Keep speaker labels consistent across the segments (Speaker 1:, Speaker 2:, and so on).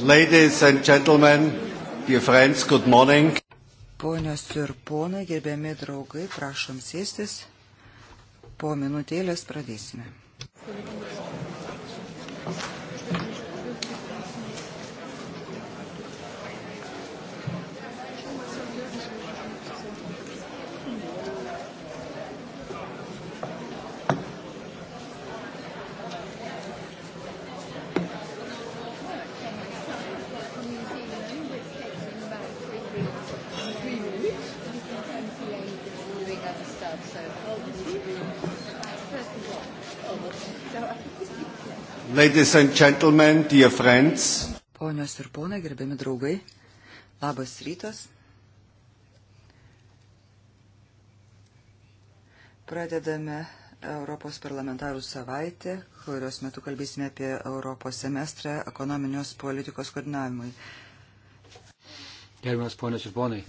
Speaker 1: Ladies and gentlemen, dear friends, good morning.
Speaker 2: Ponios ir ponai, gerbiami draugai, prašom sėstis. Po minutėlės pradėsime. Thank you.
Speaker 3: Ladies and
Speaker 1: gentlemen, dear friends.
Speaker 2: Ponios ir ponai, gerbiami draugai, labas rytas. Pradedame Europos parlamentarų savaitę, kurios metu kalbėsime apie Europos semestrą ekonominios politikos koordinavimui.
Speaker 1: Gerbiamas ponios ir ponai,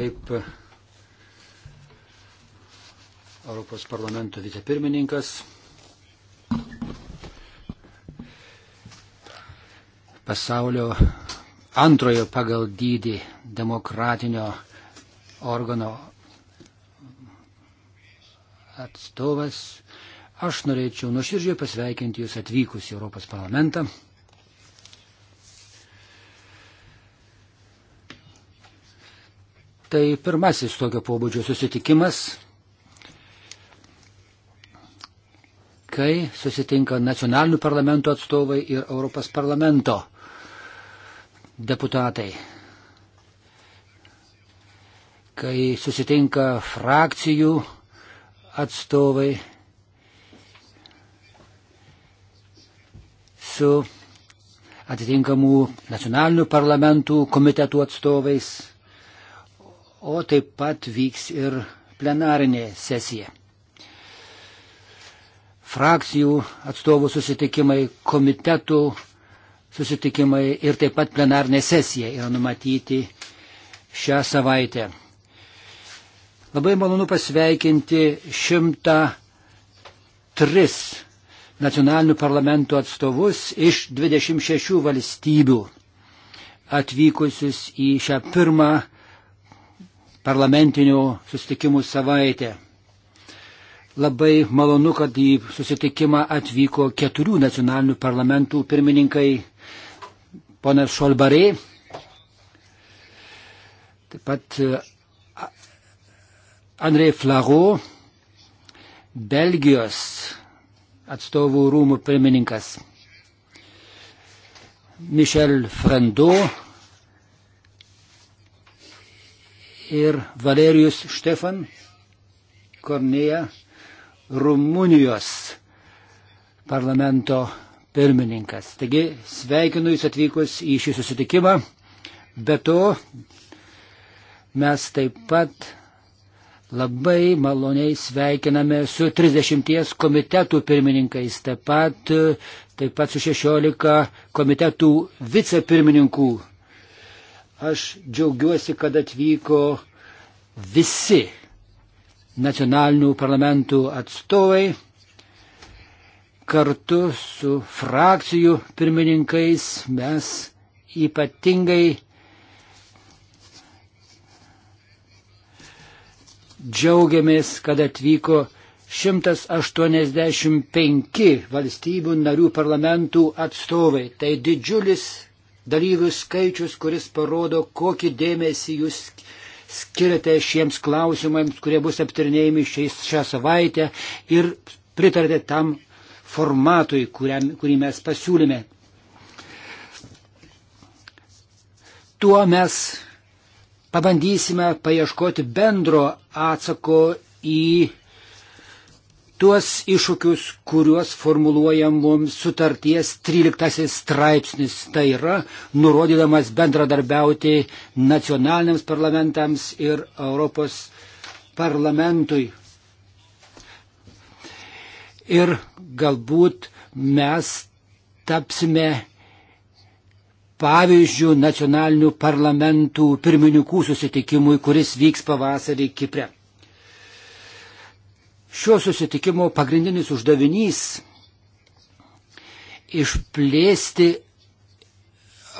Speaker 1: kaip Europos parlamento vicepirmininkas, pasaulio antrojo pagal dydį demokratinio organo atstovas. Aš norėčiau nuoširdžiai pasveikinti Jūs atvykus į Europos parlamentą. Tai pirmasis tokio pobūdžio susitikimas, kai susitinka nacionalinių parlamentų atstovai ir Europos parlamento atstovai deputatai. Kai susitinka frakcijų atstovai su atitinkamų nacionalinių parlamentų komitetų atstovais, o taip pat vyks ir plenarinė sesija. Frakcijų atstovų susitikimai, komitetų susitikimai ir taip pat plenarnė sesija yra numatyti šią savaitę. Labai malonu pasveikinti 103 nacionalinių parlamentų atstovus iš 26 valstybių atvykusius į šią pirmą parlamentinių susitikimų savaitę. Labai malonu, kad į susitikimą atvyko keturių nacionalinių parlamentų pirmininkai, ponas Šolbarė, taip pat e, Andrei Flaro, Belgijos atstovų rūmų pirmininkas, Mišel Frando ir Valerijus Štefan Kornėja Rumunijos parlamento pirmininkas. Taigi sveikinu Jūs atvykus į šį susitikimą. Be to, mes taip pat labai maloniai sveikiname su 30 komitetų pirmininkais, taip pat, taip pat su 16 komitetų vicepirmininkų. Aš džiaugiuosi, kad atvyko visi nacionalinių parlamentų atstovai kartu su frakcijų pirmininkais mes ypatingai džiaugiamės, kad atvyko 185 valstybių narių parlamentų atstovai. Tai didžiulis dalyvių skaičius, kuris parodo, kokį dėmesį jūs skiriate skiriate šiems klausimams, kurie bus aptarnėjami šiais, šią savaitę ir pritarėte tam formatui, kuriam, kurį mes pasiūlėme. Tuo mes pabandysime paieškoti bendro atsako į tuos iššūkius, kuriuos formuluoja mums sutarties 13 straipsnis, tai yra nurodydamas bendradarbiauti nacionaliniams parlamentams ir Europos parlamentui. Ir galbūt mes tapsime pavyzdžių nacionalinių parlamentų pirmininkų susitikimui, kuris vyks pavasarį Kipre. Šio susitikimo pagrindinis uždavinys - išplėsti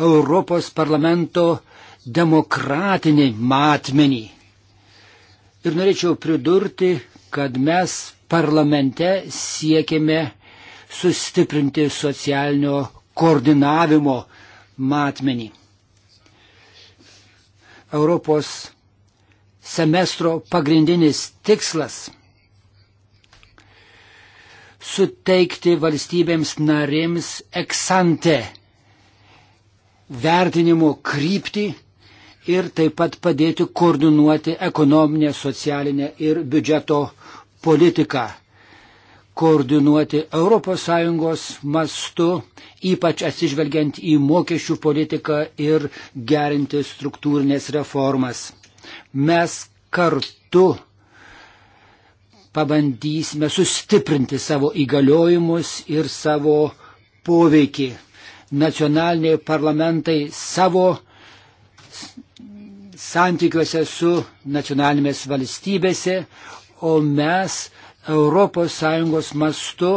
Speaker 1: Europos parlamento demokratinį matmenį. Ir norėčiau pridurti, kad mes parlamente siekime sustiprinti socialinio koordinavimo matmenį. Europos semestro pagrindinis tikslas suteikti valstybėms narėms eksante vertinimo kryptį ir taip pat padėti koordinuoti ekonominę, socialinę ir biudžeto politiką. Koordinuoti ES mastu, ypač atsižvelgiant į mokesčių politiką ir gerinti struktūrinės reformas. Mes kartu pabandysime sustiprinti savo įgaliojimus ir savo poveikį. Nacionaliniai parlamentai savo santykiuose su nacionalinėmis valstybėse, o mes ES mastu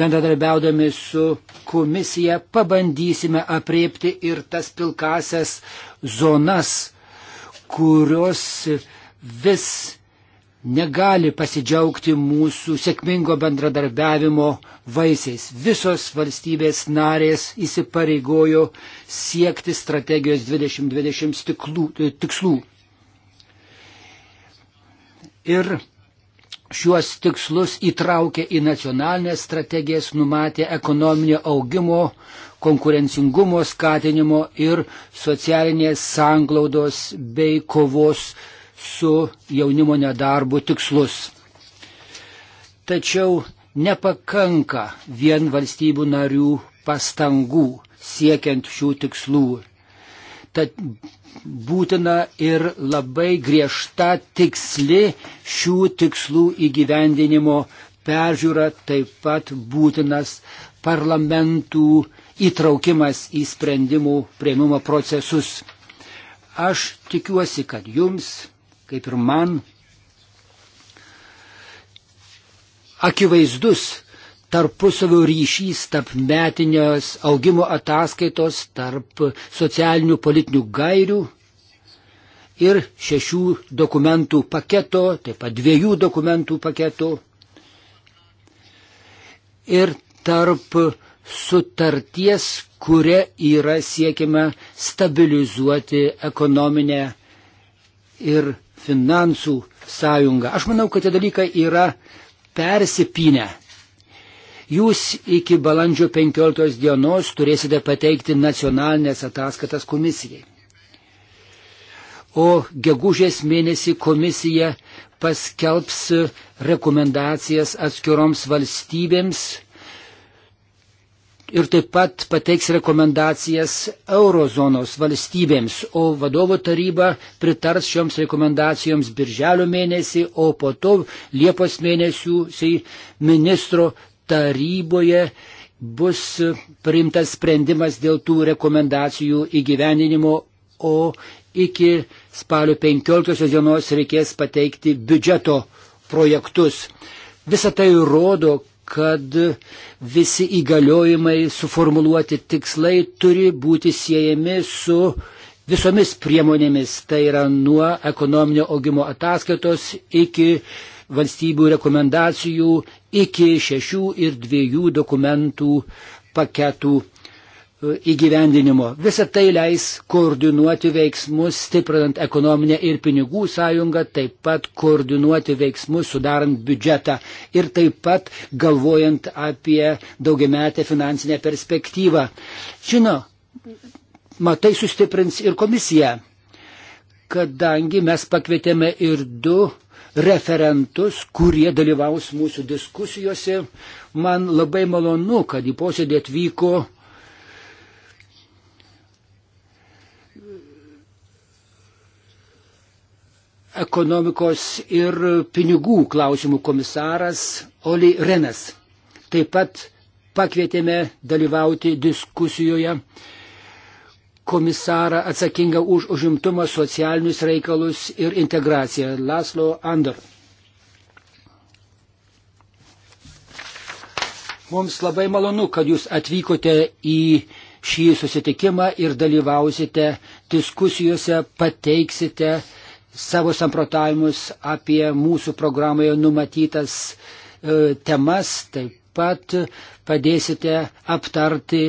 Speaker 1: bendradarbiaudami su komisija pabandysime apriepti ir tas pilkasias zonas, kurios vis negali pasidžiaugti mūsų sėkmingo bendradarbiavimo vaisiais. Visos valstybės narės įsipareigojo siekti strategijos 2020 tiklų, e, tikslų. Ir šiuos tikslus įtraukė į nacionalinės strategijas, numatė ekonominio augimo, konkurencingumo skatinimo ir socialinės sanglaudos bei kovos su jaunimo nedarbu tikslus. Tačiau nepakanka vien valstybių narių pastangų siekiant šių tikslų. Tad būtina ir labai griežta tiksli šių tikslų įgyvendinimo peržiūra, taip pat būtinas parlamentų įtraukimas į sprendimų prieimimo procesus. Aš tikiuosi, kad jums kaip ir man, akivaizdus tarpusavio ryšys tarp metinės augimo ataskaitos, tarp socialinių politinių gairių ir šešių dokumentų paketo, taip pat dviejų dokumentų paketo ir tarp sutarties, kuria yra siekiama stabilizuoti ekonominę ir finansų sąjunga. Aš manau, kad tie dalykai yra persipinę. Jūs iki balandžio 15 dienos turėsite pateikti nacionalinės ataskaitas komisijai. O gegužės mėnesį komisija paskelbs rekomendacijas atskiroms valstybėms ir taip pat pateiks rekomendacijas eurozonos valstybėms, o vadovo taryba pritars šioms rekomendacijoms birželio mėnesį, o po to Liepos mėnesių ministro taryboje bus priimtas sprendimas dėl tų rekomendacijų įgyveninimo, o iki spalio 15 dienos reikės pateikti biudžeto projektus. Visą tai rodo, kad visi įgaliojimai, suformuluoti tikslai turi būti siejami su visomis priemonėmis, tai yra nuo ekonominio augimo ataskaitos iki valstybių rekomendacijų, iki šešių ir dviejų dokumentų paketų įgyvendinimo. Visą tai leis koordinuoti veiksmus, stiprinant ekonominę ir pinigų sąjungą, taip pat koordinuoti veiksmus, sudarant biudžetą ir taip pat galvojant apie daugiametę finansinę perspektyvą. Žino, matai sustiprins ir komisija, kadangi mes pakvietėme ir du referentus, kurie dalyvaus mūsų diskusijose. Man labai malonu, kad į posėdį atvyko uh, ekonomikos ir pinigų klausimų komisaras Oli Renas. Taip pat pakvietėme dalyvauti diskusijoje komisarą atsakingą už užimtumą, socialinius reikalus ir integraciją Laslo Andor. Mums labai malonu, kad jūs atvykote į šį susitikimą ir dalyvausite diskusijose, pateiksite savo samprotavimus apie mūsų programoje numatytas e, temas, taip pat padėsite aptarti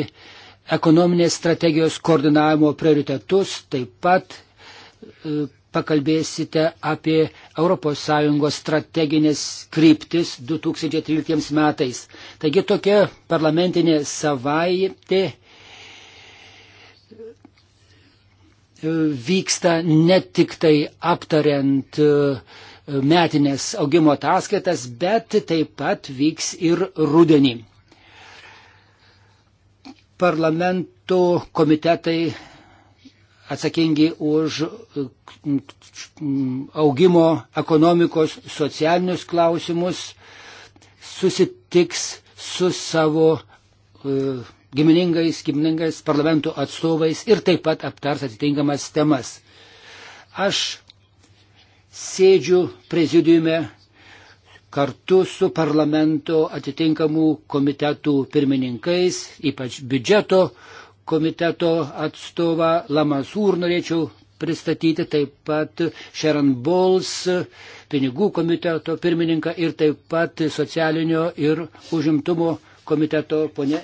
Speaker 1: ekonominės strategijos koordinavimo prioritetus, taip pat e, pakalbėsite apie ES strateginės kryptis 2013 metais. Taigi tokia parlamentinė savaitė vyksta ne tik tai aptariant e, metinės augimo ataskaitas, bet taip pat vyks ir rudenį. Parlamento komitetai atsakingi už e, augimo ekonomikos socialinius klausimus susitiks su savo e, giminingais, giminingais parlamentų atstovais ir taip pat aptars atitinkamas temas. Aš sėdžiu prezidiume kartu su parlamento atitinkamų komitetų pirmininkais, ypač biudžeto komiteto atstovą Lamasūr norėčiau pristatyti, taip pat Sharon Bowles, pinigų komiteto pirmininką ir taip pat socialinio ir užimtumo komiteto ponė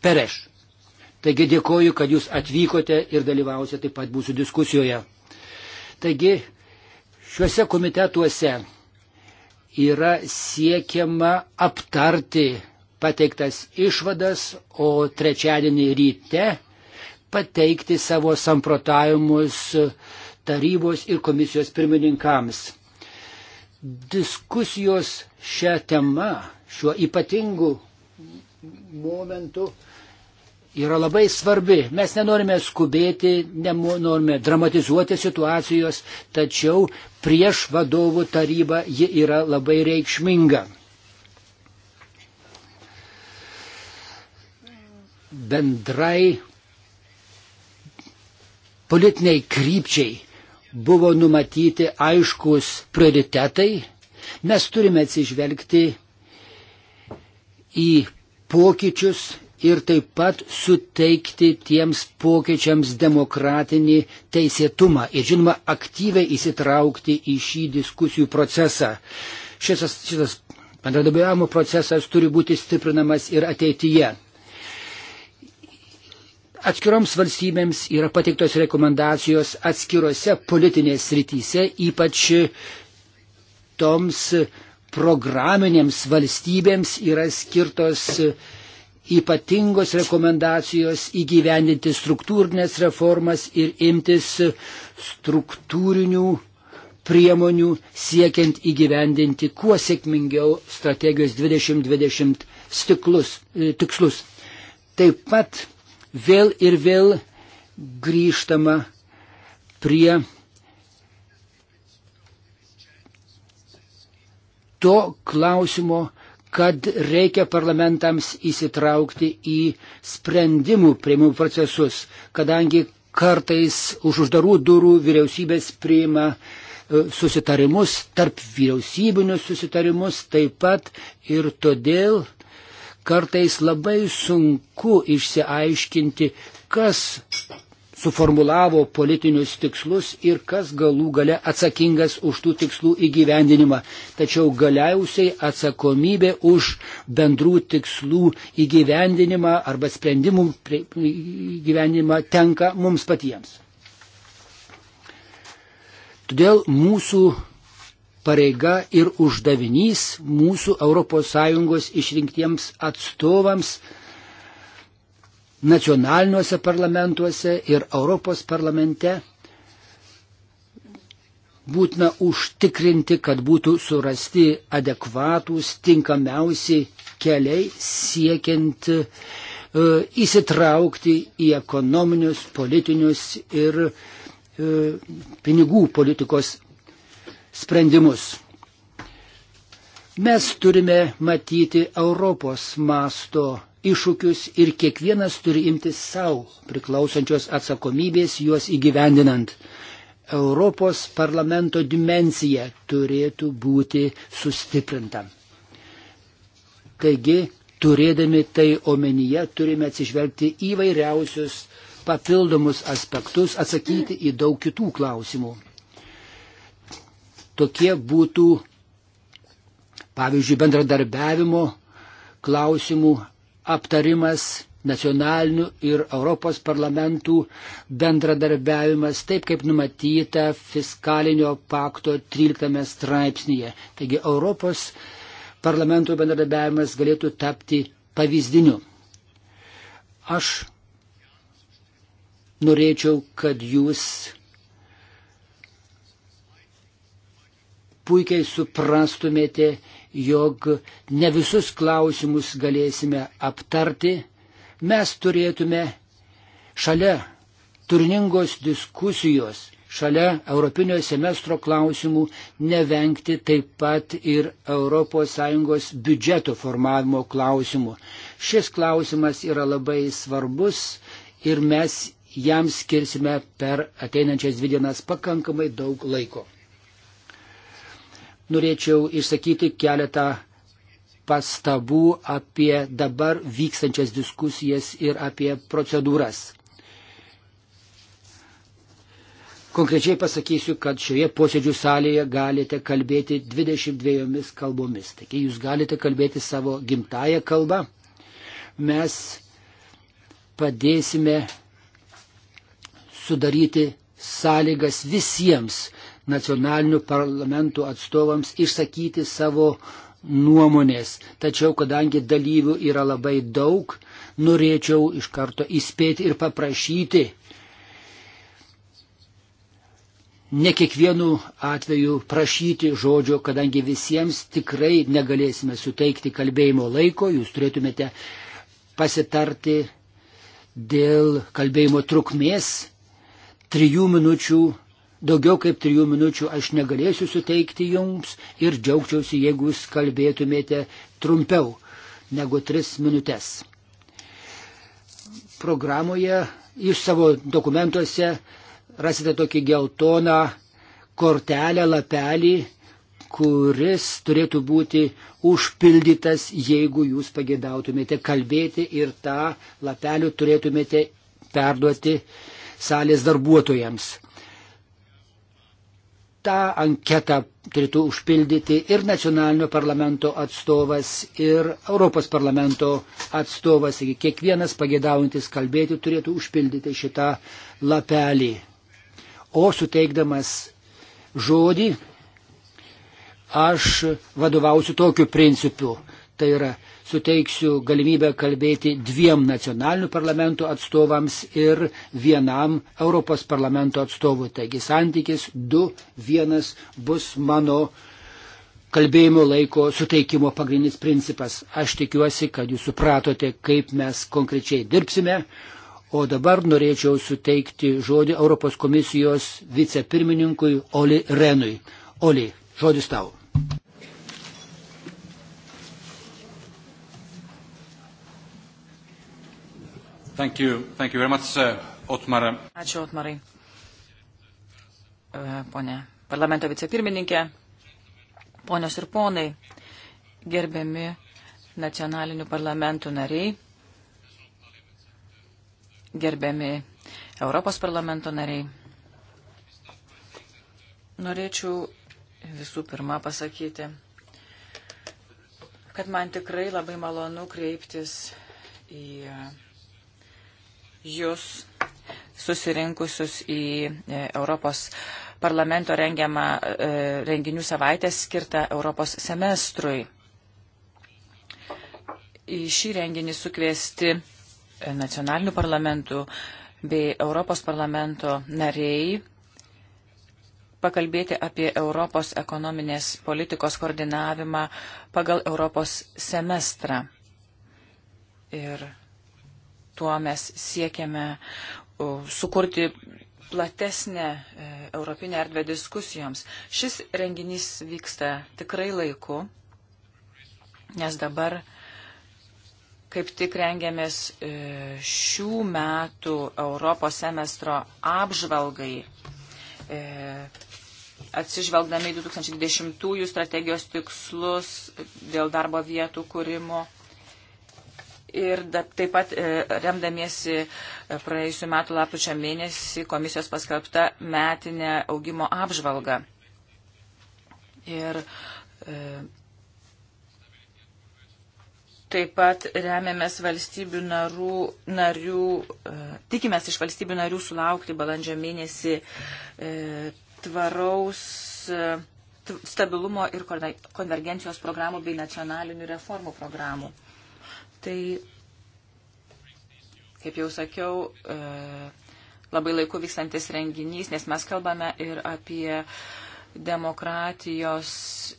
Speaker 1: Pereš. Taigi dėkoju, kad jūs atvykote ir dalyvausite taip pat mūsų diskusijoje. Taigi, šiuose komitetuose yra siekiama aptarti pateiktas išvadas, o trečiadienį ryte pateikti savo samprotavimus tarybos ir komisijos pirmininkams. Diskusijos šią temą, šiuo ypatingu momentu yra labai svarbi. Mes nenorime skubėti, nenorime dramatizuoti situacijos, tačiau prieš vadovų tarybą ji yra labai reikšminga. Bendrai politiniai krypčiai buvo numatyti aiškus prioritetai. Mes turime atsižvelgti į pokyčius ir taip pat suteikti tiems pokyčiams demokratinį teisėtumą ir žinoma aktyviai įsitraukti į šį diskusijų procesą. Šitas, šitas bendradarbiavimo procesas turi būti stiprinamas ir ateityje. Atskiroms valstybėms yra pateiktos rekomendacijos atskirose politinės rytise, ypač toms programinėms valstybėms yra skirtos uh, ypatingos rekomendacijos įgyvendinti struktūrinės reformas ir imtis struktūrinių priemonių siekiant įgyvendinti kuo sėkmingiau strategijos 2020 stiklus, e, tikslus. Taip pat vėl ir vėl grįžtama prie to klausimo, kad reikia parlamentams įsitraukti į sprendimų prieimimų procesus, kadangi kartais už uždarų durų vyriausybės priima e, susitarimus, tarp vyriausybinius susitarimus taip pat ir todėl kartais labai sunku išsiaiškinti, kas suformulavo politinius tikslus ir kas galų gale atsakingas už tų tikslų įgyvendinimą. Tačiau galiausiai atsakomybė už bendrų tikslų įgyvendinimą arba sprendimų įgyvendinimą tenka mums patiems. Todėl mūsų pareiga ir uždavinys mūsų ES išrinktiems atstovams nacionaliniuose parlamentuose ir Europos parlamente būtina užtikrinti, kad būtų surasti adekvatūs, tinkamiausi keliai siekiant e, įsitraukti į ekonominius, politinius ir e, pinigų politikos sprendimus. Mes turime matyti Europos masto iššūkius ir kiekvienas turi imtis savo priklausančios atsakomybės juos įgyvendinant. Europos parlamento dimensija turėtų būti sustiprinta. Taigi, turėdami tai omenyje, turime atsižvelgti į vairiausius papildomus aspektus, atsakyti į daug kitų klausimų. Tokie būtų, pavyzdžiui, bendradarbiavimo klausimų aptarimas nacionalinių ir Europos parlamentų bendradarbiavimas, taip kaip numatyta fiskalinio pakto 13 straipsnėje. Taigi Europos parlamentų bendradarbiavimas galėtų tapti pavyzdiniu. Aš norėčiau, kad jūs puikiai suprastumėte jog ne visus klausimus galėsime aptarti, mes turėtume šalia turningos diskusijos, šalia Europinio semestro klausimų nevengti taip pat ir ES biudžeto formavimo klausimų. Šis klausimas yra labai svarbus ir mes jam skirsime per ateinančias dvi dienas pakankamai daug laiko norėčiau išsakyti keletą pastabų apie dabar vykstančias diskusijas ir apie procedūras. Konkrečiai pasakysiu, kad šioje posėdžių salėje galite kalbėti 22 kalbomis. Taigi jūs galite kalbėti savo gimtają kalbą. Mes padėsime sudaryti sąlygas visiems nacionalinių parlamentų atstovams išsakyti savo nuomonės. Tačiau, kadangi dalyvių yra labai daug, norėčiau iš karto įspėti ir paprašyti. Ne kiekvienu atveju prašyti žodžio, kadangi visiems tikrai negalėsime suteikti kalbėjimo laiko, jūs turėtumėte pasitarti dėl kalbėjimo trukmės, trijų minučių Daugiau kaip trijų minučių aš negalėsiu suteikti jums ir džiaugčiausi, jeigu jūs kalbėtumėte trumpiau negu tris minutės. Programoje, jūs savo dokumentuose rasite tokį geltoną kortelę, lapelį, kuris turėtų būti užpildytas, jeigu jūs pagėdautumėte kalbėti ir tą lapelių turėtumėte perduoti salės darbuotojams tą anketą turėtų užpildyti ir nacionalinio parlamento atstovas, ir Europos parlamento atstovas. Taigi kiekvienas pagėdaujantis kalbėti turėtų užpildyti šitą lapelį. O suteikdamas žodį, aš vadovausiu tokiu principu. Tai yra suteiksiu galimybę kalbėti dviem nacionalinių parlamentų atstovams ir vienam Europos parlamento atstovui. Taigi santykis 2-1 bus mano kalbėjimo laiko suteikimo pagrindinis principas. Aš tikiuosi, kad jūs supratote, kaip mes konkrečiai dirbsime. O dabar norėčiau suteikti žodį Europos komisijos vicepirmininkui Oli Renui. Oli, žodis tau.
Speaker 4: Thank you. Thank you very much, uh, Otmar.
Speaker 3: Ačiū, Otmarai. E, Pone parlamento vicepirmininkė, ponios ir ponai, gerbiami nacionalinių parlamentų nariai, gerbiami Europos parlamento nariai. Norėčiau visų pirma pasakyti, kad man tikrai labai malonu kreiptis į jūs susirinkusius į e, Europos parlamento rengiamą e, renginių savaitę skirtą Europos semestrui. Į šį renginį sukviesti e, nacionalinių parlamentų bei Europos parlamento nariai pakalbėti apie Europos ekonominės politikos koordinavimą pagal Europos semestrą. Ir tuo mes siekiame sukurti platesnę e, europinę erdvę diskusijoms. Šis renginys vyksta tikrai laiku, nes dabar kaip tik rengiamės e, šių metų Europos semestro apžvalgai, e, atsižvelgdami 2020 strategijos tikslus dėl darbo vietų kūrimo Ir da, taip pat e, remdamiesi e, praėjusiu metu lapkričio mėnesį komisijos paskelbta metinė augimo apžvalga. Ir e, taip pat remiamės valstybių narų, narių, e, tikimės iš valstybių narių sulaukti balandžio mėnesį e, tvaraus e, stabilumo ir konvergencijos programų bei nacionalinių reformų programų. Tai, kaip jau sakiau, e, labai laiku vykstantis renginys, nes mes kalbame ir apie demokratijos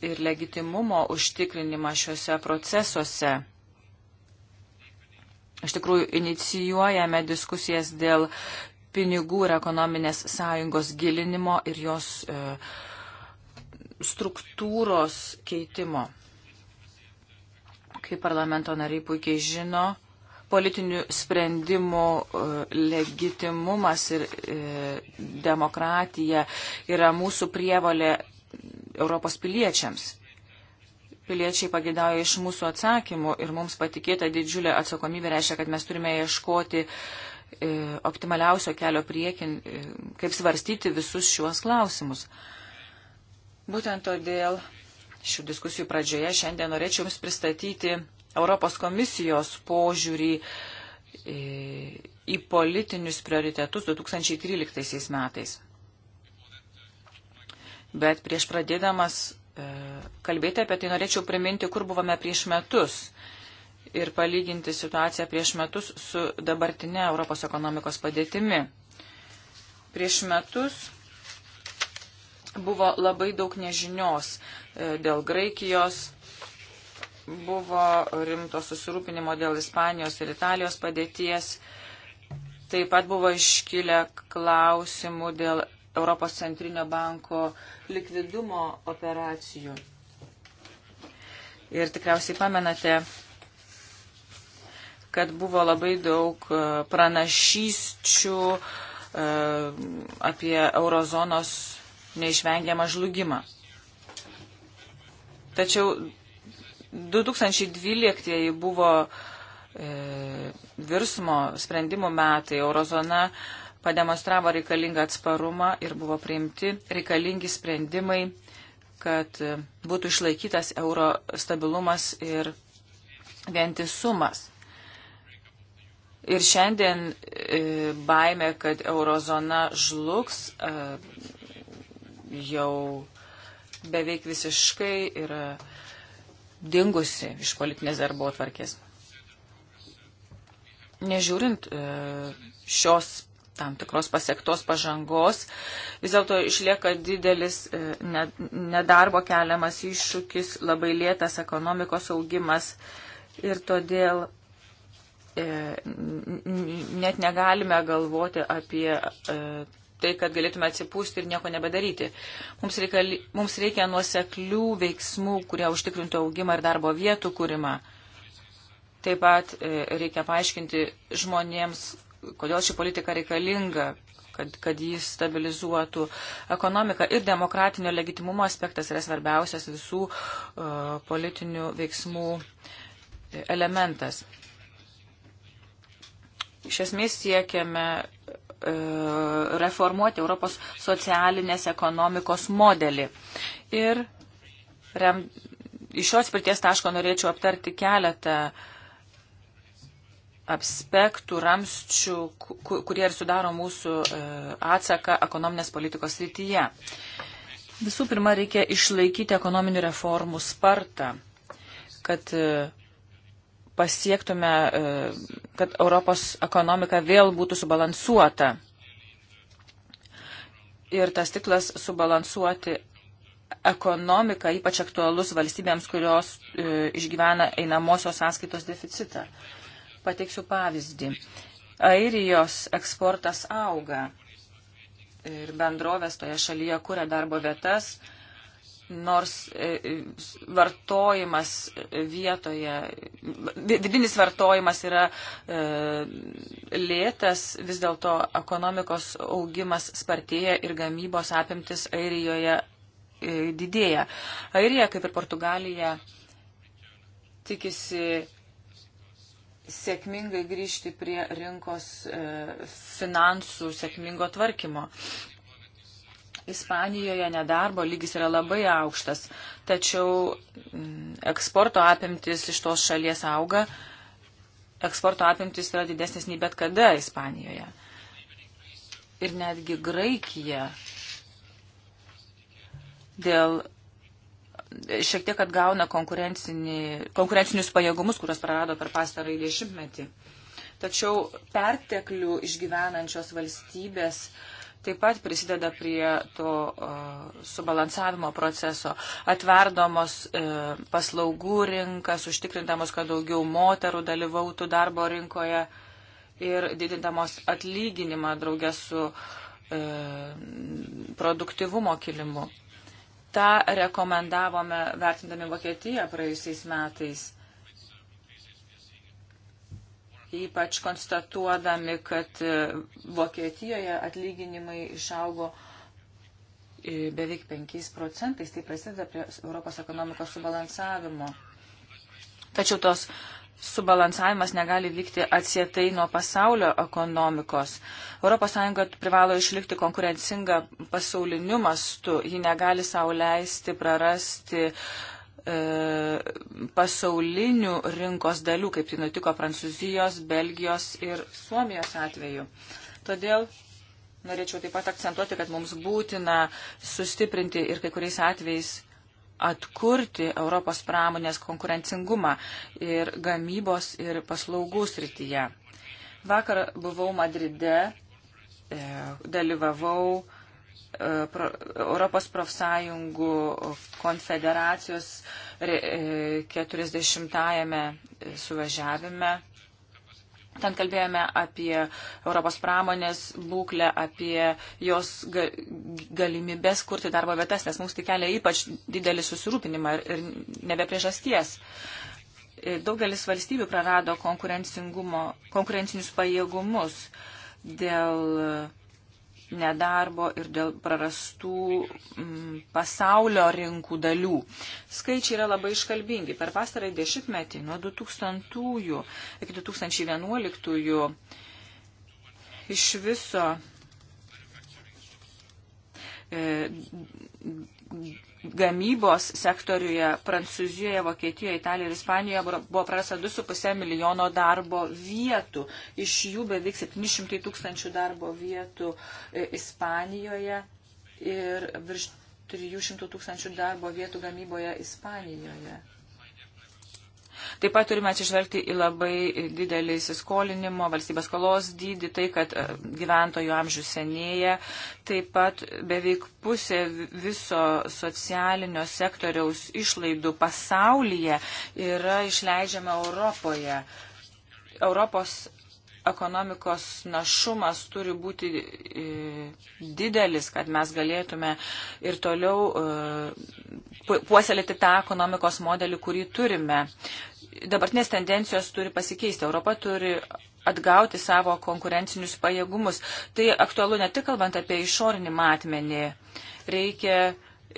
Speaker 3: ir legitimumo užtikrinimą šiuose procesuose. Iš tikrųjų, inicijuojame diskusijas dėl pinigų ir ekonominės sąjungos gilinimo ir jos e, struktūros keitimo kaip parlamento nariai puikiai žino, politinių sprendimų e, legitimumas ir e, demokratija yra mūsų prievalė Europos piliečiams. Piliečiai pagidauja iš mūsų atsakymų ir mums patikėta didžiulė atsakomybė reiškia, kad mes turime ieškoti e, optimaliausio kelio priekin, kaip svarstyti visus šiuos klausimus. Būtent todėl šių diskusijų pradžioje. Šiandien norėčiau Jums pristatyti Europos komisijos požiūrį e, į politinius prioritetus 2013 metais. Bet prieš pradėdamas e, kalbėti apie tai norėčiau priminti, kur buvome prieš metus ir palyginti situaciją prieš metus su dabartinė Europos ekonomikos padėtimi. Prieš metus Buvo labai daug nežinios e, dėl Graikijos, buvo rimto susirūpinimo dėl Ispanijos ir Italijos padėties. Taip pat buvo iškilę klausimų dėl Europos centrinio banko likvidumo operacijų. Ir tikriausiai pamenate, kad buvo labai daug e, pranašysčių e, apie eurozonos neišvengiamą žlugimą. Tačiau 2012 buvo e, virsmo sprendimų metai. Eurozona pademonstravo reikalingą atsparumą ir buvo priimti reikalingi sprendimai, kad e, būtų išlaikytas euro stabilumas ir vientisumas. Ir šiandien e, baime, kad eurozona žlugs, e, jau beveik visiškai yra dingusi iš politinės darbo atvarkės. Nežiūrint e, šios tam tikros pasiektos pažangos, vis dėlto išlieka didelis e, nedarbo keliamas iššūkis, labai lėtas ekonomikos augimas ir todėl e, net negalime galvoti apie tai, kad galėtume atsipūsti ir nieko nebedaryti. Mums, reikali, mums reikia nuoseklių veiksmų, kurie užtikrintų augimą ir darbo vietų kūrimą. Taip pat e, reikia paaiškinti žmonėms, kodėl ši politika reikalinga, kad, kad jis stabilizuotų ekonomiką. Ir demokratinio legitimumo aspektas yra svarbiausias visų uh, politinių veiksmų e, elementas. Iš esmės siekiame E, reformuoti Europos socialinės ekonomikos modelį. Ir rem, iš šios prities taško norėčiau aptarti keletą aspektų, ramščių, kurie ir sudaro mūsų e, atsaką ekonominės politikos rytyje. Visų pirma, reikia išlaikyti ekonominių reformų spartą, kad e, pasiektume, e, kad Europos ekonomika vėl būtų subalansuota. Ir tas tiklas subalansuoti ekonomika ypač aktualus valstybėms, kurios e, išgyvena einamosios sąskaitos deficitą. Pateiksiu pavyzdį. Airijos eksportas auga ir bendrovės toje šalyje kuria darbo vietas, nors e, e, vartojimas vietoje, vidinis vartojimas yra e, lėtas, vis dėlto ekonomikos augimas spartėja ir gamybos apimtis Airijoje didėja. Airija, kaip ir Portugalija, tikisi sėkmingai grįžti prie rinkos finansų sėkmingo tvarkymo. Ispanijoje nedarbo lygis yra labai aukštas, tačiau mm, eksporto apimtis iš tos šalies auga, eksporto apimtis yra didesnis nei bet kada Ispanijoje. Ir netgi Graikija dėl šiek tiek atgauna konkurencinius pajėgumus, kuriuos prarado per pastarąjį dešimtmetį. Tačiau perteklių išgyvenančios valstybės uh, taip pat prisideda prie to uh, subalansavimo proceso, atverdomos uh, paslaugų rinkas, užtikrintamos, kad daugiau moterų dalyvautų darbo rinkoje ir didintamos atlyginimą draugę su uh, produktivumo kilimu. Ta rekomendavome vertindami Vokietiją praėjusiais metais ypač konstatuodami, kad e, Vokietijoje atlyginimai išaugo e, beveik 5 procentais, tai prasideda prie Europos ekonomikos subalansavimo. Tačiau tos subalansavimas negali vykti atsietai nuo pasaulio ekonomikos. ES privalo išlikti konkurencinga pasauliniu mastu, ji negali sauliaisti prarasti uh, E, pasaulinių rinkos dalių, kaip tai nutiko Prancūzijos, Belgijos ir Suomijos atveju. Todėl norėčiau taip pat akcentuoti, kad mums būtina sustiprinti ir kai kuriais atvejais atkurti Europos pramonės konkurencingumą ir gamybos ir paslaugų srityje. Vakar buvau Madride, e, dalyvavau E, pro, Europos profsąjungų konfederacijos 40-ajame e, suvažiavime. Ten kalbėjome apie Europos pramonės būklę, apie jos ga, galimybės kurti darbo vietas, nes mums tai kelia ypač didelį susirūpinimą ir, ir nebe priežasties. E, daugelis valstybių prarado konkurencinius pajėgumus dėl nedarbo ir dėl prarastų m, mm, pasaulio rinkų dalių. Skaičiai yra labai iškalbingi. Per pastarąjį dešimtmetį nuo 2000 iki 2011 iš viso e, gamybos sektoriuje Prancūzijoje, Vokietijoje, Italijoje ir Ispanijoje buvo prarasta 2,5 milijono darbo vietų. Iš jų beveik 700 tūkstančių darbo vietų e, Ispanijoje ir virš 300 tūkstančių darbo vietų gamyboje Ispanijoje. Taip pat turime atsižvelgti į labai didelį įsiskolinimo, valstybės skolos dydį, tai, kad e, gyventojų amžius senėja. Taip pat beveik pusė viso socialinio sektoriaus išlaidų pasaulyje yra išleidžiama Europoje. Europos ekonomikos našumas turi būti e, didelis, kad mes galėtume ir toliau e, puoselėti tą ekonomikos modelį, kurį turime dabartinės tendencijos turi pasikeisti. Europa turi atgauti savo konkurencinius pajėgumus. Tai aktualu ne tik kalbant apie išorinį matmenį. Reikia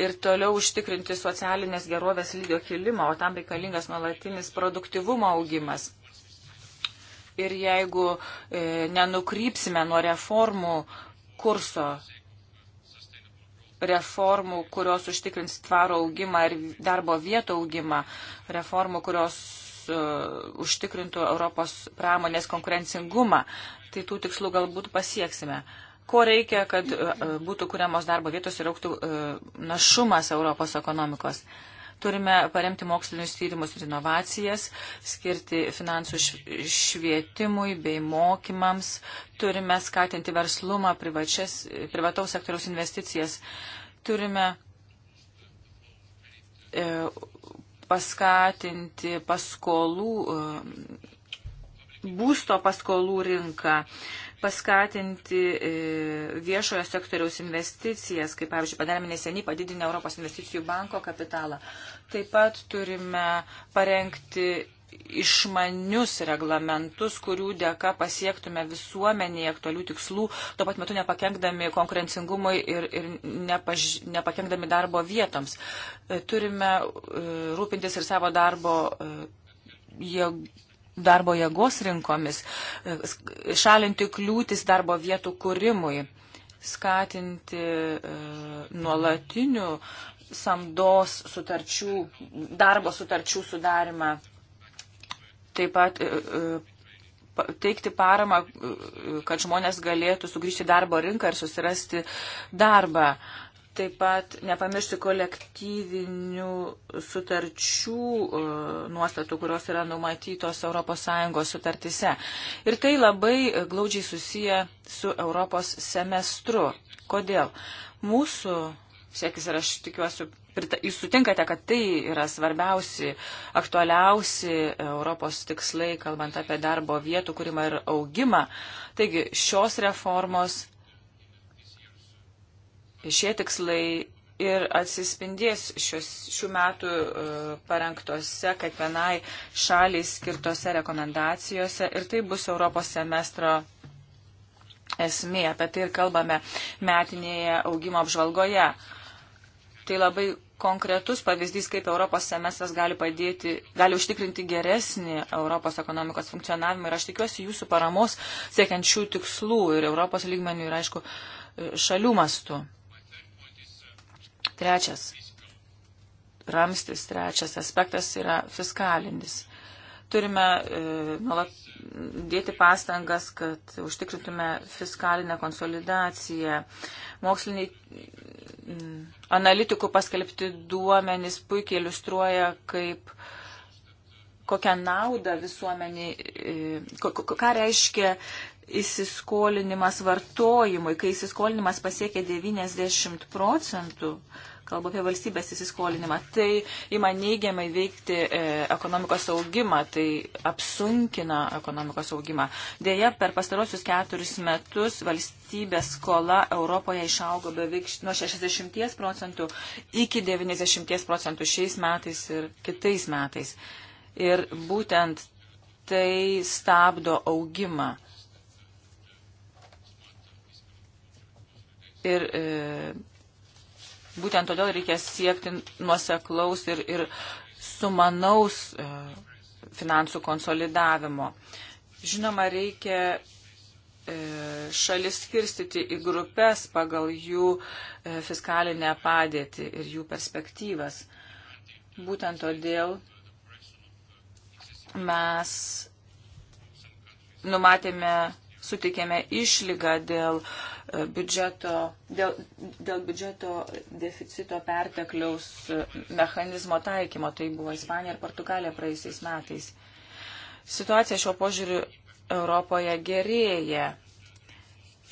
Speaker 3: ir toliau užtikrinti socialinės gerovės lygio kilimą, o tam reikalingas nuolatinis produktivumo augimas. Ir jeigu e, nenukrypsime nuo reformų kurso, reformų, kurios užtikrins tvaro augimą ir darbo vietų augimą, reformų, kurios E, užtikrintų Europos pramonės konkurencingumą. Tai tų tikslų galbūt pasieksime. Ko reikia, kad e, e, būtų kuriamos darbo vietos ir auktų našumas Europos ekonomikos? Turime paremti mokslinius tyrimus ir inovacijas, skirti finansų švietimui bei mokymams, turime skatinti verslumą, privačias, privataus sektoriaus investicijas, turime e, paskatinti paskolų, e, būsto paskolų rinką, paskatinti e, viešojo sektoriaus investicijas, kaip pavyzdžiui, padarėme neseniai padidinę Europos investicijų banko kapitalą. Taip pat turime parengti išmanius reglamentus, kurių dėka pasiektume visuomenėje aktualių tikslų, tuo pat metu nepakenkdami konkurencingumui ir, ir nepaž, nepakenkdami darbo vietoms. E, turime e, rūpintis ir savo darbo, e, darbo jėgos rinkomis, šalinti kliūtis darbo vietų kūrimui skatinti e, nuolatinių samdos sutarčių, darbo sutarčių sudarimą taip pat e, e, teikti paramą, e, kad žmonės galėtų sugrįžti į darbo rinką ir susirasti darbą. Taip pat nepamiršti kolektyvinių sutarčių nuostatų, kurios yra numatytos ES sutartise. Ir tai labai glaudžiai susiję su Europos semestru. Kodėl? Mūsų siekis ir aš tikiuosi, jūs sutinkate, kad tai yra svarbiausi, aktualiausi Europos tikslai, kalbant apie darbo vietų kūrimą ir augimą. Taigi šios reformos, šie tikslai ir atsispindės šios, šių metų e, parengtose kiekvienai šaliai skirtose rekomendacijose ir tai bus Europos semestro esmė. Apie tai ir kalbame metinėje augimo apžvalgoje. Tai labai konkretus pavyzdys, kaip Europos semestras gali padėti, gali užtikrinti geresnį Europos ekonomikos funkcionavimą. Ir aš tikiuosi jūsų paramos siekiant šių tikslų ir Europos lygmenių ir, aišku, šalių mastų. Trečias ramstis, trečias aspektas yra fiskalinis. Turime e, nuolat dėti pastangas, kad užtikrintume fiskalinę konsolidaciją. Moksliniai analitikų paskelbti duomenys puikiai iliustruoja, kaip kokią naudą visuomenį, e, ką reiškia įsiskolinimas vartojimui, kai įsiskolinimas pasiekia 90 procentų, kalbu apie valstybės įsiskolinimą, tai ima neigiamai veikti e, ekonomikos augimą, tai apsunkina ekonomikos augimą. Deja, per pastarosius keturis metus valstybės skola Europoje išaugo beveik nuo 60 procentų iki 90 procentų šiais metais ir kitais metais. Ir būtent tai stabdo augimą. Ir e, Būtent todėl reikia siekti nuoseklaus ir, ir sumanaus e, finansų konsolidavimo. Žinoma, reikia e, šalis skirstyti į grupės pagal jų e, fiskalinę padėtį ir jų perspektyvas. Būtent todėl mes numatėme, sutikėme išlygą dėl uh, biudžeto, dėl, dėl biudžeto deficito pertekliaus e, mechanizmo taikymo. Tai buvo Ispanija ir Portugalija praeisiais metais. Situacija šiuo požiūriu Europoje gerėja.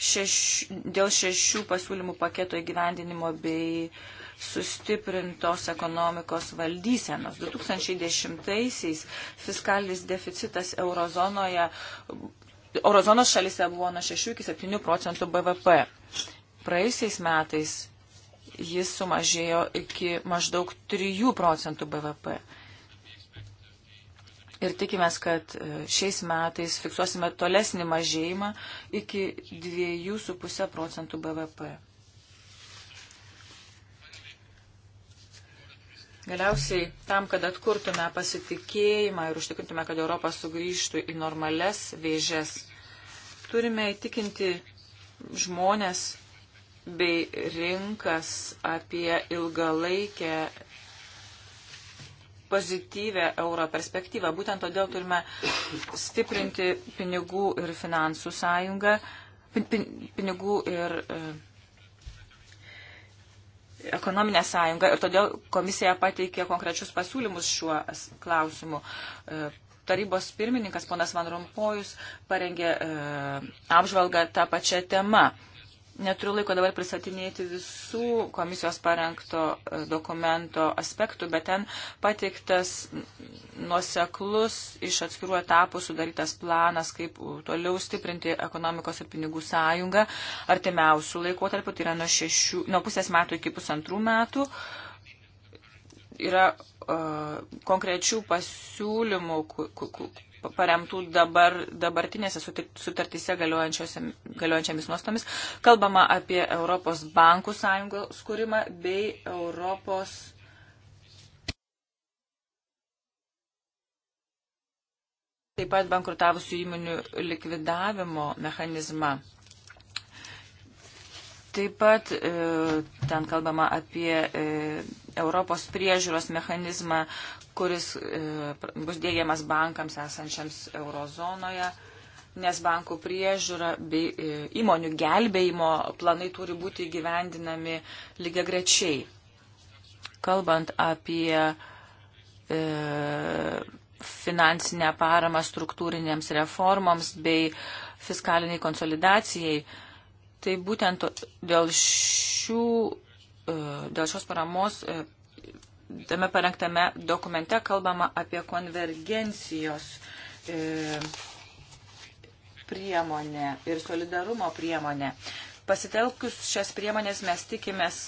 Speaker 3: Šeš, dėl šešių pasiūlymų paketo įgyvendinimo bei sustiprintos ekonomikos valdysenos. 2010-aisiais fiskalinis deficitas eurozonoje Eurozonos šalise buvo nuo 6 iki 7 procentų BVP. Praėjusiais metais jis sumažėjo iki maždaug 3 procentų BVP. Ir tikimės, kad e, šiais metais fiksuosime tolesnį mažėjimą iki 2,5 procentų BVP. Galiausiai tam, kad atkurtume pasitikėjimą ir užtikrintume, kad Europa sugrįžtų į normales vėžes, turime įtikinti žmonės bei rinkas apie ilgalaikę pozityvę euro perspektyvą. Būtent todėl turime stiprinti pinigų ir finansų sąjungą, pin, pin, pinigų ir e, ekonominę sąjungą ir todėl komisija pateikė konkrečius pasiūlymus šiuo klausimu. E, tarybos pirmininkas ponas Van Rompojus parengė e, apžvalgą tą pačią temą. Neturiu laiko dabar pristatinėti visų komisijos parengto e, dokumento aspektų, bet ten pateiktas nuoseklus iš atskirų etapų sudarytas planas, kaip toliau stiprinti ekonomikos ir pinigų sąjungą artimiausių laikotarpių, tai yra nuo, šešių, nuo pusės metų iki pusantrų metų. Yra uh, konkrečių pasiūlymų, ku, ku, ku, paremtų dabar, dabartinėse sutartyse galiojančiamis nuostomis. Kalbama apie Europos bankų sąjungos skūrimą bei Europos. Taip pat bankrutavusių įmonių likvidavimo mechanizmą. Taip pat e, ten kalbama apie e, Europos priežiūros mechanizmą, kuris e, bus dėgiamas bankams esančiams eurozonoje, nes bankų priežiūra bei e, įmonių gelbėjimo planai turi būti gyvendinami lygiai grečiai. Kalbant apie e, finansinę paramą struktūrinėms reformoms bei fiskaliniai konsolidacijai, tai būtent dėl šių E, dėl šios paramos e, tame parengtame dokumente kalbama apie konvergencijos e, priemonę ir solidarumo priemonę. Pasitelkus šias priemonės mes tikimės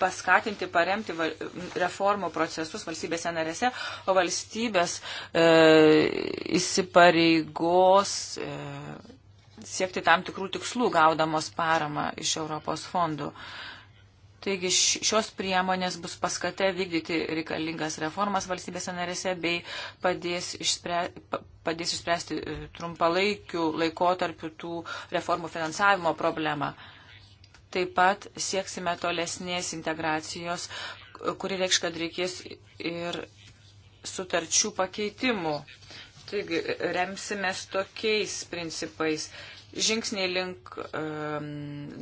Speaker 3: paskatinti, paremti reformų procesus valstybėse narėse, o valstybės e, įsipareigos e, siekti tam tikrų tikslų gaudamos paramą iš Europos fondų. E, Taigi šios priemonės bus paskate vykdyti reikalingas reformas valstybėse narėse bei padės, išspre, padės išspręsti e, trumpalaikių laikotarpių tų reformų finansavimo problemą. Taip pat sieksime tolesnės integracijos, kuri reikš, kad reikės ir sutarčių pakeitimų. Taigi remsimės tokiais principais žingsniai link um,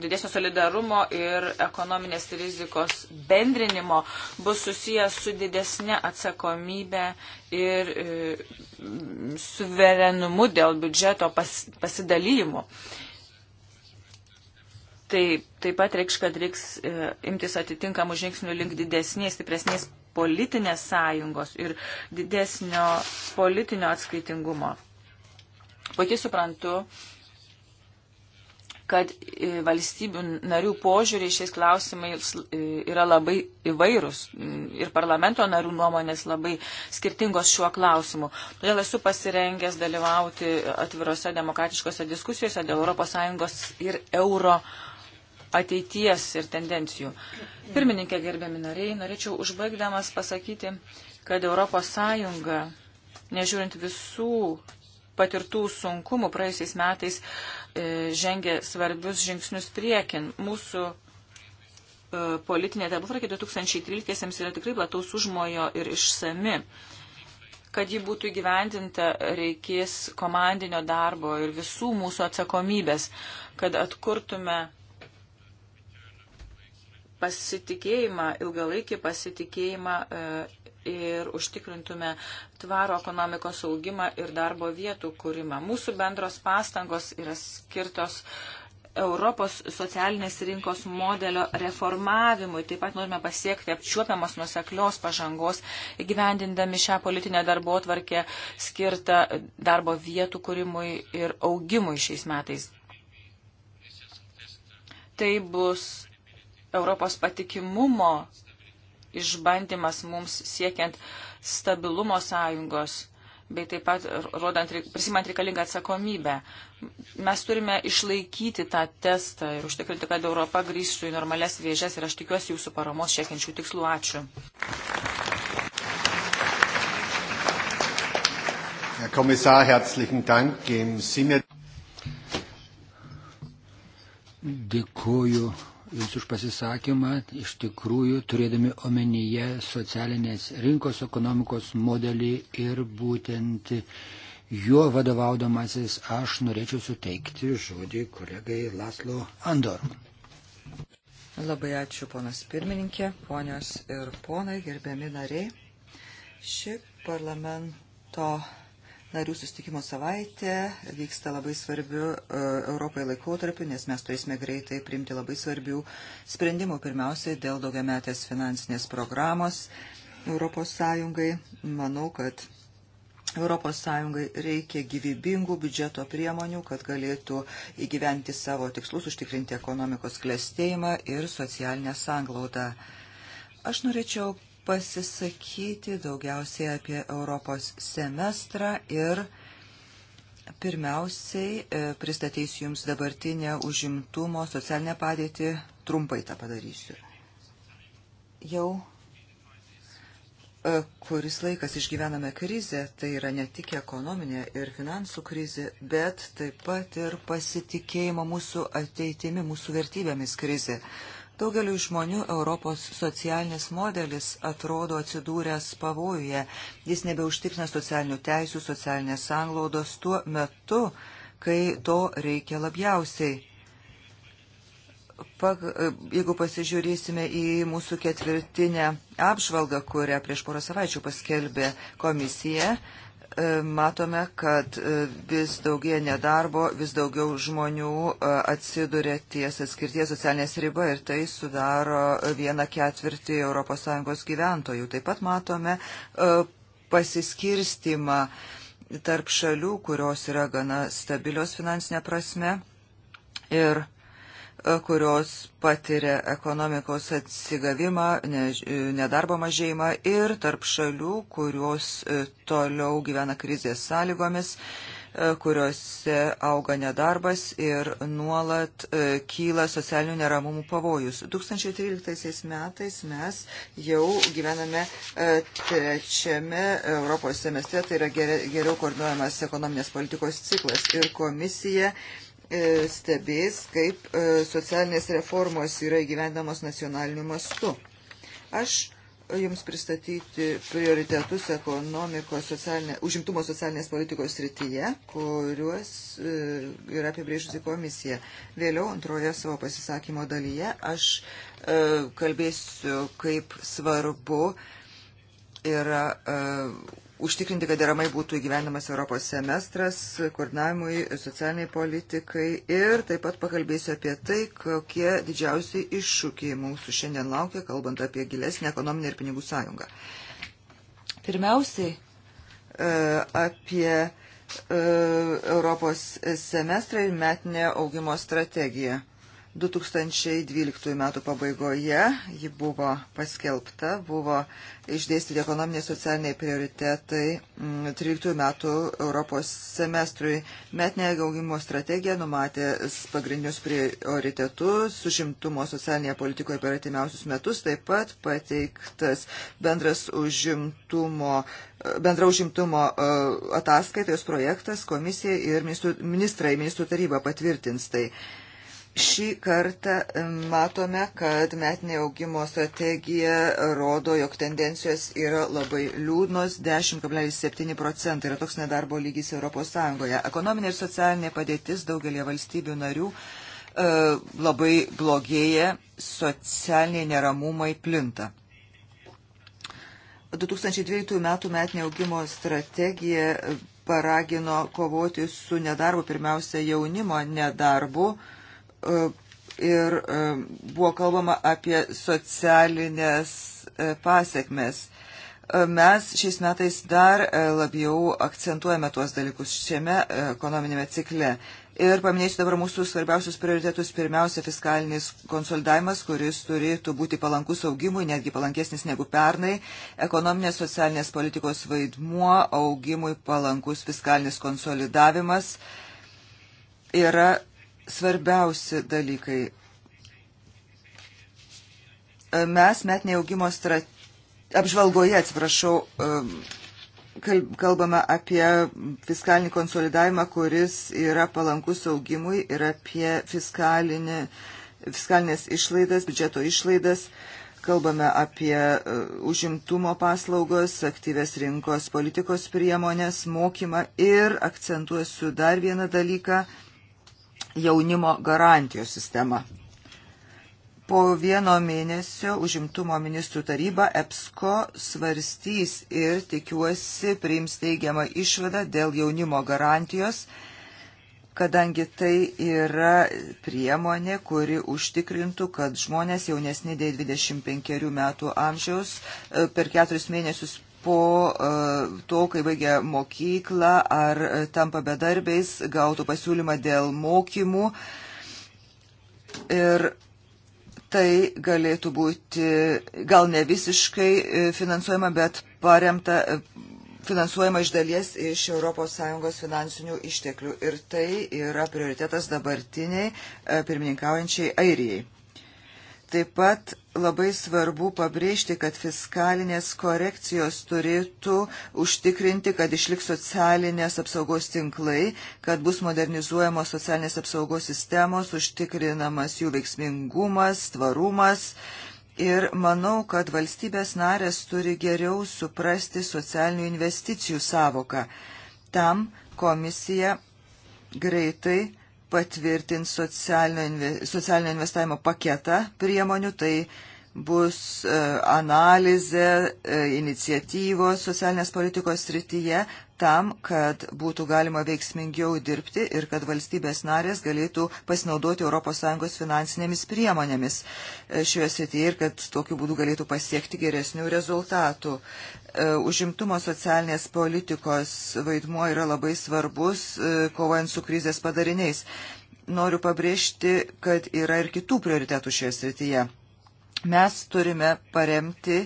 Speaker 3: didesnio solidarumo ir ekonominės rizikos bendrinimo bus susijęs su didesnė atsakomybė ir um, suverenumu dėl biudžeto pas, pasidalymo. Tai taip pat reikš, kad reiks e, imtis atitinkamų žingsnių link didesnės, stipresnės politinės sąjungos ir didesnio politinio atskaitingumo. Puikiai suprantu, kad e, valstybių narių požiūriai šiais klausimais e, yra labai įvairūs ir parlamento narių nuomonės labai skirtingos šiuo klausimu. Todėl esu pasirengęs dalyvauti atvirose demokratiškose diskusijose dėl ES ir euro ateities ir tendencijų. Pirmininkė, gerbiami nariai, norėčiau užbaigdamas pasakyti, kad ES, nežiūrint visų patirtų sunkumų praėjusiais metais, uh, E, žengė svarbius žingsnius priekin. Mūsų e, politinė darbotvarkė 2013 yra tikrai plataus užmojo ir išsami. Kad ji būtų įgyvendinta, reikės komandinio darbo ir visų mūsų atsakomybės, kad atkurtume pasitikėjimą, ilgalaikį pasitikėjimą e, ir užtikrintume tvaro ekonomikos augimą ir darbo vietų kūrimą. Mūsų bendros pastangos yra skirtos Europos socialinės rinkos modelio reformavimui. Taip pat norime pasiekti apčiuopiamos nuseklios pažangos, įgyvendindami šią politinę darbo atvarkę skirtą darbo vietų kūrimui ir augimui šiais metais. Tai bus Europos patikimumo išbandymas mums siekiant stabilumo sąjungos bei taip pat rodant, prisimant reikalingą atsakomybę. Mes turime išlaikyti tą testą ir užtikrinti, kad Europa grįžtų į normales vėžes ir aš tikiuosi jūsų paramos siekiančių tikslų. Ačiū.
Speaker 1: Herr Kommissar, herzlichen Dank. Geben Sie mir. Dėkuoju Jums už pasisakymą, iš tikrųjų turėdami omenyje socialinės rinkos ekonomikos modelį ir būtent juo vadovaudamasis aš norėčiau suteikti žodį kolegai Laslo Andor.
Speaker 2: Labai ačiū, ponas pirmininkė, ponios ir ponai, gerbiami nariai. Ši parlamento narių sustikimo savaitė vyksta labai svarbiu e, Europai laikotarpiu, nes mes turėsime greitai priimti labai svarbių sprendimų. Pirmiausiai dėl daugiametės finansinės programos Europos Sąjungai. Manau, kad Europos Sąjungai reikia gyvybingų biudžeto priemonių, kad galėtų įgyventi savo tikslus, užtikrinti ekonomikos klėstėjimą ir socialinę sanglaudą. Aš norėčiau pasisakyti daugiausiai apie Europos semestrą ir pirmiausiai e, pristatysiu Jums dabartinę užimtumo socialinę padėtį, trumpai tą padarysiu. Jau e, kuris laikas išgyvename krizę, tai yra ne tik ekonominė ir finansų krizė, bet taip pat ir pasitikėjimo mūsų ateitimi, mūsų vertybėmis krizė. Daugeliu žmonių Europos socialinis modelis atrodo atsidūręs pavojuje. Jis nebeužtikrina socialinių teisių, socialinės sanglaudos tuo metu, kai to reikia labiausiai. Pag, jeigu pasižiūrėsime į mūsų ketvirtinę apžvalgą, kurią prieš porą savaičių paskelbė komisija, E, matome, kad e, vis daugie nedarbo, vis daugiau žmonių e, atsiduria ties atskirties socialinės riba ir tai sudaro vieną ketvirtį ES gyventojų. Taip pat matome pasiskirstimą tarp šalių, kurios yra gana stabilios finansinė prasme ir kurios patiria ekonomikos atsigavimą, nedarbo mažėjimą ir tarp šalių, kurios e, toliau gyvena krizės sąlygomis, e, kuriuose auga nedarbas ir nuolat e, kyla socialinių neramumų pavojus. 2013 metais mes jau gyvename trečiame Europos semestre, tai yra geriau koordinuojamas ekonominės politikos ciklas ir komisija E, stebės, kaip e, socialinės reformos yra įgyvendamos nacionaliniu mastu. Aš e, jums pristatyti prioritetus ekonomikos, socialinė, užimtumo socialinės politikos srityje, kuriuos yra apibrėžusi komisija. Vėliau antroje savo pasisakymo dalyje aš kalbėsiu, kaip svarbu yra užtikrinti, kad deramai būtų įgyvendamas Europos semestras, koordinavimui, socialiniai politikai ir taip pat pakalbėsiu apie tai, kokie didžiausiai iššūkiai mūsų šiandien laukia, kalbant apie gilesnį ekonominę ir pinigų sąjungą. Pirmiausiai e, apie e, Europos semestrą ir metinę augimo strategiją. 2012 metų pabaigoje ji buvo paskelbta, buvo išdėstyti ekonominiai socialiniai prioritetai 13 mm, metų Europos semestrui. Metinė augimo strategija numatė pagrindinius prioritetus užimtumo socialinėje politikoje per atimiausius metus, taip pat pateiktas bendras užimtumo bendra užimtumo e, ataskaitos projektas komisija ir ministrai, ministrai ministrų taryba patvirtins tai. Šį kartą e, matome, kad metinė augimo strategija rodo, jog tendencijos yra labai liūdnos - 10,7 procentai yra toks nedarbo lygis ES. Ekonominė ir socialinė padėtis daugelie valstybių narių e, labai blogėja, socialiniai neramumai plinta. 2012 m. metinė augimo strategija paragino kovoti su nedarbu, pirmiausia jaunimo nedarbu E, ir e, buvo kalbama apie socialinės e, pasiekmes. Mes šiais metais dar labiau akcentuojame tuos dalykus šiame ekonominėme cikle. Ir paminėsiu dabar mūsų svarbiausius prioritetus. Pirmiausia, fiskalinis konsolidavimas, kuris turėtų būti palankus augimui, netgi palankesnis negu pernai. Ekonominės socialinės politikos vaidmuo, augimui palankus fiskalinis konsolidavimas yra svarbiausi dalykai. E, mes metinė augimo strategija, apžvalgoje, atsiprašau, e, kalbame apie fiskalinį konsolidavimą, kuris yra palankus augimui ir apie fiskalinį, fiskalinės išlaidas, biudžeto išlaidas. Kalbame apie e, užimtumo paslaugos, aktyves rinkos politikos priemonės, mokymą ir akcentuosiu dar vieną dalyką jaunimo garantijos sistema. Po vieno mėnesio užimtumo ministrų taryba EPSCO svarstys ir tikiuosi priims teigiamą išvadą dėl jaunimo garantijos, kadangi tai yra priemonė, kuri užtikrintų, kad žmonės jaunesni dėl 25 metų amžiaus e, per keturis mėnesius po e, to, kai baigia mokyklą ar e, tampa bedarbiais, gautų pasiūlymą dėl mokymų. Ir tai galėtų būti gal ne visiškai e, finansuojama, bet paremta finansuojama iš dalies iš ES finansinių išteklių. Ir tai yra prioritetas dabartiniai pirmininkaujančiai Airijai. Taip pat labai svarbu pabrėžti, kad fiskalinės korekcijos turėtų užtikrinti, kad išliks socialinės apsaugos tinklai, kad bus modernizuojamos socialinės apsaugos sistemos, užtikrinamas jų veiksmingumas, tvarumas. Ir manau, kad valstybės narės turi geriau suprasti socialinių investicijų savoką. Tam komisija greitai patvirtins socialinio, socialinio investavimo paketą priemonių, tai bus e, analizė, e, iniciatyvos socialinės politikos srityje, tam, kad būtų galima veiksmingiau dirbti ir kad valstybės narės galėtų pasinaudoti ES finansinėmis priemonėmis e, šioje srityje ir kad tokiu būdu galėtų pasiekti geresnių rezultatų. E, užimtumo socialinės politikos vaidmuo yra labai svarbus, e, kovojant su krizės padariniais. Noriu pabrėžti, kad yra ir kitų prioritetų šioje srityje. Mes turime paremti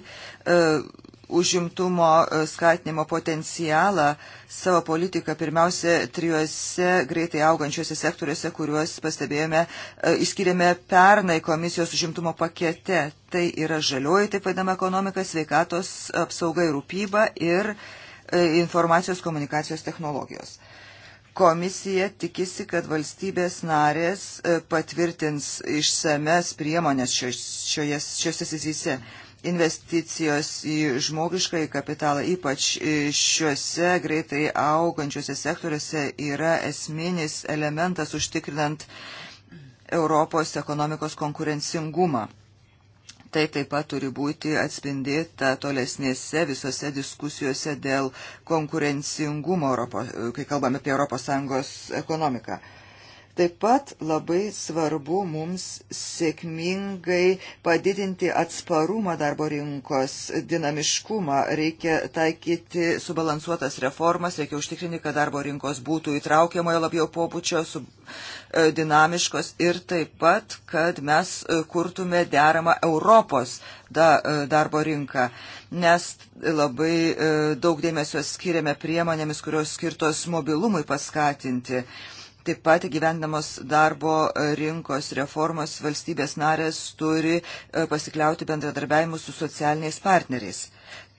Speaker 2: uh, užimtumo e, skatinimo potencialą savo politiką pirmiausia trijuose greitai augančiuose sektoriuose, kuriuos pastebėjome, e, išskiriame pernai komisijos užimtumo pakete. Tai yra žalioji, taip vadinama, ekonomika, sveikatos apsauga ir rūpyba ir e, informacijos komunikacijos technologijos. Komisija tikisi, kad valstybės narės patvirtins išsames priemonės šiose srityse. Šios investicijos į žmogišką į kapitalą, ypač šiuose greitai augančiuose sektoriuose, yra esminis elementas užtikrinant Europos ekonomikos konkurencingumą. Tai taip pat turi būti atspindėta tolesnėse visose diskusijose dėl konkurencingumo, Europo, kai kalbame apie ES ekonomiką. Taip pat labai svarbu mums sėkmingai padidinti atsparumą darbo rinkos, dinamiškumą. Reikia taikyti subalansuotas reformas, reikia užtikrinti, kad darbo rinkos būtų įtraukiamojo labiau pobūčio, sub, e, dinamiškos ir taip pat, kad mes e, kurtume deramą Europos da, e, darbo rinką. Nes labai daug dėmesio skiriame priemonėmis, kurios skirtos mobilumui paskatinti Taip pat gyvendamos darbo rinkos reformos valstybės narės turi e, pasikliauti bendradarbiavimu su socialiniais partneriais.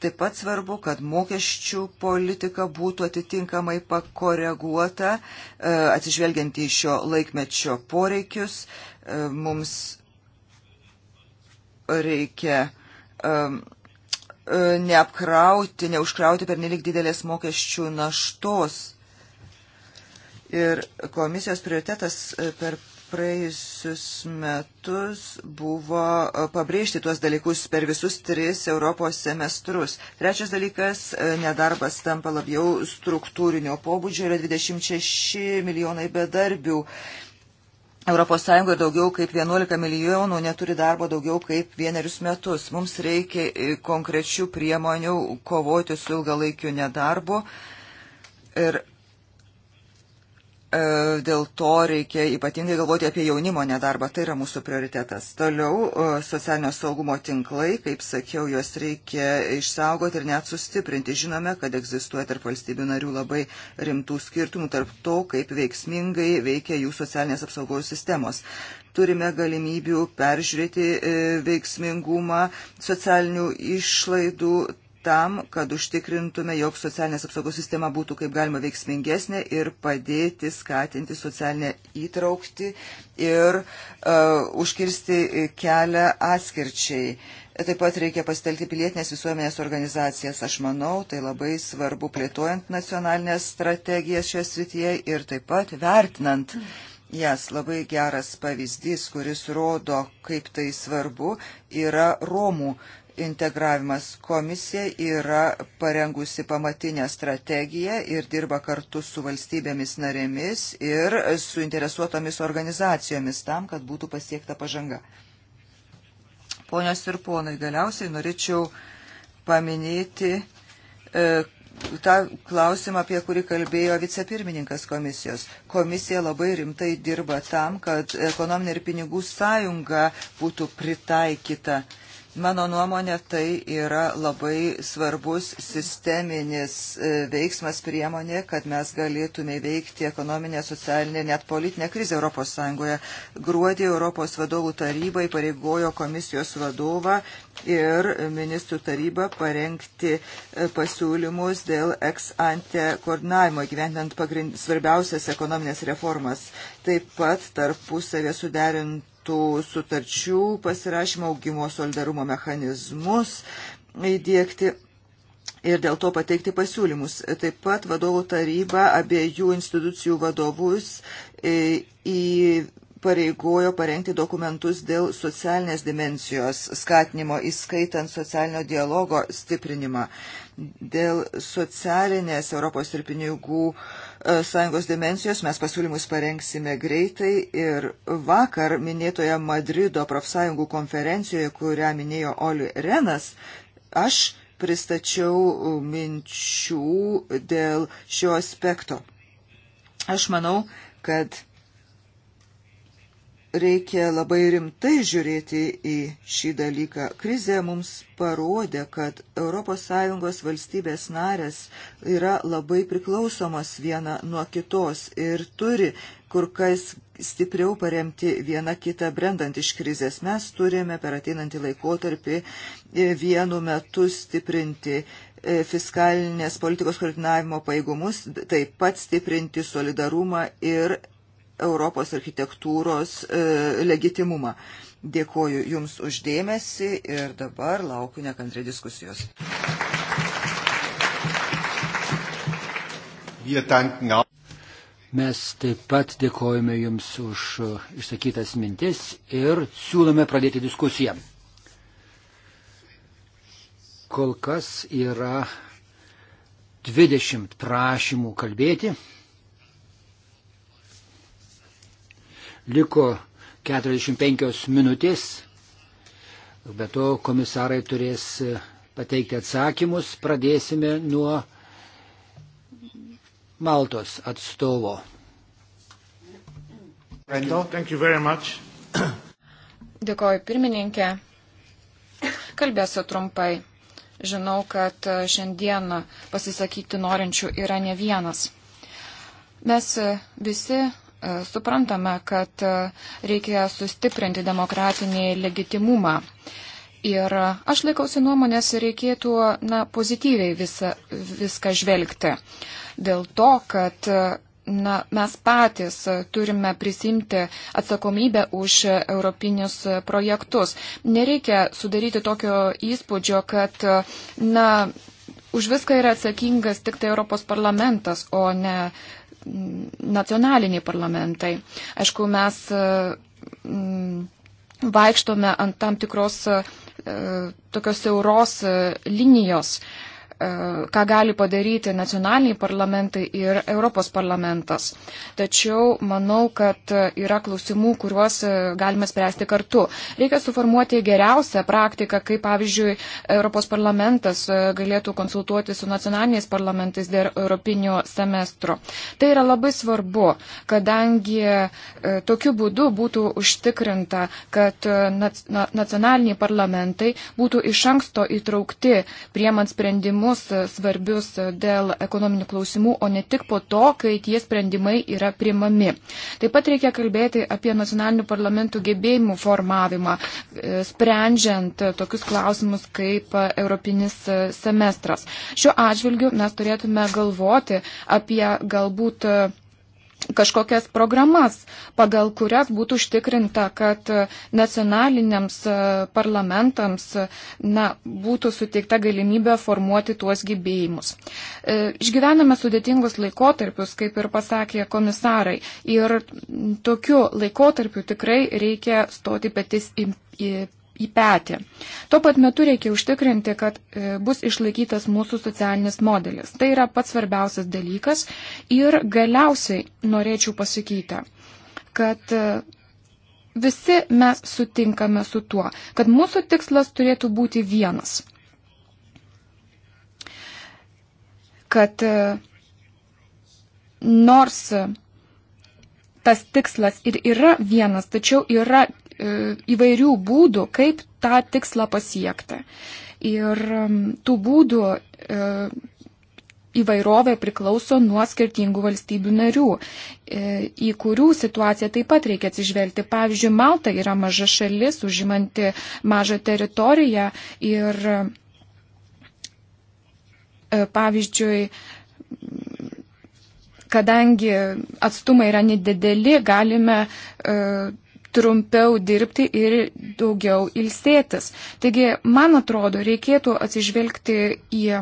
Speaker 2: Taip pat svarbu, kad mokesčių politika būtų atitinkamai pakoreguota, e, atsižvelgiant į šio laikmečio poreikius. E, mums reikia neapkrauti, neužkrauti per nelik didelės mokesčių naštos Ir komisijos prioritetas e, per praėjusius metus buvo e, pabrėžti tuos dalykus per visus tris Europos semestrus. Trečias dalykas e, - nedarbas tampa labiau struktūrinio pobūdžio, yra 26 milijonai bedarbių. ES daugiau kaip 11 milijonų neturi darbo daugiau kaip vienerius metus. Mums reikia konkrečių priemonių kovoti su ilgalaikiu nedarbu. Ir E, dėl to reikia ypatingai galvoti apie jaunimo nedarbą, tai yra mūsų prioritetas. Toliau e, socialinio saugumo tinklai, kaip sakiau, juos reikia išsaugoti ir net sustiprinti. Žinome, kad egzistuoja tarp valstybių narių labai rimtų skirtumų tarp to, kaip veiksmingai veikia jų socialinės apsaugos sistemos. Turime galimybių peržiūrėti e, veiksmingumą socialinių išlaidų tam, kad užtikrintume, jog socialinės apsaugos sistema būtų kaip galima veiksmingesnė ir padėti skatinti socialinę įtraukti ir uh, užkirsti kelią atskirčiai. Taip pat reikia pasitelkti pilietinės visuomenės organizacijas. Aš manau, tai labai svarbu plėtojant nacionalinės strategijas šioje srityje ir taip pat vertinant. Mm jas yes, labai geras pavyzdys, kuris rodo, kaip tai svarbu, yra Romų integravimas. Komisija yra parengusi pamatinę strategiją ir dirba kartu su valstybėmis narėmis ir suinteresuotomis organizacijomis tam, kad būtų pasiekta pažanga. Ponios ir ponai, galiausiai norėčiau paminėti e, tą klausimą, apie kurį kalbėjo vicepirmininkas komisijos. Komisija labai rimtai dirba tam, kad ekonominė ir pinigų sąjunga būtų pritaikyta. E, Mano nuomonė, tai yra labai svarbus sisteminis e, veiksmas priemonė, kad mes galėtume veikti ekonominę, socialinę, net politinę krizę ES. Gruodį Europos vadovų taryba įpareigojo komisijos vadovą ir ministrų taryba parengti e, pasiūlymus dėl ex ante koordinavimo gyventant svarbiausias ekonominės reformas. Taip pat tarpusavė suderinti tų sutarčių pasirašymo augimo solidarumo mechanizmus įdėkti ir dėl to pateikti pasiūlymus. Taip pat vadovų taryba abiejų institucijų vadovus e, į pareigojo parengti dokumentus dėl socialinės dimensijos skatinimo, įskaitant socialinio dialogo stiprinimą. Dėl socialinės Europos ir pinigų e, sąjungos dimensijos mes pasiūlymus parengsime greitai ir vakar minėtoje Madrido profsąjungų konferencijoje, kurią minėjo Oli Renas, aš pristačiau minčių dėl šio aspekto. Aš manau, kad reikia labai rimtai žiūrėti į šį dalyką. Krizė mums parodė, kad ES valstybės narės yra labai priklausomos viena nuo kitos ir turi kur kas stipriau paremti vieną kitą brendant iš krizės. Mes turime per ateinantį laikotarpį e, vienu metu stiprinti e, fiskalinės politikos koordinavimo paėgumus, taip pat stiprinti solidarumą ir Europos architektūros e, legitimumą. Dėkoju Jums uždėmesi ir dabar laukiu nekantrė diskusijos.
Speaker 1: Mes taip pat dėkojame Jums už e, išsakytas mintis ir siūlome pradėti diskusiją. Kol kas yra 20 prašymų kalbėti. liko 45 minutės. Be to komisarai turės e, pateikti atsakymus. Pradėsime nuo Maltos atstovo.
Speaker 5: Dėkoju pirmininkė. Kalbėsiu trumpai. Žinau, kad e, šiandien pasisakyti norinčių yra ne vienas. Mes e, visi suprantame, kad e, reikia sustiprinti demokratinį legitimumą. Ir aš laikausi nuomonės, reikėtų na, pozityviai visa, viską žvelgti. Dėl to, kad na, mes patys turime prisimti atsakomybę už europinius projektus. Nereikia sudaryti tokio įspūdžio, kad na, už viską yra atsakingas tik tai Europos parlamentas, o ne nacionaliniai parlamentai. Aišku, mes e, vaikštome ant tam tikros e, tokios euros e, linijos. Uh, E, ką gali padaryti nacionaliniai parlamentai ir Europos parlamentas. Tačiau manau, kad yra klausimų, kuriuos e, galime spręsti kartu. Reikia suformuoti geriausią praktiką, kaip pavyzdžiui Europos parlamentas e, galėtų konsultuoti su nacionaliniais parlamentais dėl Europinio semestro. Tai yra labai svarbu, kadangi tokiu būdu būtų užtikrinta, kad nacionaliniai parlamentai būtų iš anksto įtraukti priemant sprendimus sprendimus e, svarbius e, dėl ekonominių klausimų, o ne tik po to, kai tie sprendimai yra primami. Taip pat reikia kalbėti apie nacionalinių parlamentų gebėjimų formavimą, e, sprendžiant tokius klausimus kaip europinis semestras. Šiuo atžvilgiu mes turėtume galvoti apie galbūt kažkokias programas, pagal kurias būtų užtikrinta, kad e, nacionaliniams e, parlamentams e, na, būtų suteikta galimybė formuoti tuos gyvėjimus. Išgyvename sudėtingus laikotarpius, kaip ir pasakė komisarai, ir tokiu laikotarpiu tikrai reikia stoti petis į. į į petį. Tuo pat metu reikia užtikrinti, kad e, bus išlaikytas mūsų socialinis modelis. Tai yra pats svarbiausias dalykas. Ir galiausiai norėčiau pasakyti, kad e, visi mes sutinkame su tuo, kad mūsų tikslas turėtų būti vienas. Kad e, nors tas tikslas ir yra vienas, tačiau yra E, įvairių būdų, kaip tą tikslą pasiekti. Ir tų būdų e, įvairovė priklauso nuo skirtingų valstybių narių, e, į kurių situaciją taip pat reikia atsižvelgti. Pavyzdžiui, Malta yra maža šalis, užimanti mažą teritoriją ir, pavyzdžiui, kadangi atstumai yra nedideli, galime trumpiau dirbti ir daugiau ilsėtis. Taigi, man atrodo, reikėtų atsižvelgti į e,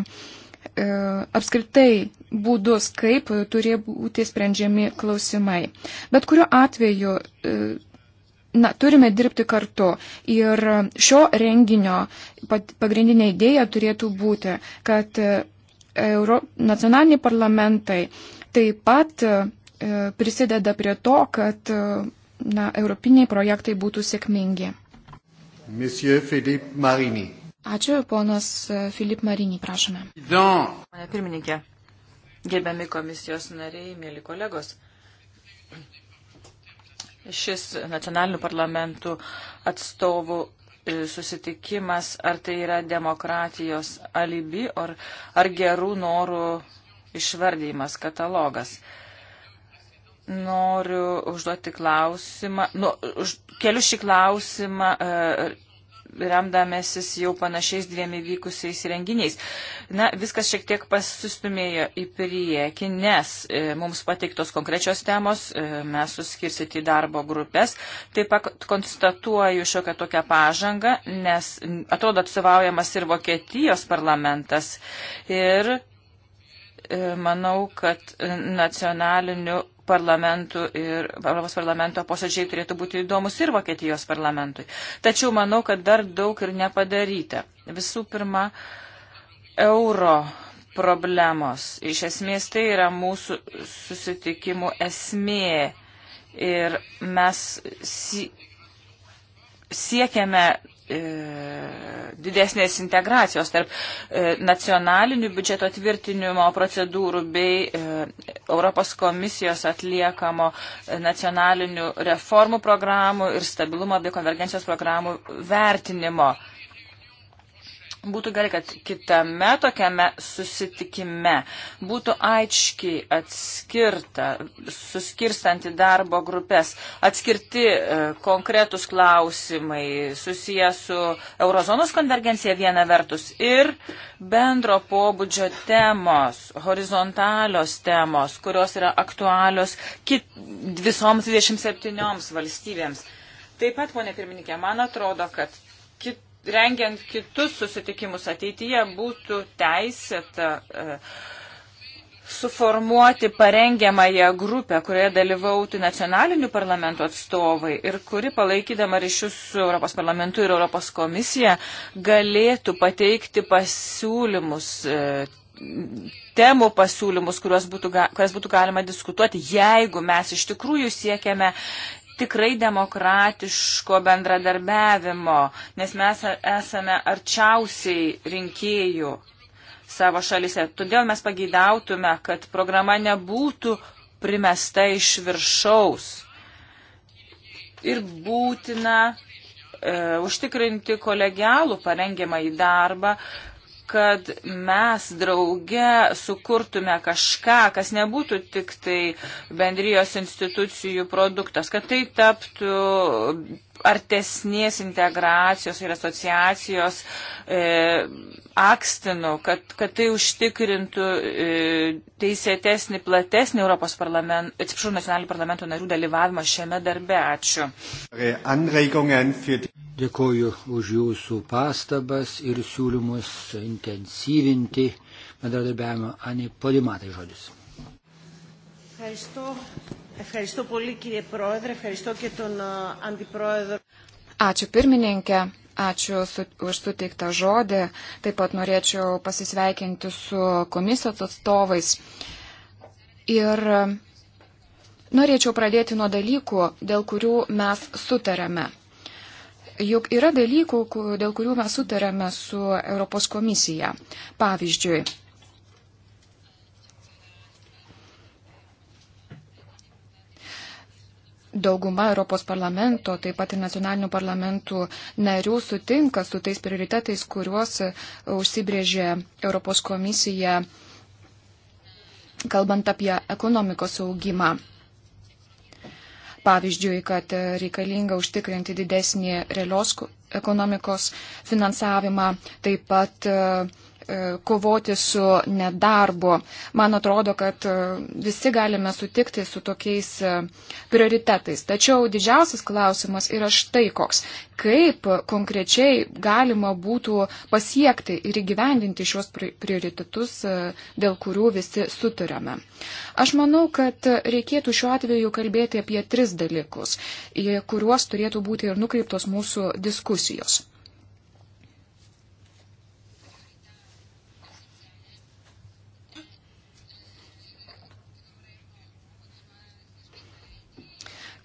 Speaker 5: apskritai būdus, kaip turė būti sprendžiami klausimai. Bet kuriuo atveju, e, na, turime dirbti kartu. Ir šio renginio pagrindinė idėja turėtų būti, kad e, Euro, nacionaliniai parlamentai taip pat e, prisideda prie to, kad e, na, europiniai projektai būtų sėkmingi.
Speaker 1: Monsieur Filip Marini.
Speaker 5: Ačiū, ponas Filip e, Marini, prašome. Pane
Speaker 3: pirmininkė, gerbiami komisijos nariai, mėly kolegos. Šis nacionalinių parlamentų atstovų e, susitikimas, ar tai yra demokratijos alibi, ar, ar gerų norų išvardymas, katalogas. Uh, noriu užduoti klausimą, nu, už, keliu šį klausimą e, remdamėsis jau panašiais dviem įvykusiais renginiais. Na, viskas šiek tiek pasistumėjo į priekį, nes e, mums pateiktos konkrečios temos, e, mes suskirsite į darbo grupės. Taip pat konstatuoju šiokią tokią pažangą, nes atrodo atsivaujamas ir Vokietijos parlamentas. Ir e, manau, kad nacionaliniu parlamentų ir Europos parlamento posėdžiai turėtų būti įdomus ir Vokietijos parlamentui. Tačiau manau, kad dar daug ir nepadaryta. Visų pirma, euro problemos. Iš esmės tai yra mūsų susitikimų esmė ir mes si siekiame E, didesnės integracijos tarp e, nacionalinių biudžeto tvirtinimo procedūrų bei e, Europos komisijos atliekamo nacionalinių reformų programų ir stabilumo bei konvergencijos programų vertinimo. Būtų gerai, kad kitame tokiame susitikime būtų aiškiai atskirta, suskirstanti darbo grupės, atskirti e, konkretus klausimai susiję su eurozonos konvergencija viena vertus ir bendro pobūdžio temos, horizontalios temos, kurios yra aktualios kit, visoms 27 valstybėms. Taip pat, ponė pirmininkė, man atrodo, kad rengiant kitus susitikimus ateityje būtų teisėta e, suformuoti parengiamąją grupę, kurioje dalyvautų nacionalinių parlamentų atstovai ir kuri palaikydama ryšius su Europos parlamentu ir Europos komisija galėtų pateikti pasiūlymus e, temų pasiūlymus, būtų, kurias būtų galima diskutuoti, jeigu mes iš tikrųjų siekiame tikrai demokratiško bendradarbiavimo, nes mes esame arčiausiai rinkėjų savo šalise. Todėl mes pageidautume, kad programa nebūtų primesta iš viršaus. Ir būtina e, užtikrinti kolegialų parengiamą į darbą, kad mes drauge sukurtume kažką, kas nebūtų tik tai bendrijos institucijų produktas, kad tai taptų artesnės integracijos ir asociacijos e, akstinu, kad, kad tai užtikrintų e, teisėtesnį, platesnį Europos parlamento, atsiprašau, nacionalinių parlamento narių dalyvavimą šiame darbe. Ačiū.
Speaker 1: Dėkuoju už jūsų pastabas ir siūlymus intensyvinti bendradarbiavimą. Ani Podimatai žodis.
Speaker 3: Ačiū. Ευχαριστώ πολύ κύριε Πρόεδρε, ευχαριστώ και τον Αντιπρόεδρο.
Speaker 5: Ačiū pirmininkė, ačiū su, už suteiktą žodį. Taip pat norėčiau pasisveikinti su komisijos atstovais. Ir e, norėčiau pradėti nuo dalykų, dėl kurių mes sutarėme. Juk yra dalykų, dėl kurių mes sutarėme su Europos komisija. Pavyzdžiui, dauguma Europos parlamento, taip pat ir nacionalinių parlamentų narių sutinka su tais prioritetais, kuriuos e, užsibrėžė Europos komisija, kalbant apie ekonomikos augimą. Pavyzdžiui, kad e, reikalinga užtikrinti didesnį realios ekonomikos finansavimą, taip pat uh, E, kovoti su nedarbu. Man atrodo, kad e, visi galime sutikti su tokiais e, prioritetais. Tačiau didžiausias klausimas yra štai koks. Kaip konkrečiai galima būtų pasiekti ir įgyvendinti šios prioritetus, dėl kurių visi sutarėme. Aš manau, kad reikėtų šiuo atveju kalbėti apie tris dalykus, į kuriuos turėtų būti ir nukreiptos mūsų diskusijos.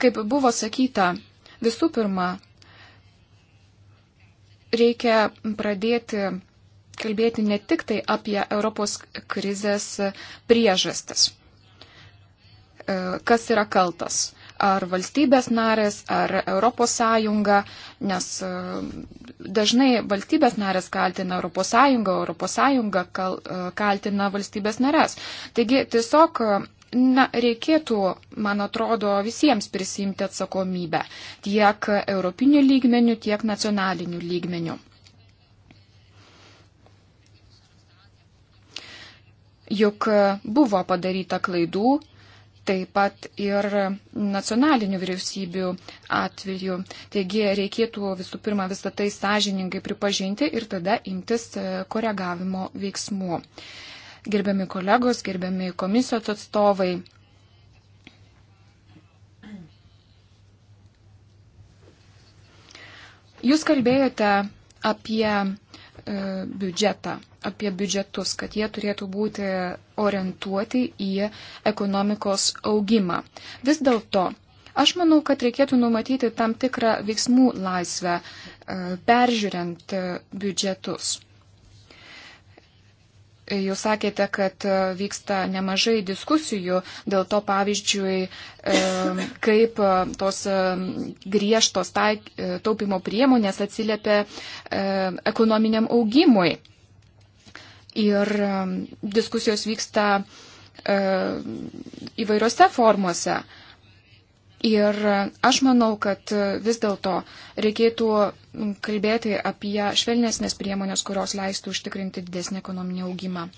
Speaker 5: Kaip buvo sakyta, visų pirma, reikia pradėti kalbėti ne tik tai apie Europos krizės priežastis, e, kas yra kaltas. Ar valstybės narės, ar Europos Sąjunga, nes e, dažnai valstybės narės kaltina Europos Sąjungą, Europos Sąjunga e, kaltina valstybės narės. Taigi tiesiog Na, reikėtų, man atrodo, visiems prisimti atsakomybę tiek europinių lygmenių, tiek nacionalinių lygmenių. Juk buvo padaryta klaidų, taip pat ir nacionalinių vyriausybių atveju. Taigi reikėtų visų pirma visą tai sąžiningai pripažinti ir tada imtis koregavimo veiksmų gerbiami kolegos, gerbiami komisijos atstovai. Jūs kalbėjote apie e, biudžetą, apie biudžetus, kad jie turėtų būti orientuoti į ekonomikos augimą. Vis dėlto, aš manau, kad reikėtų numatyti tam tikrą veiksmų laisvę, e, peržiūrint e, biudžetus. Jūs sakėte, kad e, vyksta nemažai diskusijų dėl to, pavyzdžiui, e, kaip e, tos griežtos taik, taupimo priemonės atsiliepia ekonominiam augimui. Ir diskusijos vyksta įvairiose formuose. Ir aš manau, kad vis dėlto reikėtų kalbėti apie švelnesnės priemonės, kurios leistų užtikrinti didesnį ekonominį augimą.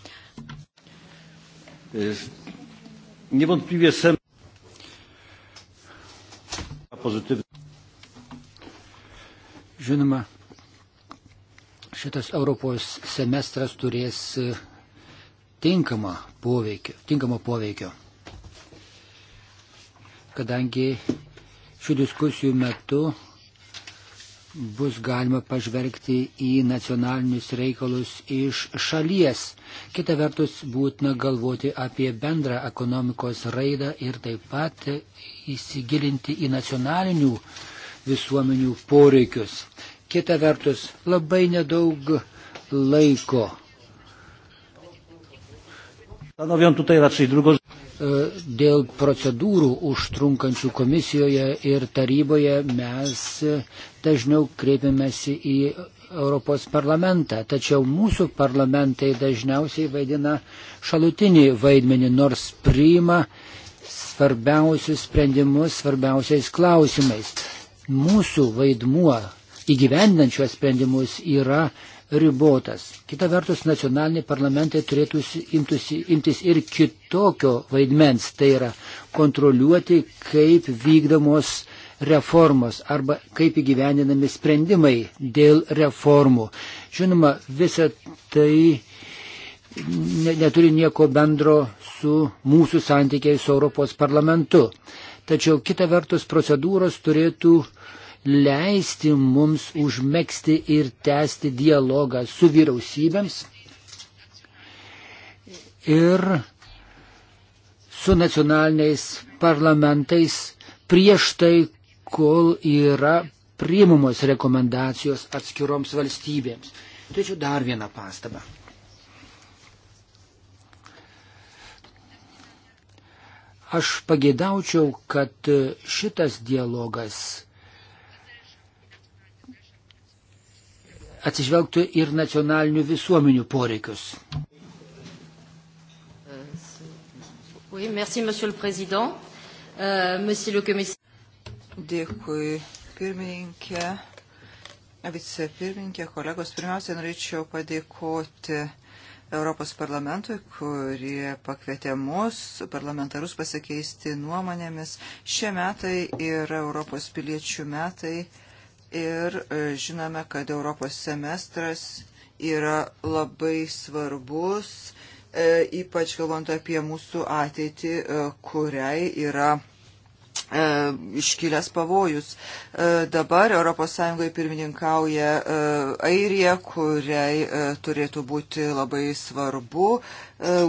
Speaker 1: Žinoma, šitas Europos semestras turės tinkamą poveikio, tinkamą poveikio kadangi šių diskusijų metu bus galima pažvelgti į nacionalinius reikalus iš šalies. Kita vertus, būtina galvoti apie bendrą ekonomikos raidą ir taip pat įsigilinti į nacionalinių visuomenių poreikius. Kita vertus, labai nedaug laiko. Stanowią tutaj raczej drugą E, dėl procedūrų užtrunkančių komisijoje ir taryboje mes dažniau kreipiamėsi į Europos parlamentą, tačiau mūsų parlamentai dažniausiai vaidina šalutinį vaidmenį, nors priima svarbiausius sprendimus svarbiausiais klausimais. Mūsų vaidmuo įgyvendinančios sprendimus yra ribotas. Kita vertus, nacionaliniai parlamentai turėtų imtusi, imtis ir kitokio vaidmens, tai yra kontroliuoti, kaip vykdomos reformos arba kaip įgyvendinami sprendimai dėl reformų. Žinoma, visa tai neturi nieko bendro su mūsų santykiai su Europos parlamentu. Tačiau kita vertus procedūros turėtų uh, leisti mums užmėgsti ir tęsti dialogą su vyriausybėms ir su nacionaliniais parlamentais prieš tai, kol yra priimamos rekomendacijos atskiroms valstybėms. Tačiau dar vieną pastabą. Aš pagėdaučiau, kad šitas dialogas atsižvelgtų ir nacionalinių visuomenių poreikius. Oui, merci,
Speaker 2: monsieur le président. Euh, monsieur le commissaire. Dėkui, pirmininkė, vicepirmininkė, kolegos. Pirmiausia, norėčiau padėkoti Europos parlamentui, kurie pakvietė mus, parlamentarus, pasikeisti nuomonėmis. Šie metai yra Europos piliečių metai ir e, žinome, kad Europos semestras yra labai svarbus, e, ypač galvant apie mūsų ateitį, e, kuriai yra E, iškilęs pavojus. E, dabar ES pirmininkauja e, Airija, kuriai turėtų būti labai svarbu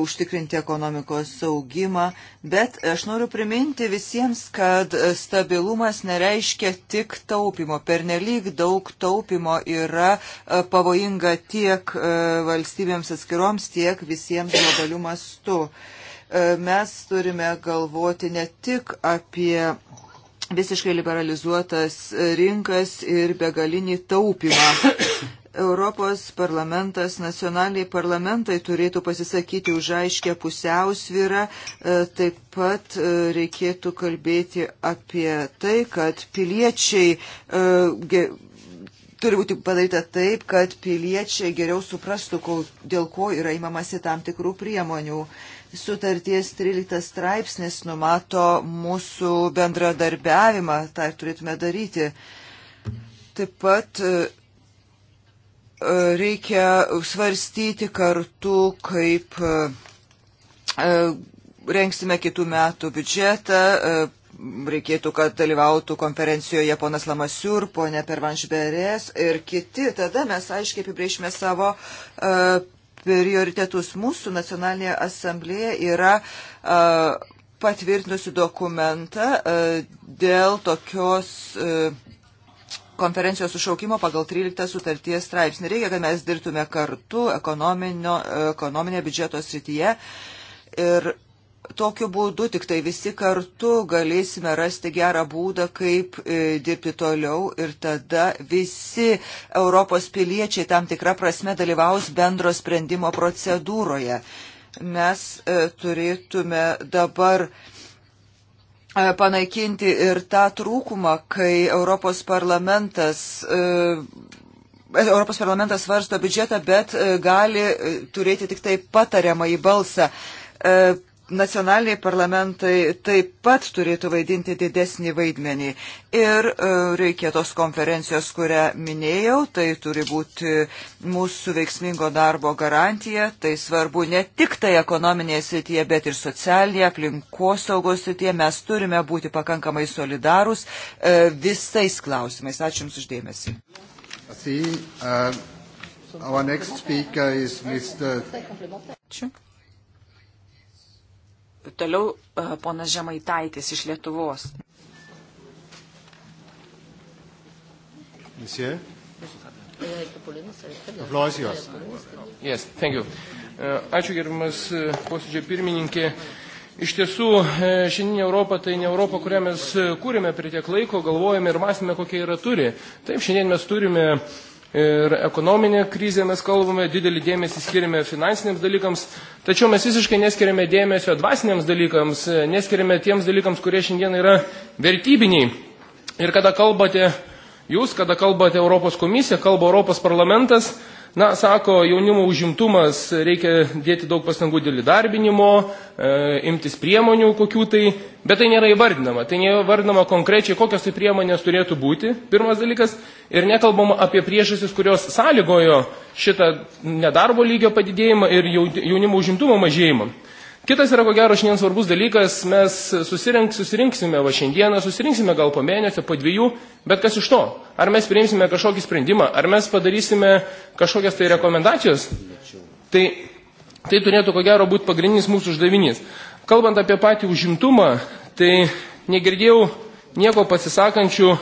Speaker 2: užtikrinti ekonomikos saugimą, bet aš noriu priminti visiems, kad stabilumas nereiškia tik taupimo. Pernelyg daug taupimo yra pavojinga tiek valstybėms atskiroms, tiek visiems globalių mastų. E, mes turime galvoti ne tik apie visiškai liberalizuotas rinkas ir begalinį taupimą. Europos parlamentas, nacionaliniai parlamentai turėtų pasisakyti už aiškę pusiausvyrą. E, taip pat e, reikėtų kalbėti apie tai, kad piliečiai. Turi būti padaryta taip, kad piliečiai geriau suprastų, dėl ko yra įmamasi tam tikrų priemonių. Uh, Sutarties 13 straipsnis numato mūsų bendradarbiavimą, tai turėtume daryti. Taip pat e, e, reikia svarstyti kartu, kaip e, rengsime kitų metų biudžetą, reikėtų, kad dalyvautų konferencijoje ponas Lamasiur, ponė Pervanšberės ir kiti. Tada mes aiškiai apibrėšime savo uh, prioritetus. Mūsų nacionalinė asamblėje yra patvirtinusi dokumentą dėl tokios konferencijos sušaukimo pagal 13 sutarties straipsnį. Reikia, kad mes dirbtume kartu ekonominio, ekonominė biudžeto srityje ir Tokiu būdu tik tai visi kartu galėsime rasti gerą būdą, kaip e, dirbti toliau ir tada visi Europos piliečiai tam tikrą prasme dalyvaus bendro sprendimo procedūroje. Mes e, turėtume dabar e, panaikinti ir tą trūkumą, kai Europos parlamentas. Europos parlamentas svarsto biudžetą, bet gali turėti tik tai patariamą į balsą nacionaliniai parlamentai taip pat turėtų vaidinti didesnį vaidmenį. Ir e, reikia tos konferencijos, kurią minėjau, tai turi būti mūsų veiksmingo darbo garantija. Tai svarbu ne tik tai ekonominėje srityje, bet ir socialinėje, aplinkosaugos srityje. Mes turime būti pakankamai solidarūs e, visais klausimais. Ačiū Jums uždėmesi.
Speaker 1: Ačiū. Euh, our next speaker is
Speaker 5: Mr. Ačiū.
Speaker 3: Toliau e, ponas Žemaitaitis iš Lietuvos.
Speaker 4: Monsieur? Yes, e, Ačiū gerbimas e, posėdžio pirmininkė. Iš tiesų, šiandien Europa tai ne Europa, kurią mes kūrėme prie tiek laiko, galvojame ir mąstėme, kokia yra turi. Taip, šiandien mes turime uh, ir ekonominė krizė mes kalbame, didelį dėmesį skiriame finansiniams dalykams, tačiau mes visiškai neskiriame dėmesio dvasiniams dalykams, neskiriame tiems dalykams, kurie šiandien yra vertybiniai. Ir kada kalbate jūs, kada kalbate Europos komisija, kalba Europos parlamentas, Na, sako, jaunimo užimtumas reikia dėti daug pastangų dėl įdarbinimo, e, imtis priemonių kokių tai, bet tai nėra įvardinama. Tai nėra įvardinama konkrečiai, kokios tai priemonės turėtų būti, pirmas dalykas, ir nekalbama apie priežastis, kurios sąlygojo šitą nedarbo lygio padidėjimą ir jaunimo užimtumo mažėjimą. Kitas yra ko gero šiandien svarbus dalykas, mes susirink, susirinksime va šiandieną, susirinksime gal po mėnesio, po dviejų, bet kas iš to? Ar mes priimsime kažkokį sprendimą, ar mes padarysime kažkokias tai rekomendacijos? Tai, tai turėtų ko gero būti pagrindinis mūsų uždavinys. Kalbant apie patį užimtumą, tai negirdėjau nieko pasisakančių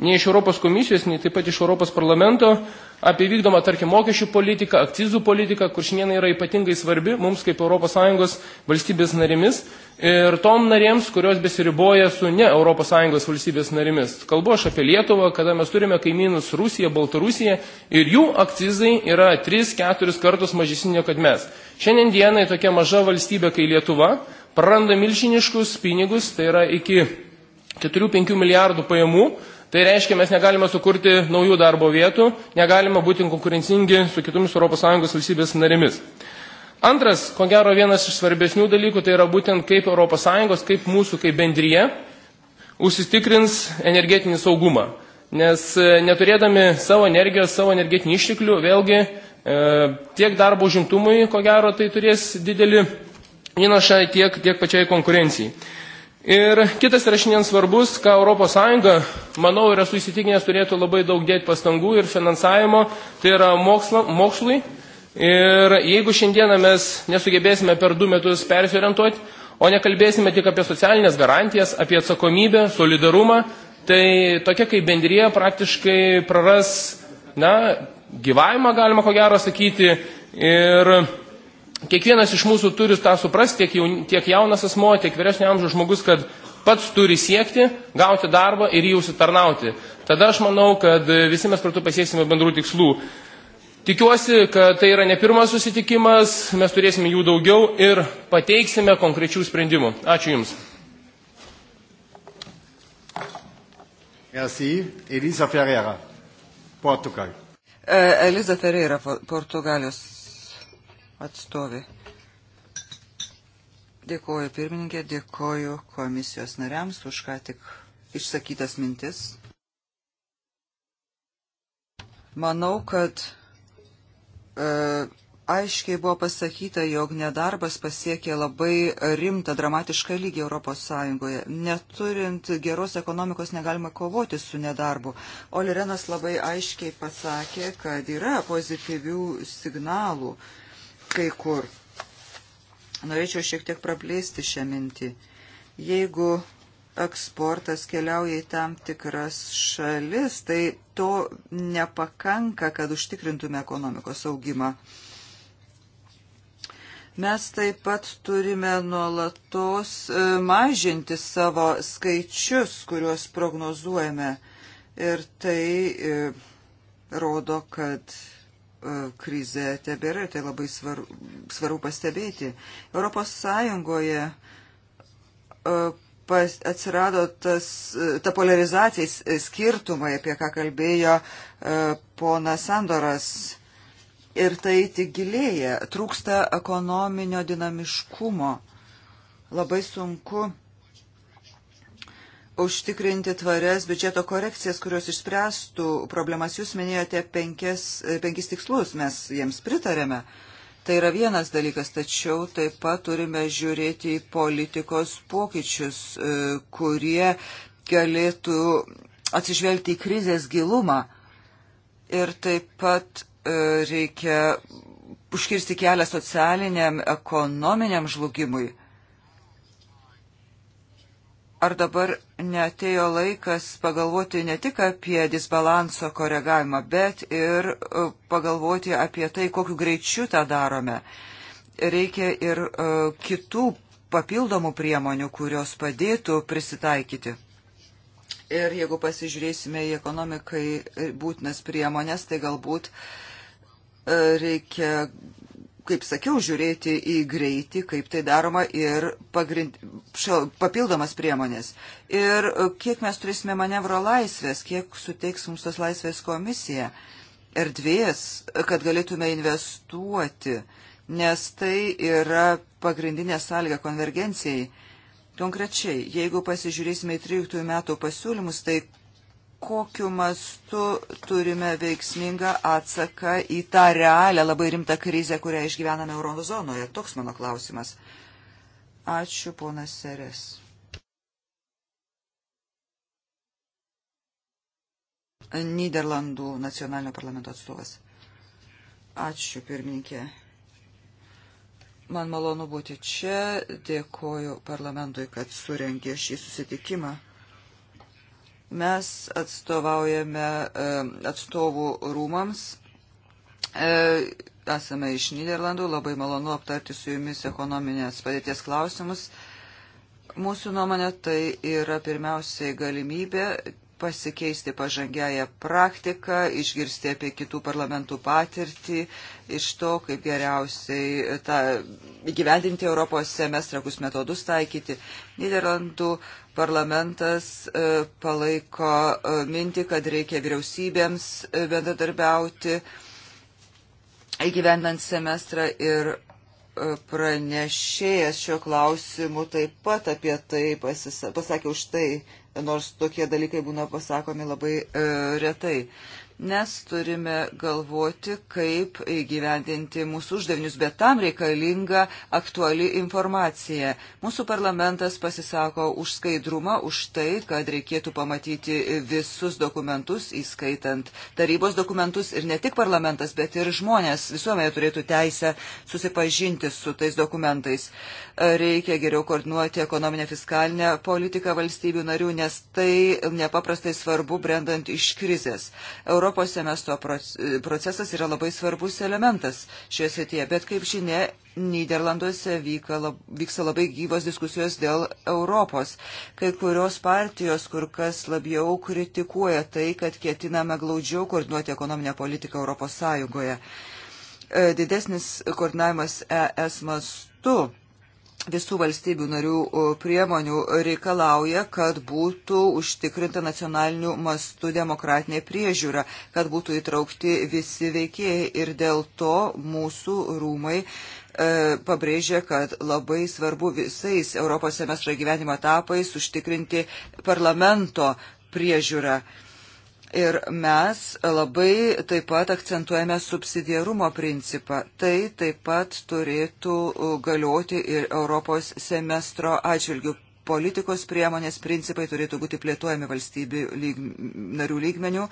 Speaker 4: nei iš Europos komisijos, nei taip pat iš Europos parlamento apie vykdomą, tarkim, mokesčių politiką, akcizų politiką, kur šiandien yra ypatingai svarbi mums kaip ES valstybės narimis ir tom narėms, kurios besiriboja su ne ES valstybės narimis. Kalbu aš apie Lietuvą, kada mes turime kaimynus Rusiją, Baltarusiją ir jų akcizai yra 3-4 kartus mažesnė, kad mes. Šiandien dienai tokia maža valstybė, kai Lietuva, praranda milžiniškus pinigus, tai yra iki 4-5 milijardų pajamų Tai reiškia, mes negalime sukurti naujų darbo vietų, negalime būti konkurencingi su kitomis ES valstybės narėmis. Antras, ko gero, vienas iš svarbesnių dalykų, tai yra būtent kaip ES, kaip mūsų, kaip bendryje, užsistikrins energetinį saugumą. Nes e, neturėdami savo energijos, savo energetinių išteklių, vėlgi e, tiek darbo užimtumui, ko gero, tai turės didelį įnašą tiek, tiek pačiai konkurencijai. Ir kitas yra šiandien svarbus, ką ES, manau, ir esu įsitikinęs, turėtų labai daug dėti pastangų ir finansavimo, tai yra moksla, mokslui. Ir jeigu šiandieną mes nesugebėsime per du metus persiorientuoti, o nekalbėsime tik apie socialinės garantijas, apie atsakomybę, solidarumą, tai tokia kaip bendrija praktiškai praras, na, gyvavimą galima ko gero sakyti. Ir kiekvienas iš mūsų turi tą suprasti, tiek, jaun, tiek jaunas asmo, tiek vyresnio amžiaus žmogus, kad pats turi siekti, gauti darbą ir jį užsitarnauti. Tada aš manau, kad visi mes kartu pasieksime bendrų tikslų. Tikiuosi, kad tai yra ne pirmas susitikimas, mes turėsime jų daugiau ir pateiksime konkrečių sprendimų. Ačiū Jums.
Speaker 1: Merci. Elisa
Speaker 2: Ferreira, Portugal. Uh, Elisa Ferreira, Portugalijos atstovė. Dėkuoju pirmininkė, dėkuoju komisijos nariams už ką tik išsakytas mintis. Manau, kad e, aiškiai buvo pasakyta, jog nedarbas pasiekė labai rimtą, dramatišką lygį Europos Sąjungoje. Neturint geros ekonomikos negalima kovoti su nedarbu. Olirenas labai aiškiai pasakė, kad yra pozityvių signalų. E, kai kur. Norėčiau šiek tiek praplėsti šią mintį. Jeigu eksportas keliauja į tam tikras šalis, tai to nepakanka, kad užtikrintume ekonomikos augimą. Mes taip pat turime nuolatos e, mažinti savo skaičius, kuriuos prognozuojame. Ir tai e, rodo, kad E, krize tebėra ir tai labai svaru, svarbu pastebėti. Europos Sąjungoje e, pas, atsirado tas, e, ta polarizacija, skirtumai, apie ką kalbėjo ponas Sandoras. Ir tai tik gilėja, trūksta ekonominio dinamiškumo. Labai sunku užtikrinti tvarias biudžeto korekcijas, kurios išspręstų problemas. Jūs minėjote penkis, e, penkis tikslus, mes jiems pritarėme. Tai yra vienas dalykas, tačiau taip pat turime žiūrėti į politikos pokyčius, e, kurie galėtų atsižvelgti į krizės gilumą. Ir taip pat e, reikia užkirsti kelią socialiniam, ekonominiam žlugimui. Ar dabar netėjo laikas pagalvoti ne tik apie disbalanso koregavimą, bet ir e, pagalvoti apie tai, kokiu greičiu tą darome. Reikia ir uh, kitų papildomų priemonių, kurios padėtų prisitaikyti. Ir jeigu pasižiūrėsime į ekonomikai būtinas priemonės, tai galbūt e, reikia kaip sakiau, žiūrėti į greitį, kaip tai daroma ir pagrind... šal... papildomas priemonės. Ir kiek mes turėsime manevro laisvės, kiek suteiks mums tos laisvės komisija erdvės, kad galėtume investuoti, nes tai yra pagrindinė sąlyga konvergencijai. Konkrečiai, jeigu pasižiūrėsime į 13 metų pasiūlymus, tai kokiu mastu turime veiksmingą atsaką į tą realią labai rimtą krizę, kurią išgyvename eurozonoje. Toks mano klausimas. Ačiū, ponas Seres. Niderlandų nacionalinio parlamento atstovas. Ačiū, pirmininkė. Man malonu būti čia. Dėkoju parlamentui, kad surengė šį susitikimą. Mes atstovaujame atstovų rūmams. E, esame iš Niderlandų, labai malonu aptarti su jumis ekonominės padėties klausimus. Mūsų nuomonė tai yra pirmiausiai galimybė pasikeisti pažangiają praktiką, išgirsti apie kitų parlamentų patirtį, iš to, kaip geriausiai e, tą, įgyvendinti Europos semestrakus metodus taikyti. Niderlandų parlamentas e, palaiko e, mintį, kad reikia vyriausybėms bendradarbiauti įgyvendant semestrą ir pranešėjas šio klausimu taip pat apie tai pasisa, pasakė už tai nors tokie dalykai būna pasakomi labai e, retai. Mes turime galvoti, kaip įgyvendinti mūsų uždavinius, bet tam reikalinga aktuali informacija. Mūsų parlamentas pasisako už skaidrumą, už tai, kad reikėtų pamatyti visus dokumentus, įskaitant tarybos dokumentus ir ne tik parlamentas, bet ir žmonės visuomenė turėtų teisę susipažinti su tais dokumentais. E, reikia geriau koordinuoti ekonominę fiskalinę politiką valstybių narių, nes tai nepaprastai svarbu brendant iš krizės. Europos semestro procesas yra labai svarbus elementas šioje srityje, bet kaip žinia, Niderlanduose vyka, lab, vyksta labai gyvos diskusijos dėl Europos. Kai kurios partijos kur kas labiau kritikuoja tai, kad ketiname glaudžiau koordinuoti ekonominę politiką Europos Sąjungoje. E, didesnis koordinavimas ES mastu visų valstybių narių priemonių reikalauja, kad būtų užtikrinta nacionalinių mastų demokratinė priežiūra, kad būtų įtraukti visi veikėjai ir dėl to mūsų rūmai e, pabrėžia, kad labai svarbu visais Europos semestro gyvenimo etapais užtikrinti parlamento priežiūrą. E, Ir mes labai taip pat akcentuojame subsidiarumo principą. Tai taip pat turėtų uh, galioti ir Europos semestro atžvilgių. Politikos priemonės principai turėtų būti plėtojami valstybių lyg, narių lygmenių.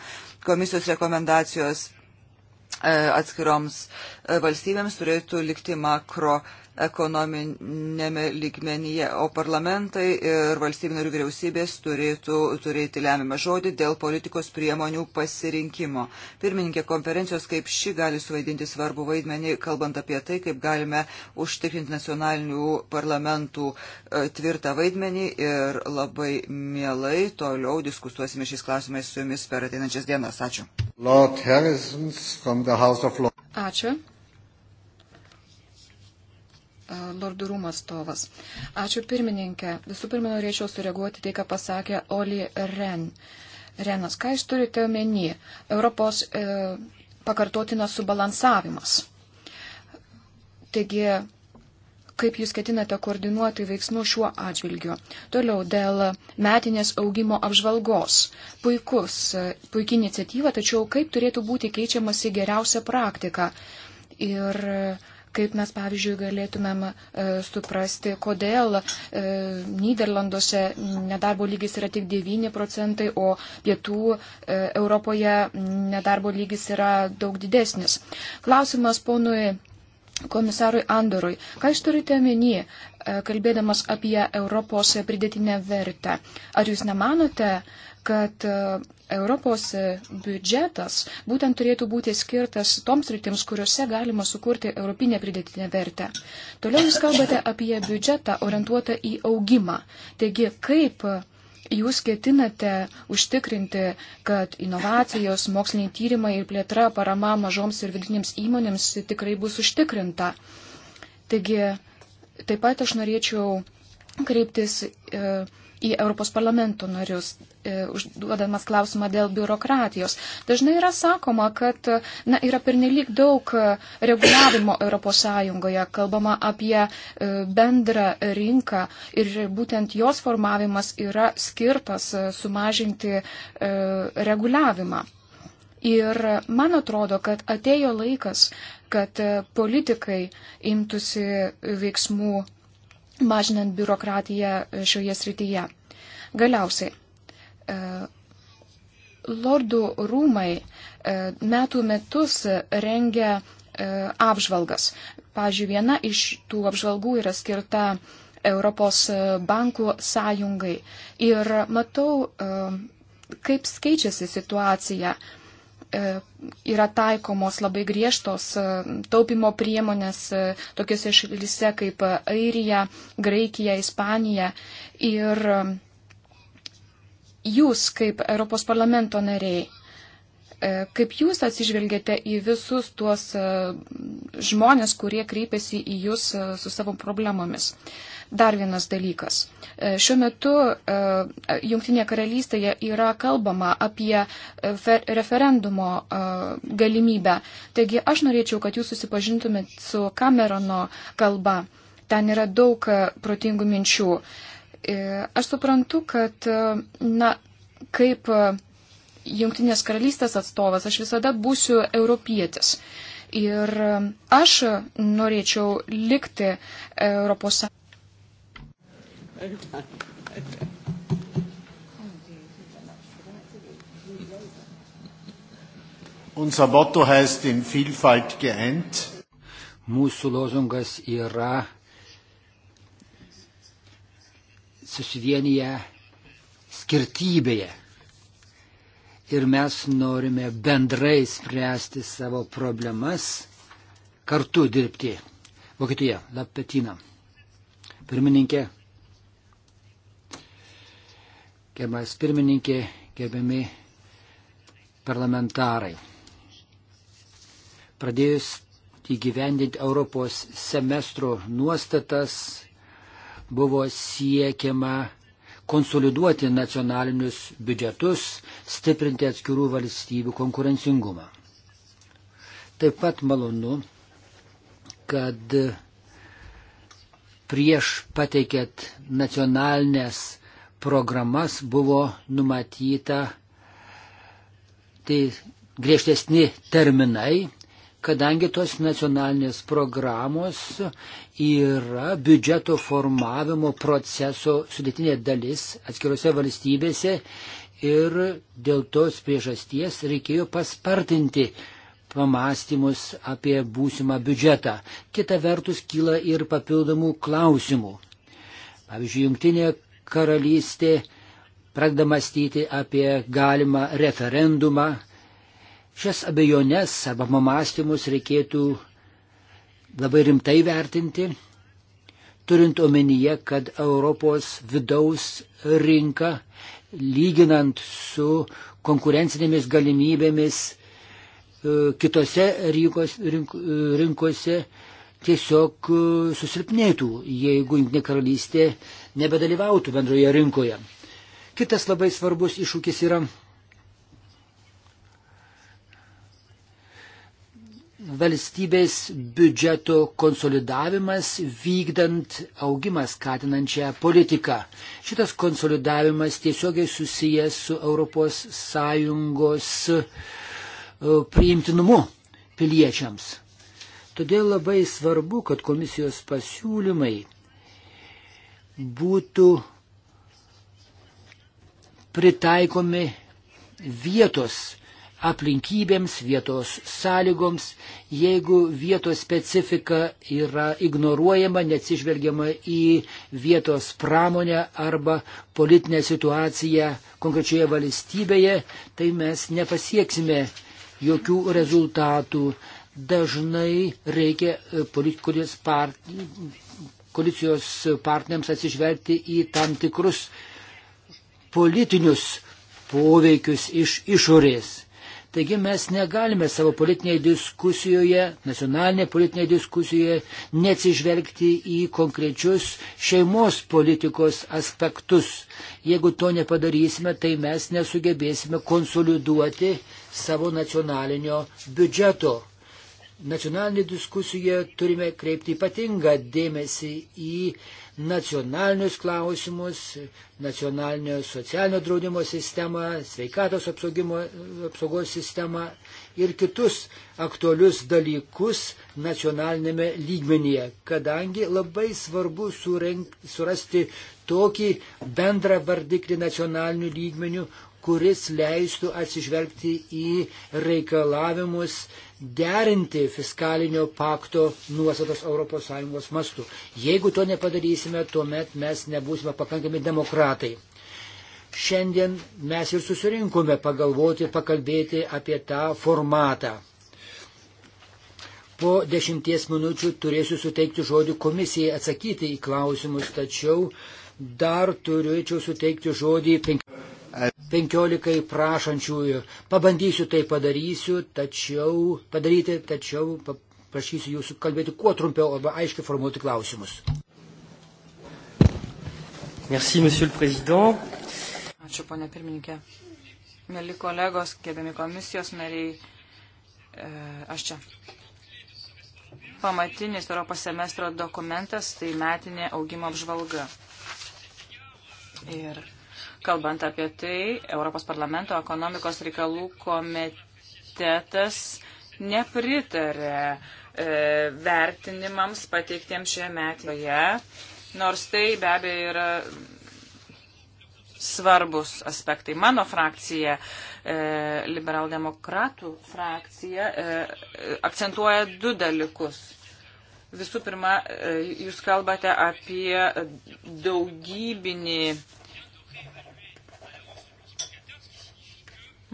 Speaker 2: Komisijos rekomendacijos e, atskiroms e, valstybėms turėtų likti makro ekonominėme lygmenyje, o parlamentai ir valstybinio ir vyriausybės turėtų turėti lemiamą žodį dėl politikos priemonių pasirinkimo. Pirmininkė konferencijos kaip ši gali suvaidinti svarbu vaidmenį, kalbant apie tai, kaip galime užtikrinti nacionalinių parlamentų e, tvirtą vaidmenį ir labai mielai toliau diskutuosime šiais klausimais su jumis per ateinančias dienas.
Speaker 1: Ačiū.
Speaker 5: Ačiū. Lordų rūmų atstovas. Ačiū pirmininkė. Visų pirma, norėčiau sureaguoti tai, ką pasakė Oli Ren. Renas, ką jūs turite omeny? Europos e, pakartotinas subalansavimas. Taigi, kaip jūs ketinate koordinuoti veiksmų šiuo atžvilgiu. Toliau dėl metinės augimo apžvalgos. Puikus, e, puikia iniciatyva, tačiau kaip turėtų būti keičiamasi geriausia praktika. Ir uh, kaip mes, pavyzdžiui, galėtumėm e, suprasti, kodėl e, Niderlanduose nedarbo lygis yra tik 9 procentai, o pietų e, Europoje nedarbo lygis yra daug didesnis. Klausimas ponui komisarui Andorui. Ką jūs turite omeny, kalbėdamas apie Europos pridėtinę vertę? Ar jūs nemanote, kad e, Europos biudžetas būtent turėtų būti skirtas toms rytims, kuriuose galima sukurti europinę pridėtinę vertę. Toliau jūs kalbate apie biudžetą orientuotą į augimą. Taigi, kaip jūs ketinate užtikrinti, kad inovacijos, moksliniai tyrimai ir plėtra parama mažoms ir vidinėms įmonėms tikrai bus užtikrinta? Taigi, taip pat aš norėčiau kreiptis. E, į Europos parlamento narius, e, užduodamas klausimą dėl biurokratijos. Dažnai yra sakoma, kad na, yra pernelyg daug reguliavimo Europos Sąjungoje, kalbama apie e, bendrą rinką ir būtent jos formavimas yra skirtas e, sumažinti reguliavimą. Ir man atrodo, kad atėjo laikas, kad politikai imtųsi veiksmų mažinant biurokratiją e, šioje srityje. Galiausiai, e, lordų rūmai e, metų metus rengia apžvalgas. Pavyzdžiui, viena iš tų apžvalgų yra skirta Europos bankų sąjungai. Ir matau, kaip keičiasi situacija E, yra taikomos labai griežtos e, taupimo priemonės e, tokiuose šalyse kaip Airija, Graikija, Ispanija. Ir jūs kaip Europos parlamento nariai, E, kaip jūs atsižvelgiate į visus tuos e, žmonės, kurie kreipiasi į jūs e, su savo problemomis? Dar vienas dalykas. Šiuo metu Junktinėje karalystėje yra kalbama apie referendumo galimybę. Taigi aš norėčiau, kad jūs susipažintumėt su Camerono kalba. Ten yra daug protingų minčių. Aš suprantu, kad, na, kaip Junktinės karalystės atstovas, aš visada būsiu europietis. Ir um, aš norėčiau likti Europos.
Speaker 1: Unser Motto heißt in Vielfalt geeint. Mūsų lozungas yra susivienyje skirtybėje ir mes norime bendrai spręsti savo problemas, kartu dirbti. Vokietija, Lapetina. Pirmininkė, gerbiamas pirmininkė, gerbiami parlamentarai. Pradėjus įgyvendinti Europos semestro nuostatas, buvo siekiama konsoliduoti nacionalinius biudžetus, stiprinti atskirų valstybių konkurencingumą. Taip pat malonu, kad prieš pateikėt nacionalinės programas buvo numatyta tai griežtesni terminai kadangi tos nacionalinės programos yra biudžeto formavimo proceso sudėtinė dalis atskirose valstybėse ir dėl tos priežasties reikėjo paspartinti pamastymus apie būsimą biudžetą. Kita vertus kyla ir papildomų klausimų. Pavyzdžiui, Junktinė karalystė pradeda mąstyti apie galimą referendumą Šias abejonės arba pamastymus reikėtų labai rimtai vertinti, turint omenyje, kad Europos vidaus rinka, lyginant su konkurencinėmis galimybėmis e, kitose rinkos, rink, e, rinkose, tiesiog e, susilpnėtų, jeigu Junktinė karalystė nebedalyvautų bendroje rinkoje. Kitas labai svarbus iššūkis yra valstybės biudžeto konsolidavimas vykdant augimą skatinančią politiką. Šitas konsolidavimas tiesiogiai susijęs su ES e, priimtinumu piliečiams. Todėl labai svarbu, kad komisijos pasiūlymai būtų pritaikomi vietos aplinkybėms, vietos sąlygoms, jeigu vietos specifika yra ignoruojama, neatsižvelgiama į vietos pramonę arba politinę situaciją konkrečioje valstybėje, tai mes nepasieksime jokių rezultatų. Dažnai reikia e, politikos partijos koalicijos partneriams atsižvelgti į tam tikrus politinius poveikius iš išorės. Taigi mes negalime savo politinėje diskusijoje, nacionalinėje politinėje diskusijoje, neatsižvelgti į konkrečius šeimos politikos aspektus. Jeigu to nepadarysime, tai mes nesugebėsime konsoliduoti savo nacionalinio biudžeto nacionalinė diskusija turime kreipti ypatingą dėmesį į nacionalinius klausimus, nacionalinio socialinio draudimo sistemą, sveikatos apsaugos sistemą ir kitus aktualius dalykus nacionalinėme lygmenyje, kadangi labai svarbu surenk, surasti tokį bendrą vardiklį nacionalinių lygmenių, kuris leistų atsižvelgti į reikalavimus derinti fiskalinio pakto nuostatas ES mastu. Jeigu to nepadarysime, tuomet mes nebūsime pakankami demokratai. Šiandien mes ir susirinkome pagalvoti, pakalbėti apie tą formatą. Po dešimties minučių turėsiu suteikti žodį komisijai atsakyti į klausimus, tačiau dar turėčiau suteikti žodį penkiolika. 15 prašančiųjų. Pabandysiu tai padarysiu, tačiau, padaryti, tačiau paprašysiu jūsų kalbėti kuo trumpiau arba aiškiai formuoti klausimus. Merci, monsieur le président.
Speaker 3: Ačiū, ponė pirmininkė. Mėly kolegos, gerbiami komisijos nariai, e, aš čia. Pamatinis Europos semestro dokumentas tai metinė augimo apžvalga. Ir Kalbant apie tai, Europos parlamento ekonomikos reikalų komitetas nepritarė e, vertinimams pateiktiems šioje metėje, nors tai be abejo yra svarbus aspektai. Mano frakcija, e, liberaldemokratų frakcija, e, akcentuoja du dalykus. Visų pirma, e, jūs kalbate apie daugybinį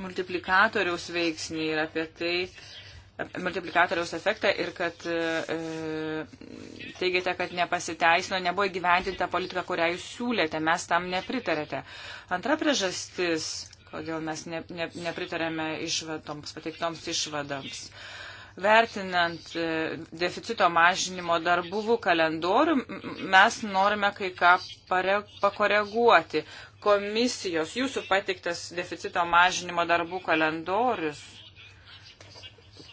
Speaker 3: multiplikatoriaus veiksnį ir apie tai, multiplikatoriaus efektą ir kad e, teigiate, kad nepasiteisino, nebuvo įgyvendinta politika, kurią jūs siūlėte, mes tam nepritarėte. Antra priežastis, kodėl mes ne, ne, nepritarėme išvadoms, pateiktoms išvadoms. Vertinant e, deficito mažinimo darbuvų kalendorių, mes norime kai ką pare, pakoreguoti komisijos, jūsų patiktas deficito mažinimo darbų kalendorius,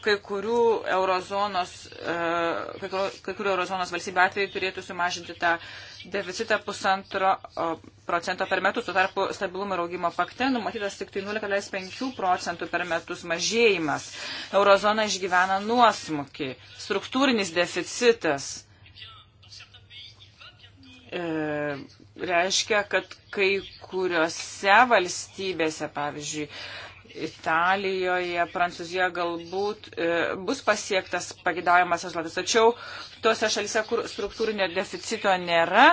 Speaker 3: kai kurių eurozonos, e, kai kurių eurozonos valstybių atveju turėtų sumažinti tą deficitą pusantro procento per metus, tuo tarpu stabilumo ir augimo pakte numatytas tik tai 0,5 procentų per metus mažėjimas. Eurozona išgyvena nuosmukį, struktūrinis deficitas. E, reiškia, kad kai kuriuose valstybėse, pavyzdžiui, Italijoje, Prancūzijoje galbūt e, bus pasiektas pagidaujamas rezultatas. Tačiau tose šalise, kur struktūrinio deficito nėra,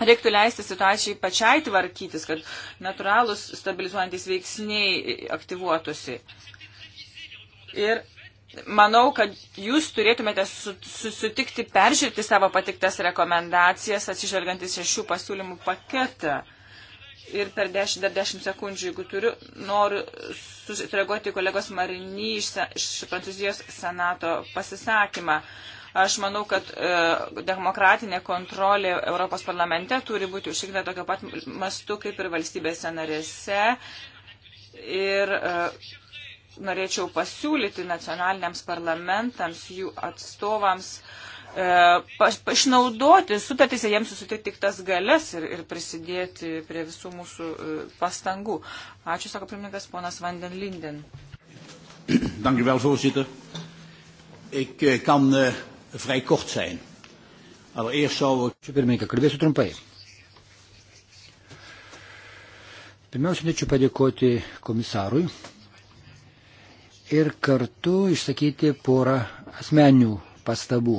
Speaker 3: reiktų leisti situacijai pačiai tvarkytis, kad natūralūs stabilizuojantis veiksniai aktyvuotųsi. Ir manau, kad jūs turėtumėte susitikti peržiūrėti savo patiktas rekomendacijas, atsižvelgiantis iš šių pasiūlymų paketą. Ir per 10, dar 10 sekundžių, jeigu turiu, noriu sureaguoti kolegos Marinį iš, iš Prancūzijos senato pasisakymą. Aš manau, kad e, demokratinė kontrolė Europos parlamente turi būti užtikrinta tokio pat mastu kaip ir valstybėse narėse. Ir e, norėčiau pasiūlyti nacionaliniams parlamentams, jų atstovams e, išnaudoti sutartys jiems susitiktas galės ir, ir prisidėti prie visų mūsų e, pastangų. Ačiū, sako pirmininkas ponas Vanden Linden.
Speaker 1: Dank u wel, voorzitter. Ik uh, kan uh, vrij kort zijn. Allereerst zou ik... Pirmininkė, kalbėsiu trumpai. Pirmiausia, norėčiau padėkoti komisarui ir kartu išsakyti porą asmenių pastabų.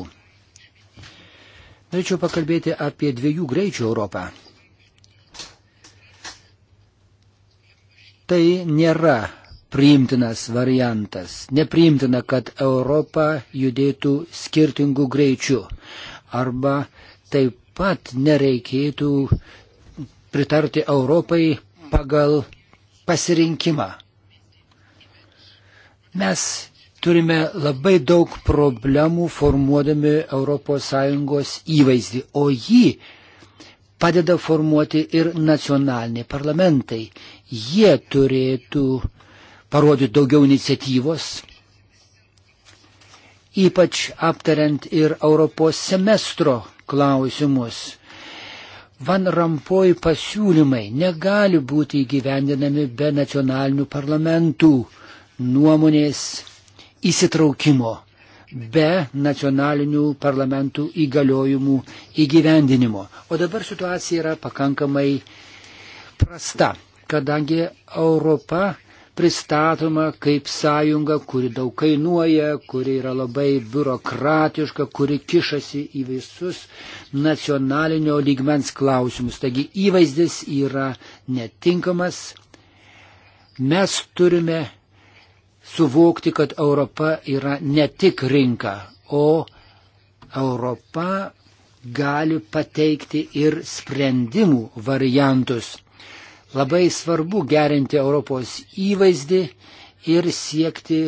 Speaker 1: Norėčiau pakalbėti apie dviejų greičių Europą. Tai nėra priimtinas variantas. Nepriimtina, kad Europa judėtų skirtingų greičių. Arba taip pat nereikėtų pritarti Europai pagal pasirinkimą. Mes turime labai daug problemų formuodami ES įvaizdį, o jį padeda formuoti ir nacionaliniai parlamentai. Jie turėtų parodyti daugiau iniciatyvos, ypač aptariant ir Europos semestro klausimus. Van Rampoj pasiūlymai negali būti įgyvendinami be nacionalinių parlamentų nuomonės įsitraukimo, be nacionalinių parlamentų įgaliojimų įgyvendinimo. O dabar situacija yra pakankamai prasta, kadangi Europa pristatoma kaip sąjunga, kuri daug kainuoja, kuri yra labai biurokratiška, kuri kišasi į visus nacionalinio lygmens klausimus. Taigi įvaizdis yra netinkamas. Mes turime suvokti, kad Europa yra ne tik rinka, o Europa gali pateikti ir sprendimų variantus. Labai svarbu gerinti Europos įvaizdį ir siekti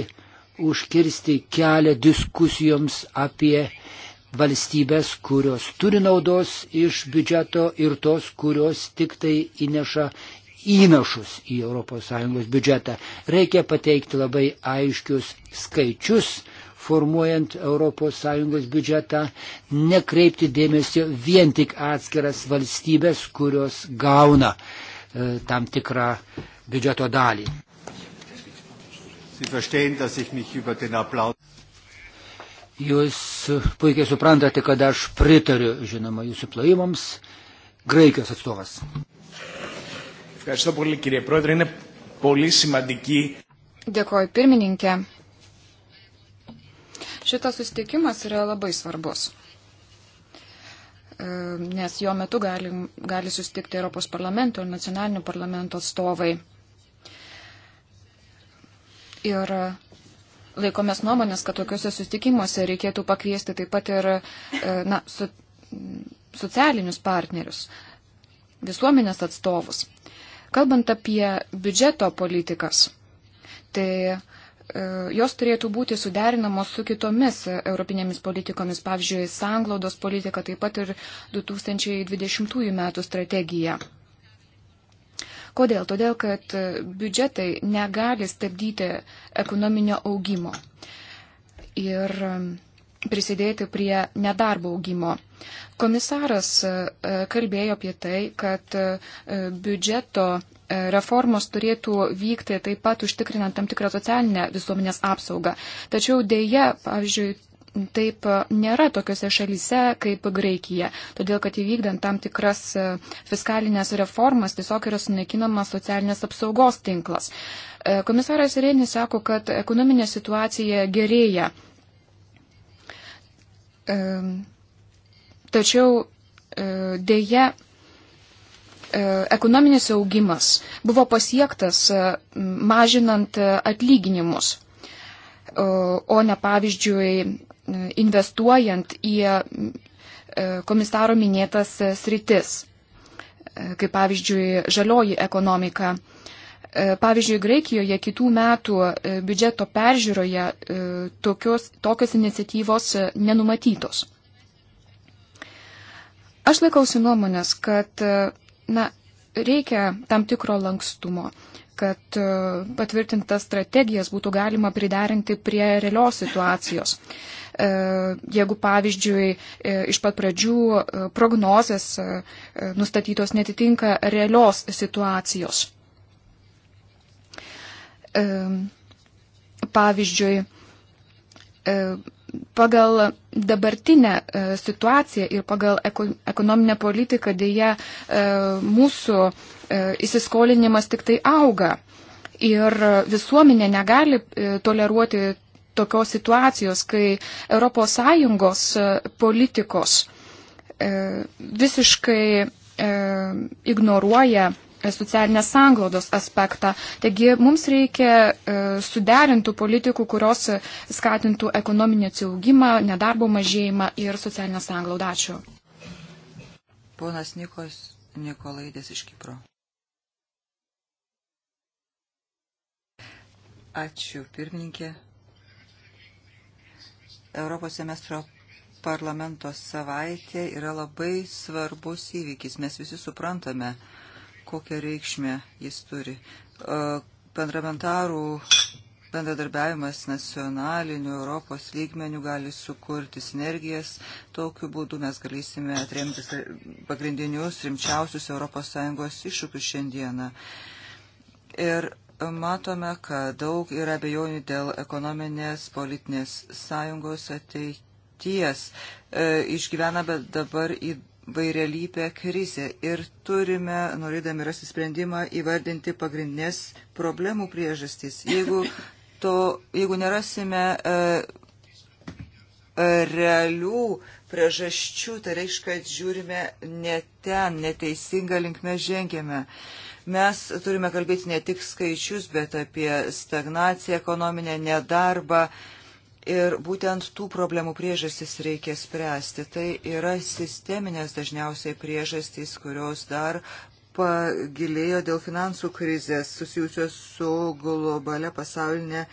Speaker 1: užkirsti kelią diskusijoms apie valstybės, kurios turi naudos iš biudžeto ir tos, kurios tik tai įneša įnašus į ES biudžetą. Reikia pateikti labai aiškius skaičius, formuojant ES biudžetą, nekreipti dėmesio vien tik atskiras valstybės, kurios gauna e, tam tikrą biudžeto dalį. Jūs puikiai suprantate, kad aš pritariu, žinoma, jūsų plojimams. Graikijos atstovas.
Speaker 4: Ευχαριστώ πολύ κύριε Πρόεδρε. Είναι πολύ σημαντική.
Speaker 5: Dėkoju pirmininkė. Šitas susitikimas yra labai svarbus, e, nes jo metu gali, gali susitikti Europos parlamento ir nacionalinių parlamento atstovai. Ir laikomės nuomonės, kad tokiuose susitikimuose reikėtų pakviesti taip pat ir e, na, su, socialinius partnerius, visuomenės atstovus. Kalbant apie biudžeto politikas, tai e, jos turėtų būti suderinamos su kitomis europinėmis politikomis, pavyzdžiui, sanglaudos politika, taip pat ir 2020 metų strategija. Kodėl? Todėl, kad biudžetai negali stabdyti ekonominio augimo. Ir prisidėti prie nedarbo augimo. Komisaras e, e, kalbėjo apie tai, kad e, biudžeto reformos turėtų vykti taip pat užtikrinant tam tikrą socialinę visuomenės apsaugą. Tačiau dėja, pavyzdžiui, taip nėra tokiuose šalyse kaip Graikija, todėl kad įvykdant tam tikras fiskalinės reformas tiesiog yra sunaikinamas socialinės apsaugos tinklas. Komisaras Rėnis sako, kad ekonominė situacija gerėja Tačiau e, dėje ekonominis augimas buvo pasiektas e, mažinant e, atlyginimus, o ne pavyzdžiui investuojant į komisaro minėtas sritis, kaip pavyzdžiui žalioji ekonomika. E, pavyzdžiui, Graikijoje kitų metų e, biudžeto peržiūroje e, tokios, tokios iniciatyvos nenumatytos. Aš laikausi nuomonės, kad na, reikia tam tikro lankstumo, kad patvirtintas strategijas būtų galima priderinti prie realios situacijos jeigu pavyzdžiui iš pat pradžių prognozės nustatytos netitinka realios situacijos. Pavyzdžiui, pagal dabartinę e, situaciją ir pagal ekonominę politiką dėja e, mūsų e, įsiskolinimas tik tai auga. Ir visuomenė negali toleruoti tokios situacijos, kai ES politikos visiškai ignoruoja socialinės sanglaudos aspektą. Taigi mums reikia e, suderintų politikų, kurios skatintų ekonominį atsiaugimą, nedarbo mažėjimą ir socialinę sanglaudą. Ačiū. Ponas Nikos
Speaker 2: Nikolaidės iš Kipro. Ačiū, pirmininkė. Europos semestro parlamento savaitė yra labai svarbus įvykis. Mes visi suprantame, kokią reikšmę jis turi. Parlamentarų bendradarbiavimas nacionaliniu Europos lygmeniu gali sukurti sinergijas. Tokiu būdu mes galėsime atremti pagrindinius rimčiausius ES iššūkius šiandieną. Ir matome, kad daug yra bejonių dėl ekonominės politinės sąjungos ateities. E, išgyvena bet dabar į vairialypę krizę ir turime, norėdami rasti sprendimą, įvardinti pagrindinės problemų priežastys. Jeigu, to, jeigu nerasime e, e realių priežasčių, tai reiškia, kad žiūrime ne ten, neteisingą linkmę žengėme. Mes turime kalbėti ne tik skaičius, bet apie stagnaciją ekonominę, nedarbą. E, Ir būtent tų problemų priežastis reikia spręsti. Tai yra sisteminės dažniausiai priežastys, kurios dar pagilėjo dėl finansų krizės susijusios su globale pasaulinė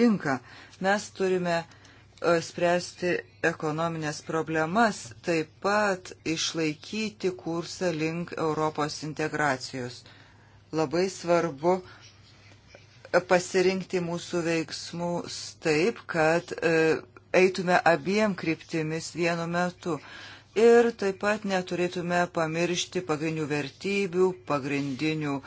Speaker 2: rinka. Mes turime e, spręsti ekonominės problemas, taip pat išlaikyti kursą link Europos integracijos. Labai svarbu uh, pasirinkti mūsų veiksmus taip, kad e, eitume abiem kryptimis vienu metu. Ir taip pat neturėtume pamiršti pagrindinių vertybių, pagrindinių e,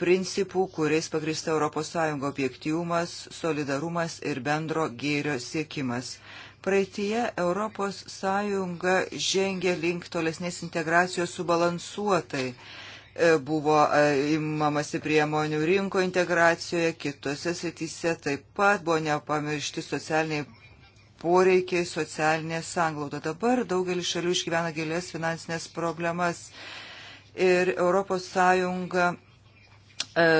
Speaker 2: principų, kuriais pagrįsta ES objektyvumas, solidarumas ir bendro gėrio siekimas. Praeitie ES žengė link tolesnės integracijos subalansuotai E, buvo e, imamasi priemonių rinko integracijoje, kitose srityse taip pat buvo nepamiršti socialiniai poreikiai, socialinė sanglauda. Dabar daugelis šalių išgyvena gilės finansinės problemas ir ES e,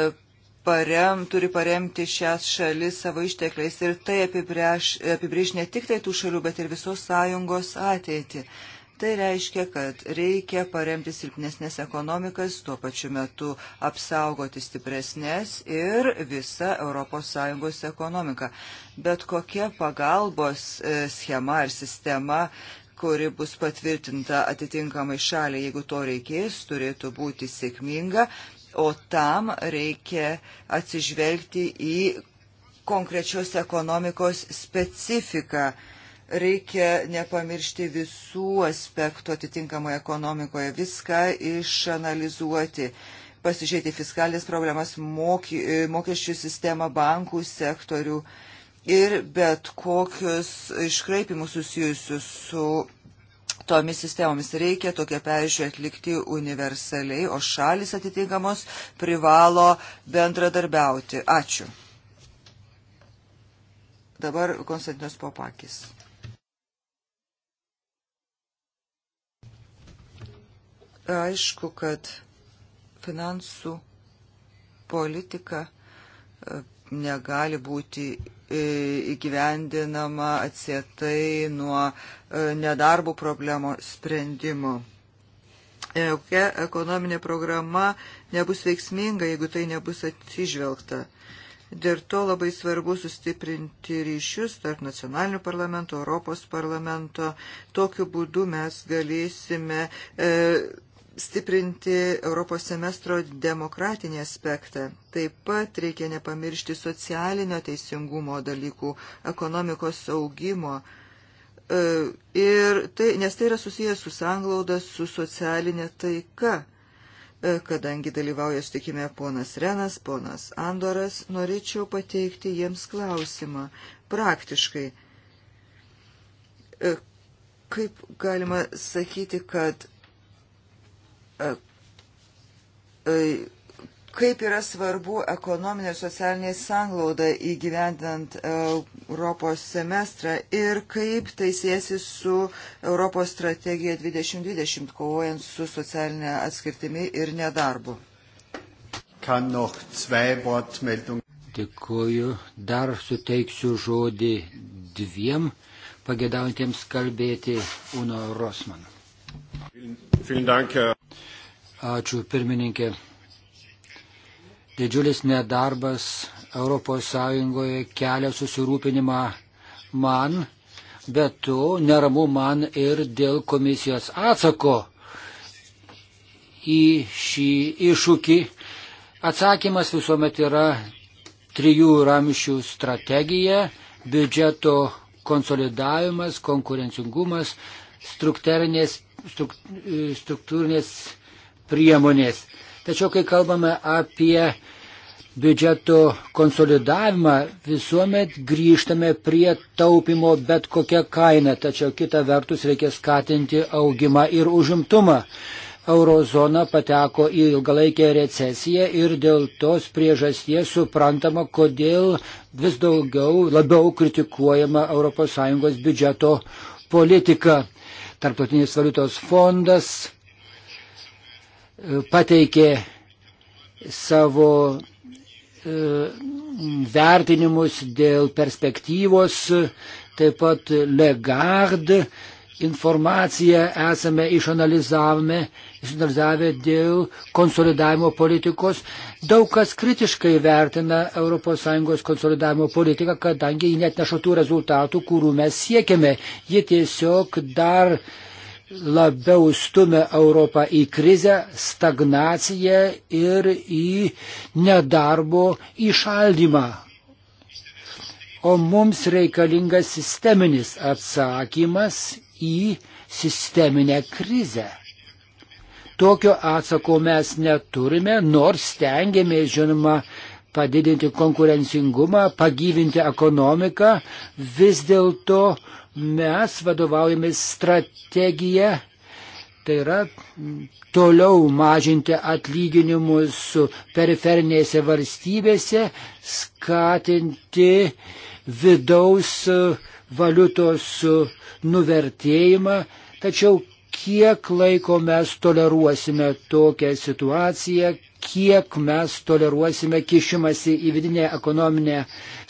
Speaker 2: parem, turi paremti šias šalis savo ištekliais ir tai apibrėž, apibrėž ne tik tai tų šalių, bet ir visos sąjungos ateitį. Tai reiškia, kad reikia paremti silpnesnės ekonomikas, tuo pačiu metu apsaugoti stipresnės ir visą ES ekonomiką. Bet kokia pagalbos e, schema ar sistema, kuri bus patvirtinta atitinkamai šaliai, jeigu to reikės, turėtų būti sėkminga, o tam reikia atsižvelgti į konkrečios ekonomikos specifiką Reikia nepamiršti visų aspektų atitinkamoje ekonomikoje, viską išanalizuoti pasižiūrėti fiskalės problemas, moky, e, mokesčių sistemą, bankų sektorių ir bet kokius iškraipimus susijusius su tomis sistemomis. Reikia tokią peržiūrę atlikti universaliai, o šalis atitinkamos privalo bendradarbiauti. Ačiū. Dabar Konstantinas Popakis. aišku, kad finansų politika e, negali būti e, įgyvendinama atsietai nuo e, nedarbo problemo sprendimo. Jokia ekonominė programa nebus veiksminga, jeigu tai nebus atsižvelgta. Dėl to labai svarbu sustiprinti ryšius tarp nacionalinių parlamentų, Europos parlamento. Tokiu būdu mes galėsime e, stiprinti Europos semestro demokratinį aspektą. Taip pat reikia nepamiršti socialinio teisingumo dalykų, ekonomikos augimo. E, ir tai, nes tai yra susijęs su sanglauda, su socialinė taika. E, kadangi dalyvauja sutikime ponas Renas, ponas Andoras, norėčiau pateikti jiems klausimą. Praktiškai, e, kaip galima sakyti, kad E, e, kaip yra svarbu ekonominė ir socialinė sanglauda įgyvendinant Europos semestrą ir kaip tai siesi su Europos strategija 2020, kovojant su socialinė atskirtimi ir
Speaker 1: nedarbu. Dėkuoju. Dar suteiksiu žodį dviem pagėdaujantiems kalbėti Uno Rosman.
Speaker 4: Vielen, vielen Dank,
Speaker 1: Ačiū pirmininkė. Didžiulis nedarbas ES kelia susirūpinimą man, bet to neramu man ir dėl komisijos atsako į šį iššūkį. Atsakymas visuomet yra trijų ramšių strategija, biudžeto konsolidavimas, konkurencingumas, struktūrinės, struk, struktūrinės priemonės. Tačiau, kai kalbame apie biudžeto konsolidavimą, visuomet grįžtame prie taupimo bet kokią kainą. Tačiau kita vertus reikia skatinti augimą ir užimtumą. Eurozona pateko į ilgalaikę recesiją ir dėl tos priežasties suprantama, kodėl vis daugiau labiau kritikuojama ES biudžeto politika. Tarptautinis valiutos fondas pateikė savo e, vertinimus dėl perspektyvos, taip pat Legard informaciją esame išanalizavę, išanalizavę dėl konsolidavimo politikos. Daug kas kritiškai vertina ES konsolidavimo politiką, kadangi ji net neša tų rezultatų, kurių mes siekiame. Ji tiesiog dar uh, labiau stumia Europą į krizę, stagnaciją ir į nedarbo įšaldymą. O mums reikalingas sisteminis atsakymas į sisteminę krizę. Tokio atsako mes neturime, nors stengiamės, žinoma, padidinti konkurencingumą, pagyvinti ekonomiką, vis dėlto mes vadovaujamės strategiją, tai yra toliau mažinti atlyginimus periferinėse valstybėse, skatinti vidaus valiutos nuvertėjimą, tačiau kiek laiko mes toleruosime tokią situaciją, kiek mes toleruosime kišimasi į vidinę ekonominę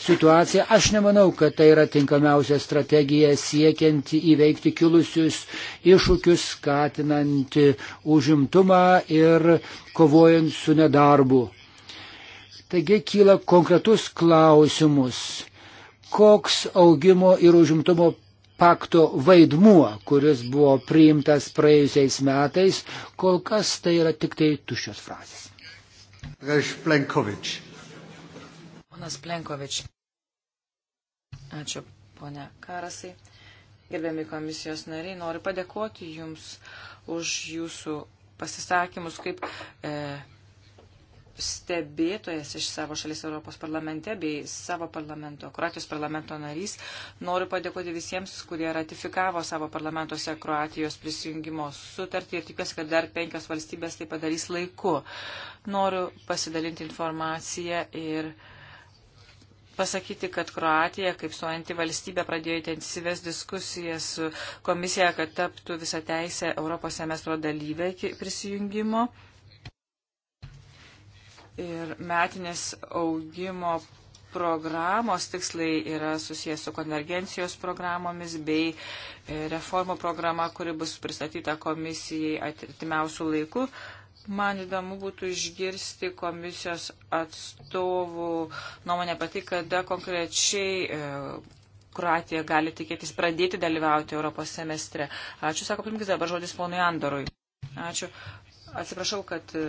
Speaker 1: situaciją. Aš nemanau, kad tai yra tinkamiausia strategija siekiant įveikti kilusius iššūkius, skatinant užimtumą ir kovojant su nedarbu. Taigi kyla konkretus klausimus, koks augimo ir užimtumo pakto vaidmuo, kuris buvo priimtas praėjusiais metais, kol kas tai yra tik tai tuščios frazės. Plenkovič.
Speaker 3: Ponas Plenkovič. Ačiū, ponia Karasai. Gerbiami komisijos nariai, noriu padėkoti Jums už Jūsų pasisakymus, kaip e, stebėtojas iš savo šalies Europos parlamente bei savo parlamento, Kroatijos parlamento narys. Noriu padėkoti visiems, kurie ratifikavo savo parlamentuose Kroatijos prisijungimo sutartį ir tikiuosi, kad dar penkios valstybės tai padarys laiku. Noriu pasidalinti informaciją ir pasakyti, kad Kroatija, kaip suojanti valstybė, pradėjo intensyves diskusijas su komisija, kad taptų visą teisę Europos semestro dalyvę prisijungimo ir metinės augimo programos tikslai yra susijęs su konvergencijos programomis bei e, reformų programa, kuri bus pristatyta komisijai atitimiausių laikų. Man įdomu būtų išgirsti komisijos atstovų nuomonę apie tai, kada konkrečiai e, Kroatija gali tikėtis pradėti dalyvauti Europos semestre. Ačiū, sako pirmkis, dabar žodis ponui Andorui. Ačiū. Atsiprašau, kad e,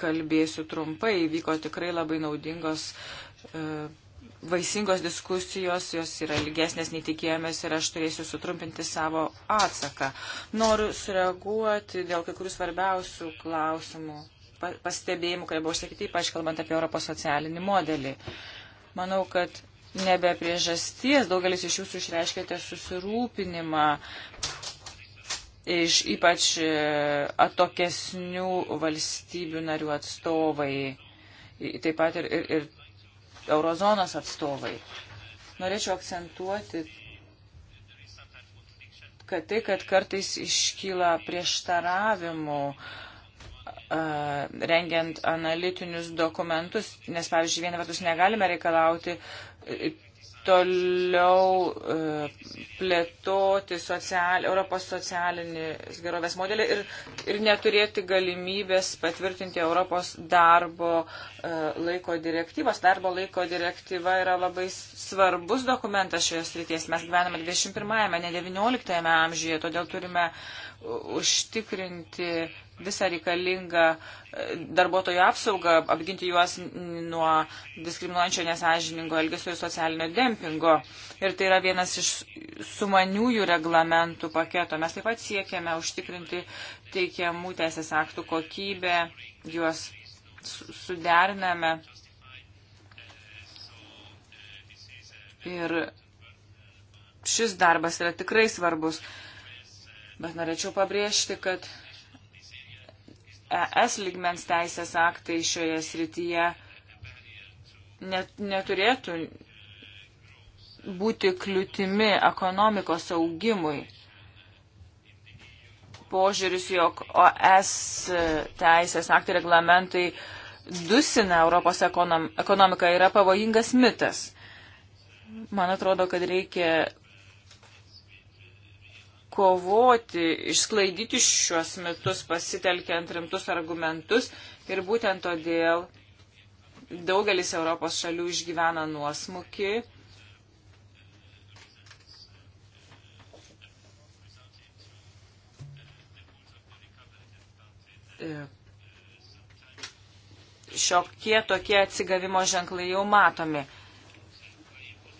Speaker 3: kalbėsiu trumpai. Vyko tikrai labai naudingos, e, vaisingos diskusijos, jos yra lygesnės nei tikėjomės ir aš turėsiu sutrumpinti savo atsaką. Noriu sureaguoti dėl kai kurių svarbiausių klausimų, pastebėjimų, kurie buvo užsakyti, ypač kalbant apie Europos socialinį modelį. Manau, kad nebe priežasties daugelis iš jūsų išreiškėte susirūpinimą iš ypač e, atokesnių valstybių narių atstovai, taip pat ir, ir, ir eurozonos atstovai. Norėčiau akcentuoti, kad tai, kad kartais iškyla prieštaravimų rengiant analitinius dokumentus, nes, pavyzdžiui, viena vertus negalime reikalauti toliau e, plėtoti social, Europos socialinį gerovės modelį ir, ir neturėti galimybės patvirtinti Europos darbo e, laiko direktyvos. Darbo laiko direktyva yra labai svarbus dokumentas šioje srities. Mes gyvename 21-ame, ne 19-ame amžiuje, todėl turime užtikrinti visą reikalingą e, darbuotojų apsaugą, apginti juos nuo diskriminuojančio nesažiningo elgesio ir socialinio dempingo. Ir tai yra vienas iš sumaniųjų reglamentų paketo. Mes taip pat siekiame užtikrinti teikiamų teisės aktų kokybę, juos suderiname. Ir šis darbas yra tikrai svarbus. Bet norėčiau pabrėžti, kad ES lygmens teisės aktai šioje srityje net, neturėtų būti kliūtimi ekonomikos augimui. Požiūris, jog OS teisės aktai reglamentai dusina Europos ekonomiką, yra pavojingas mitas. Man atrodo, kad reikia kovoti, išsklaidyti šiuos metus pasitelkiant rimtus argumentus ir būtent todėl daugelis Europos šalių išgyvena nuosmukį. Šiokie tokie atsigavimo ženklai jau matomi.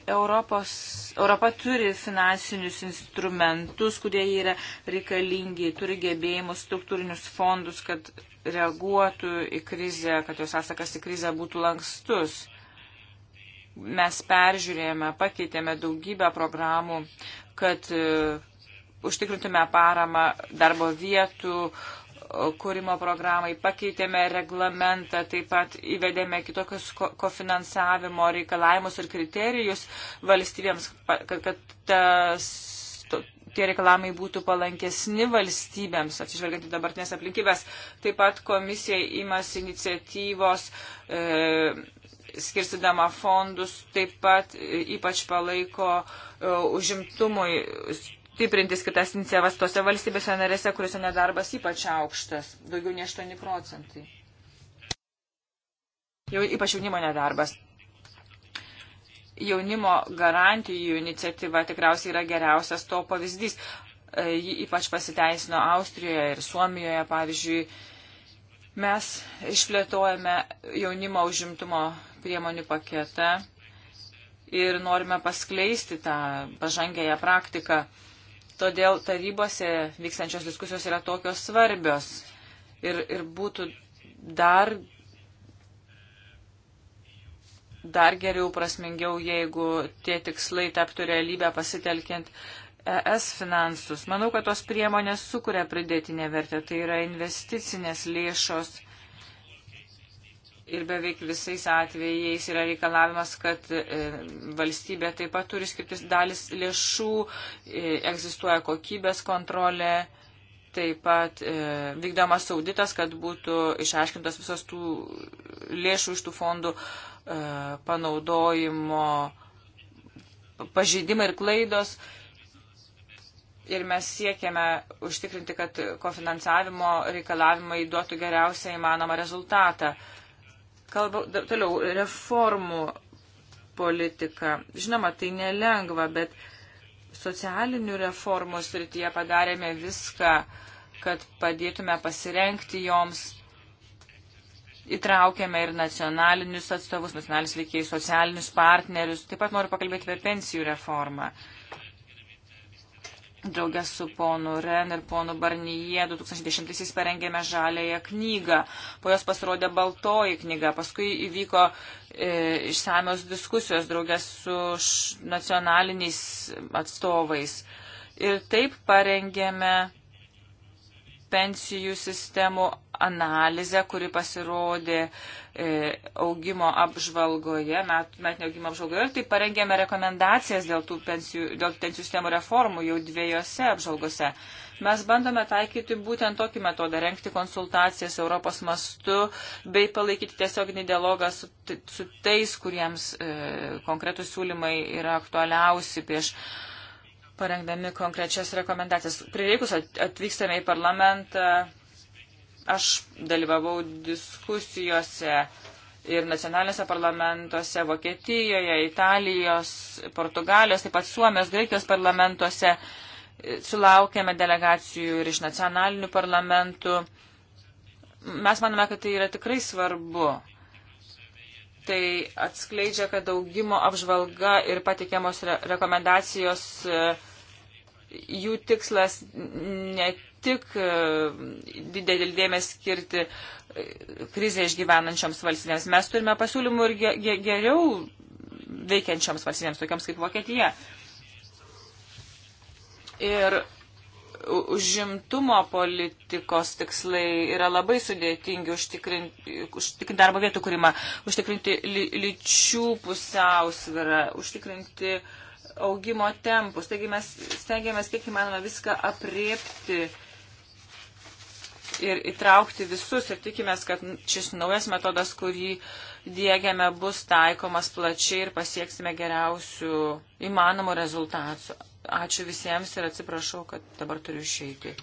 Speaker 3: Europos, Europa turi finansinius instrumentus, kurie yra reikalingi, turi gebėjimus, struktūrinius fondus, kad reaguotų į krizę, kad jos atsakas į krizę būtų lankstus. Mes peržiūrėjome, pakeitėme daugybę programų, kad uh, užtikrintume paramą darbo vietų uh, kūrimo programai, pakeitėme reglamentą, taip pat įvedėme kitokius kofinansavimo reikalavimus ir kriterijus valstybėms, kad, kad tas, to, tie reikalavimai būtų palankesni valstybėms, atsižvelgiant į dabartinės aplinkybės. Taip pat komisija imasi iniciatyvos. E, skirstydama fondus, taip pat e, ypač palaiko e, užimtumui stiprinti skirtas iniciatyvas tose valstybėse narėse, kuriuose nedarbas ypač aukštas, daugiau nei 8 procentai. Jau, ypač jaunimo nedarbas. Jaunimo garantijų iniciatyva tikriausiai yra geriausias to pavyzdys. E, ji ypač pasiteisino Austrijoje ir Suomijoje, pavyzdžiui. Mes išplėtojame jaunimo užimtumo priemonių paketą ir norime paskleisti tą pažangęją praktiką. Todėl tarybose vykstančios diskusijos yra tokios svarbios. Ir, ir būtų dar, dar geriau prasmingiau, jeigu tie tikslai taptų realybę pasitelkiant ES finansus. Manau, kad tos priemonės sukuria pridėtinę vertę. Tai yra investicinės lėšos ir beveik visais atvejais yra reikalavimas, kad e, valstybė taip pat turi skirtis dalis lėšų, e, egzistuoja kokybės kontrolė, taip pat e, vykdomas auditas, kad būtų išaiškintas visas tų lėšų iš tų fondų panaudojimo pažeidimai ir klaidos. Ir mes siekiame užtikrinti, kad kofinansavimo reikalavimai duotų geriausią įmanomą rezultatą. Uh, Kalba, toliau, reformų politika. Žinoma, tai nelengva, bet socialinių reformų srityje padarėme viską, kad padėtume pasirenkti joms. Įtraukėme ir nacionalinius atstovus, nacionalinius veikėjus, socialinius partnerius. Taip pat noriu pakalbėti apie pensijų reformą. Uh, Draugės su ponu Ren ir ponu Barnyje 2010-aisiais parengėme žalėją knygą. Po jos pasirodė baltoji knyga. Paskui įvyko e, išsamios diskusijos draugės su š, nacionaliniais atstovais. Ir taip parengėme pensijų sistemų analizę, kuri pasirodė e, E, augimo apžvalgoje, met, metinio augimo apžvalgoje ir taip parengėme rekomendacijas dėl tų pensijų, dėl pensijų sistemų reformų jau dviejose apžvalgose. Mes bandome taikyti būtent tokį metodą, renkti konsultacijas Europos mastu bei palaikyti tiesioginį dialogą su, su tais, kuriems e, konkretus siūlymai yra aktualiausi prieš parengdami konkrečias rekomendacijas. Prireikus atvykstame į parlamentą Aš dalyvavau diskusijose ir nacionalinėse parlamentuose, Vokietijoje, Italijos, Portugalijos, taip pat Suomijos, Graikijos parlamentuose. Sulaukėme delegacijų ir iš nacionalinių parlamentų. Mes manome, kad tai yra tikrai svarbu. Tai atskleidžia, kad augimo apžvalga ir patikiamos re rekomendacijos, e, jų tikslas ne tik e, didelį dėmesį skirti e, krizę išgyvenančioms valstybėms. Mes turime pasiūlymų ir ge ge geriau veikiančioms valstybėms, tokiams kaip Vokietija. Ir užimtumo politikos tikslai yra labai sudėtingi užtikrinti, užtikrinti darbo vietų kūrimą, užtikrinti ly, lyčių pusiausvyrą, užtikrinti augimo tempus. Taigi mes stengiamės kiek įmanoma viską apriepti ir įtraukti visus ir tikimės, kad šis naujas metodas, kurį dėgiame, bus taikomas plačiai ir pasieksime geriausių įmanomų rezultatų. Ačiū visiems ir atsiprašau, kad dabar turiu išeiti.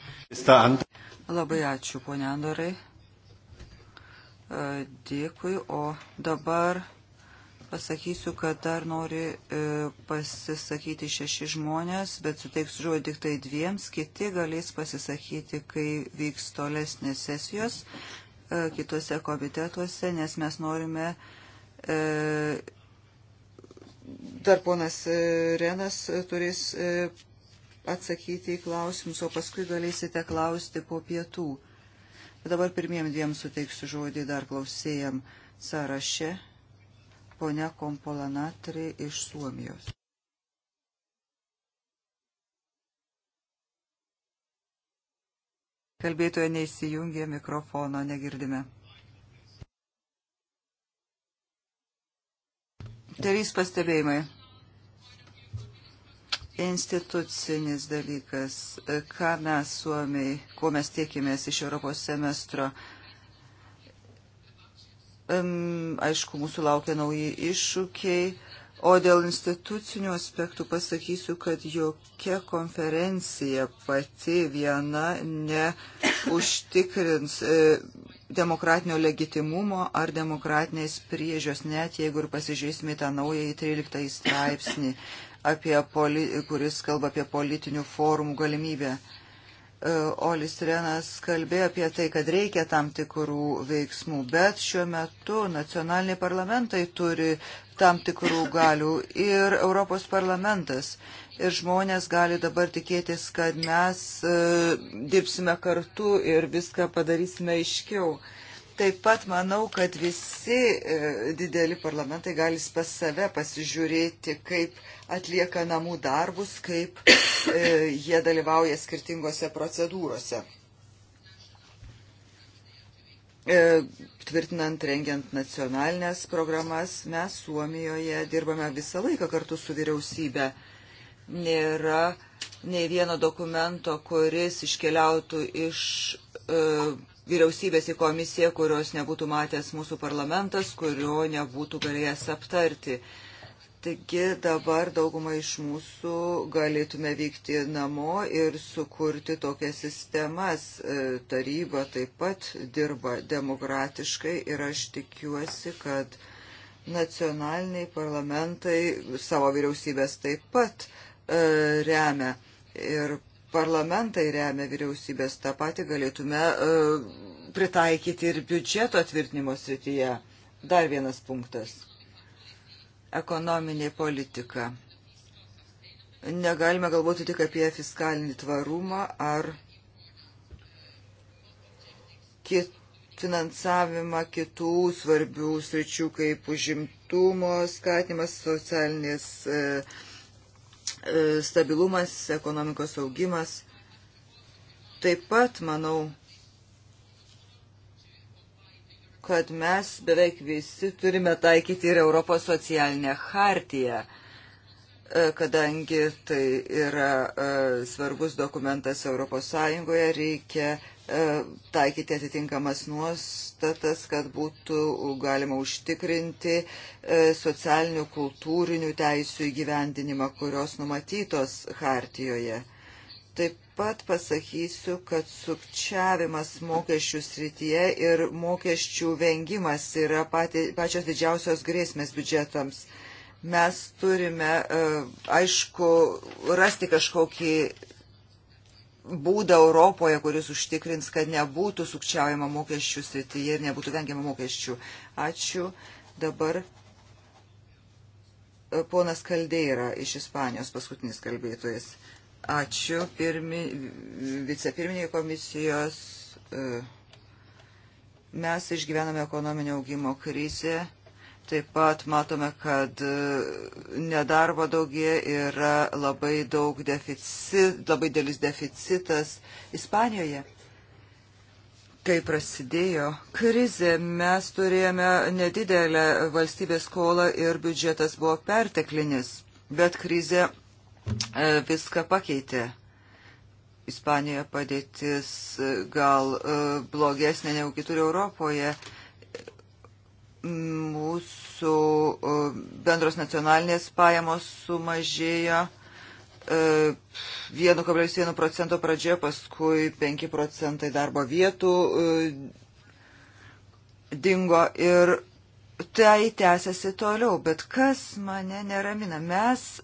Speaker 2: Labai ačiū, ponia Andorai. E, dėkui, o dabar. Pasakysiu, kad dar nori e, pasisakyti šeši žmonės, bet suteiks žodį tik tai dviems, kiti galės pasisakyti, kai vyks tolesnės sesijos e, kitose komitetuose, nes mes norime. E, dar ponas e, Renas turės e, atsakyti į klausimus, o paskui galėsite klausti po pietų. Bet dabar pirmiem dviem suteiksiu žodį dar klausėjam sąraše ponia Kompolanatri iš Suomijos. Kalbėtoje neįsijungė mikrofono, negirdime. Trys pastebėjimai. Institucinis dalykas, ką mes suomiai, ko mes tikimės iš Europos semestro, uh, Aišku, mūsų laukia nauji iššūkiai. O dėl institucinių aspektų pasakysiu, kad jokia konferencija pati viena neužtikrins e, demokratinio legitimumo ar demokratinės priežios, net jeigu ir pasižiūrėsime tą naują į 13 straipsnį, kuris kalba apie politinių formų galimybę. E, Olis Renas kalbėjo apie tai, kad reikia tam tikrų veiksmų, bet šiuo metu nacionaliniai parlamentai turi tam tikrų galių ir Europos parlamentas. Ir žmonės gali dabar tikėtis, kad mes e, dirbsime kartu ir viską padarysime aiškiau. E, Taip pat manau, kad visi e, dideli parlamentai gali pas save pasižiūrėti, kaip atlieka namų darbus, kaip e, jie dalyvauja skirtingose procedūrose. E, tvirtinant, rengiant nacionalinės programas, mes Suomijoje dirbame visą laiką kartu su vyriausybė. Nėra nei vieno dokumento, kuris iškeliautų iš vyriausybės į komisiją, kurios nebūtų matęs mūsų parlamentas, kurio nebūtų galėjęs aptarti. Taigi dabar daugumą iš mūsų galėtume vykti namo ir sukurti tokias sistemas. E, taryba taip pat dirba demokratiškai ir aš tikiuosi, kad nacionaliniai parlamentai savo vyriausybės taip pat e, remia ir parlamentai remia vyriausybės, tą patį galėtume e, pritaikyti ir biudžeto atvirtinimo srityje. Dar vienas punktas. Ekonominė politika. Negalime galvoti tik apie fiskalinį tvarumą ar kit, finansavimą kitų svarbių sričių kaip užimtumo skatimas, socialinės e, E, stabilumas, ekonomikos augimas. Taip pat manau, kad mes beveik visi turime taikyti ir Europos socialinę hartiją – E, kadangi tai yra e, svarbus dokumentas ES, reikia e, taikyti atitinkamas nuostatas, kad būtų galima užtikrinti socialinių, kultūrinių teisų įgyvendinimą, kurios numatytos hartijoje. Taip pat pasakysiu, kad sukčiavimas mokesčių srityje ir mokesčių vengimas yra pati, pačios didžiausios grėsmės biudžetams. Mes turime, e, aišku, rasti kažkokį būdą Europoje, kuris užtikrins, kad nebūtų sukčiaujama mokesčių srityje ir nebūtų vengiama mokesčių. Ačiū. Dabar e, ponas Kaldeira iš Ispanijos, paskutinis kalbėtojas. Ačiū pirmi, vicepirminiai komisijos. E, mes išgyvename ekonominio augimo krizę Taip pat matome, kad e, nedarbo daugie yra labai daug deficit, labai dėlis deficitas Ispanijoje. Kai prasidėjo krizė, mes turėjome nedidelę valstybės skolą ir biudžetas buvo perteklinis, bet krizė e, viską pakeitė. Ispanijoje padėtis e, gal blogesnė negu kitur Europoje mūsų e, bendros nacionalinės pajamos sumažėjo 1,1 e, procento pradžioje, paskui 5 procentai darbo vietų e, dingo ir tai tęsiasi toliau. Bet kas mane neramina, mes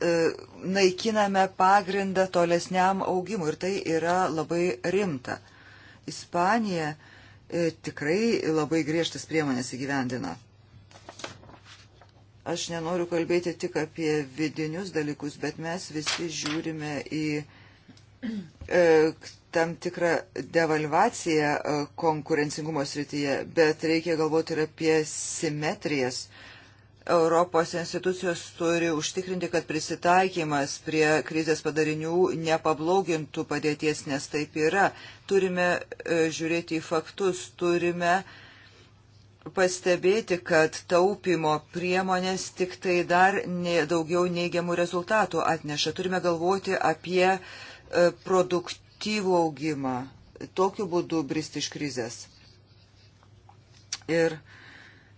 Speaker 2: naikiname pagrindą tolesniam augimui ir tai yra labai rimta. Ispanija tikrai labai griežtas priemonės įgyvendina Aš nenoriu kalbėti tik apie vidinius dalykus, bet mes visi žiūrime į e, tam tikrą devalvaciją e, konkurencingumo srityje, bet reikia galvoti ir apie simetrijas. Europos institucijos turi užtikrinti, kad prisitaikymas prie krizės padarinių nepablogintų padėties, nes taip yra. Turime e, žiūrėti į faktus, turime e, pastebėti, kad taupimo priemonės tik tai dar ne, daugiau neigiamų rezultatų atneša. Turime galvoti apie e, produktyvų augimą, tokiu būdu bristi iš krizės. Ir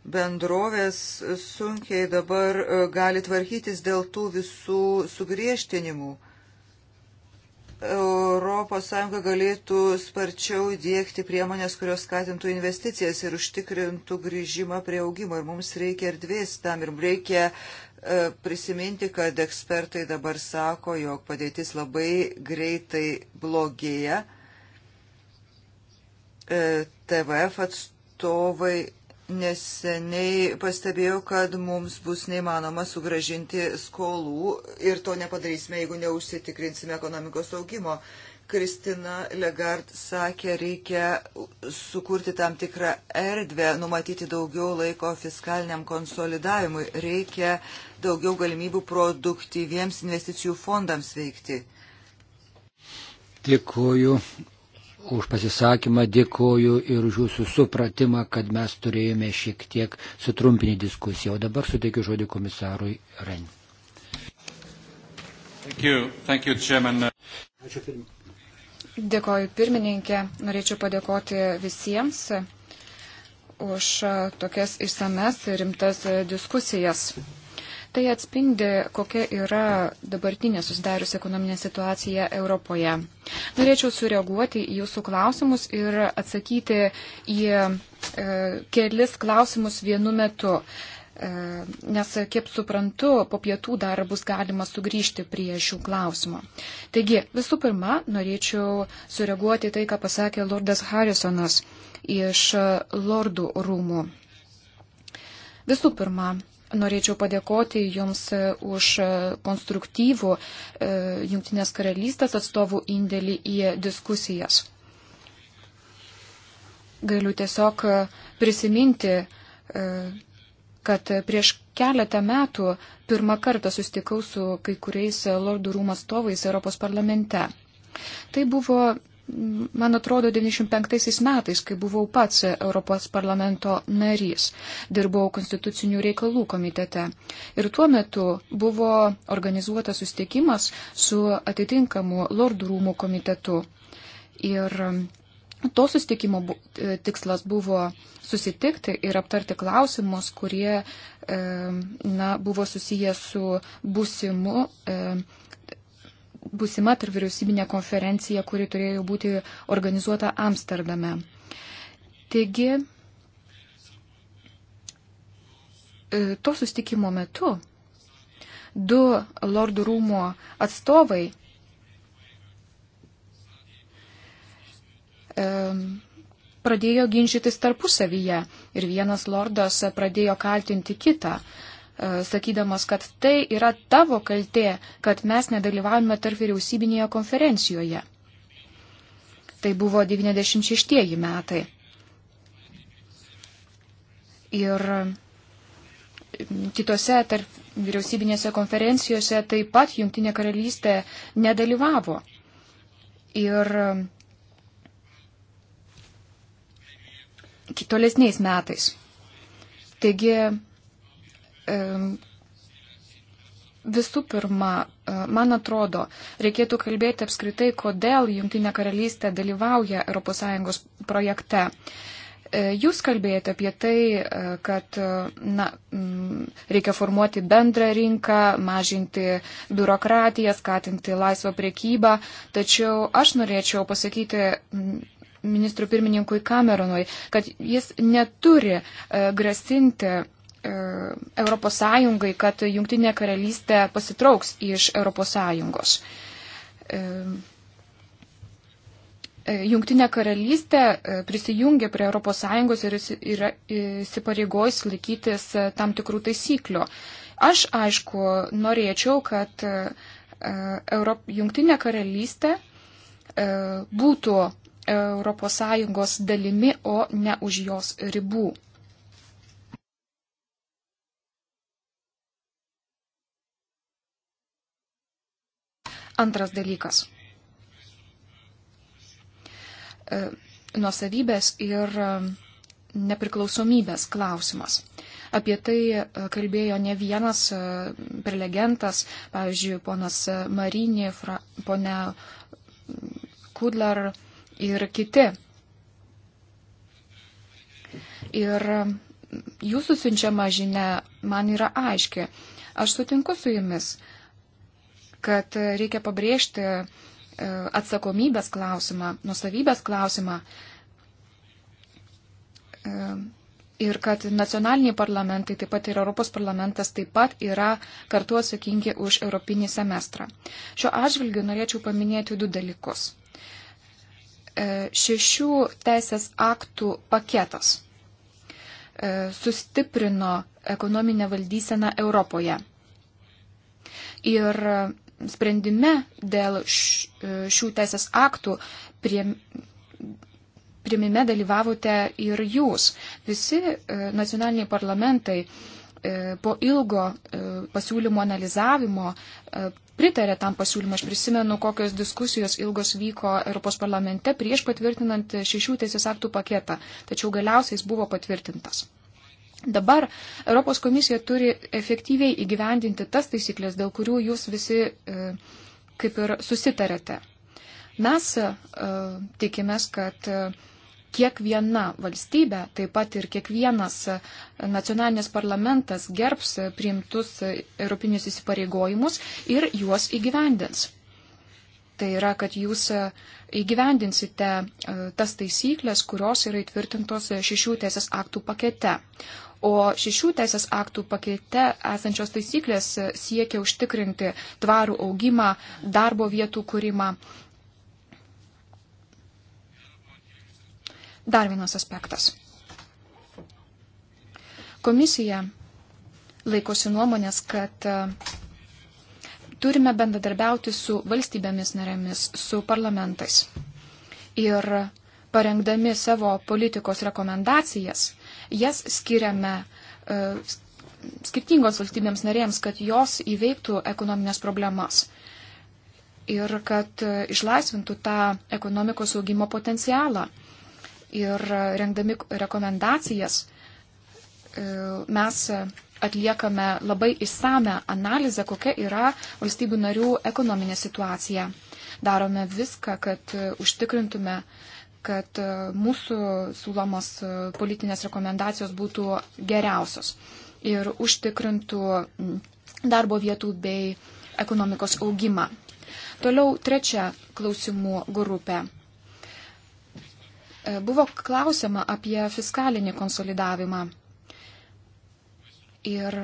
Speaker 2: bendrovės sunkiai dabar e, gali tvarkytis dėl tų visų sugriežtinimų. ES galėtų sparčiau dėkti priemonės, kurios skatintų investicijas ir užtikrintų grįžimą prie augimo. Ir mums reikia erdvės tam ir reikia e, prisiminti, kad ekspertai dabar sako, jog padėtis labai greitai blogėja. E, TVF atstovai neseniai pastebėjau, kad mums bus neįmanoma sugražinti skolų ir to nepadarysime, jeigu neužsitikrinsime ekonomikos augimo. Kristina Legard sakė, reikia sukurti tam tikrą erdvę, numatyti daugiau laiko fiskaliniam konsolidavimui, reikia daugiau galimybių produktyviems investicijų fondams veikti.
Speaker 1: Dėkuoju už pasisakymą, dėkoju ir už jūsų supratimą, kad mes turėjome šiek tiek sutrumpinį diskusiją. O dabar suteikiu žodį komisarui
Speaker 4: Ren. Thank you. Thank you, chairman.
Speaker 1: Ačiū pirmininkė.
Speaker 5: Dėkoju pirmininkė. Norėčiau padėkoti visiems už tokias išsames ir rimtas diskusijas. Tai atspindi, kokia yra dabartinė susidarius ekonominė situacija Europoje. Norėčiau sureaguoti į jūsų klausimus ir atsakyti į e, kelis klausimus vienu metu. E, nes, kaip suprantu, po pietų dar bus galima sugrįžti prie šių klausimų. Taigi, visų pirma, norėčiau sureaguoti tai, ką pasakė Lordas Harrisonas iš Lordų rūmų. Visų pirma, Norėčiau padėkoti Jums e, už e, konstruktyvų e, Junktinės karalystės atstovų indėlį į diskusijas. Galiu tiesiog prisiminti, kad prieš keletą metų pirmą kartą sustikau su kai kuriais Lordų rūmų atstovais Europos parlamente. Tai buvo man atrodo, 95 metais, kai buvau pats Europos parlamento narys, dirbau konstitucinių reikalų komitete. Ir tuo metu buvo organizuotas sustikimas su atitinkamu Lordų rūmų komitetu. Ir to sustikimo tikslas buvo susitikti ir aptarti klausimus, kurie na, buvo susijęs su būsimu. E, busima tarp vyriausybinė konferencija, kuri turėjo būti organizuota Amsterdame. Taigi, e, to sustikimo metu du lordų rūmo atstovai e, pradėjo ginčytis tarpusavyje ir vienas lordas pradėjo kaltinti kitą. E, sakydamas, kad tai yra tavo kaltė, kad mes nedalyvavome tarp vyriausybinėje konferencijoje. Tai buvo 96 metai. Ir kitose tarp vyriausybinėse konferencijose taip pat Junktinė karalystė nedalyvavo. Ir tolesniais metais. Taigi Visų pirma, e, man atrodo, reikėtų kalbėti apskritai, kodėl Junktinė karalystė dalyvauja ES projekte. E, jūs kalbėjote apie tai, e, kad na, reikia formuoti bendrą rinką, mažinti biurokratiją, skatinti laisvą priekybą, tačiau aš norėčiau pasakyti ministrų pirmininkui Cameronui, kad jis neturi grasinti E, Europos Sąjungai, kad Jungtinė karalystė pasitrauks iš Europos Sąjungos. E, e, Jungtinė karalystė prisijungia prie Europos Sąjungos ir yra įsipareigojus laikytis tam tikrų taisyklių. Aš, aišku, norėčiau, kad Europ... Jungtinė karalystė būtų Europos Sąjungos dalimi, o ne už jos ribų. Antras dalykas. E, nuosavybės ir e, nepriklausomybės klausimas. Apie tai e, kalbėjo ne vienas prelegentas, pavyzdžiui, ponas Marinė, ponia Kudlar ir kiti. Ir jūsų siunčiama žinia man yra aiški. Aš sutinku su jumis kad reikia pabrėžti e, atsakomybės klausimą, nusavybės klausimą e, ir kad nacionaliniai parlamentai, taip pat ir Europos parlamentas taip pat yra kartu atsakingi už Europinį semestrą. Šiuo atžvilgiu norėčiau paminėti du dalykus. E, šešių teisės aktų paketas sustiprino ekonominę valdyseną Europoje. Ir sprendime dėl e, šių teisės aktų prie, primime dalyvavote ir jūs. Visi e, nacionaliniai parlamentai e, po ilgo pasiūlymo analizavimo pritarė tam pasiūlymą. Aš prisimenu, kokios diskusijos ilgos vyko Europos parlamente prieš patvirtinant šešių teisės aktų paketą, tačiau galiausiai jis buvo patvirtintas. Dabar Europos komisija turi efektyviai įgyvendinti tas taisyklės, dėl kurių jūs visi e, kaip ir susitarėte. Mes e, tikimės, kad e, kiekviena valstybė, taip pat ir kiekvienas nacionalinis parlamentas gerbs priimtus europinius įsipareigojimus ir juos įgyvendins. Tai yra, kad jūs įgyvendinsite tas taisyklės, kurios yra įtvirtintos šešių teisės aktų pakete o šešių teisės aktų pakete esančios taisyklės siekia užtikrinti tvarų augimą, darbo vietų kūrimą. Dar vienas aspektas. Komisija laikosi nuomonės, kad e, turime bendradarbiauti su valstybėmis narėmis, su parlamentais. Ir parengdami savo politikos rekomendacijas, Jas skiriame e, skirtingos valstybėms narėms, kad jos įveiktų ekonominės problemas ir kad e, išlaisvintų tą ekonomikos augimo potencialą. Ir rengdami rekomendacijas e, mes atliekame labai įsame analizę, kokia yra valstybių narių ekonominė situacija. Darome viską, kad užtikrintume uh, kad e, mūsų siūlomos e, politinės rekomendacijos būtų geriausios ir užtikrintų darbo vietų bei ekonomikos augimą. Toliau trečia klausimų grupė. E, buvo klausima apie fiskalinį konsolidavimą. Ir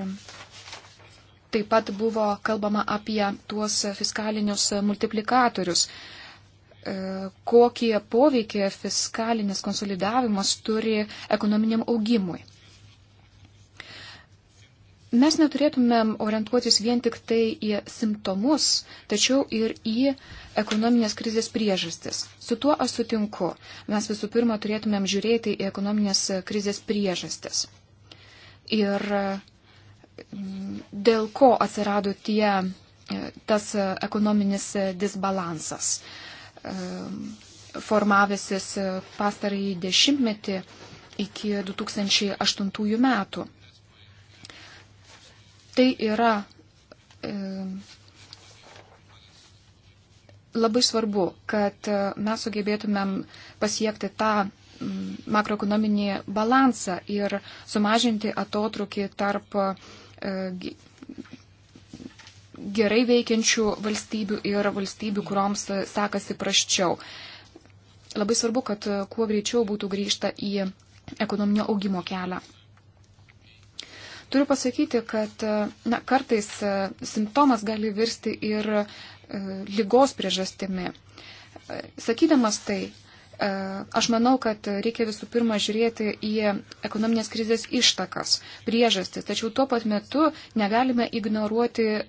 Speaker 5: taip pat buvo kalbama apie tuos fiskalinius multiplikatorius, E, kokie poveikiai fiskalinis konsolidavimas turi ekonominiam augimui. Mes neturėtumėm orientuotis vien tik tai į simptomus, tačiau ir į ekonominės krizės priežastis. Su tuo aš sutinku. Mes visų pirma turėtumėm žiūrėti į ekonominės krizės priežastis. Ir e, dėl ko atsirado tie, e, tas ekonominis disbalansas. E, formavisis e, pastarąjį dešimtmetį iki 2008 metų. Tai yra e, labai svarbu, kad e, mes sugebėtumėm pasiekti tą makroekonominį balansą ir sumažinti atotrukį tarp e, gerai veikiančių valstybių ir valstybių, kuriuoms e, sekasi praščiau. Labai svarbu, kad e, kuo greičiau būtų grįžta į ekonominio augimo kelią. Turiu pasakyti, kad e, na, kartais simptomas gali virsti ir lygos priežastimi. Sakydamas tai, E, aš manau, kad reikia visų pirma žiūrėti į ekonominės krizės ištakas, priežastis, tačiau tuo pat metu negalime ignoruoti e,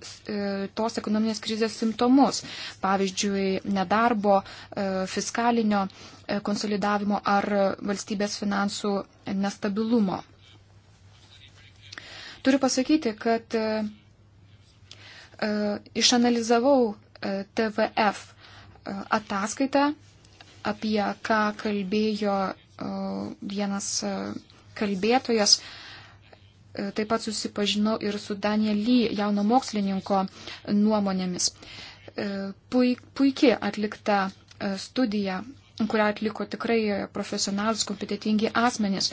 Speaker 5: tos ekonominės krizės simptomus, pavyzdžiui, nedarbo, e, fiskalinio konsolidavimo ar valstybės finansų nestabilumo. Turiu pasakyti, kad išanalizavau TVF ataskaitą apie ką kalbėjo e, vienas e, kalbėtojas. E, taip pat susipažinau ir su Daniel Lee, jauno mokslininko nuomonėmis. Puikiai atlikta studija, kurią atliko tikrai profesionalus, kompetitingi asmenys.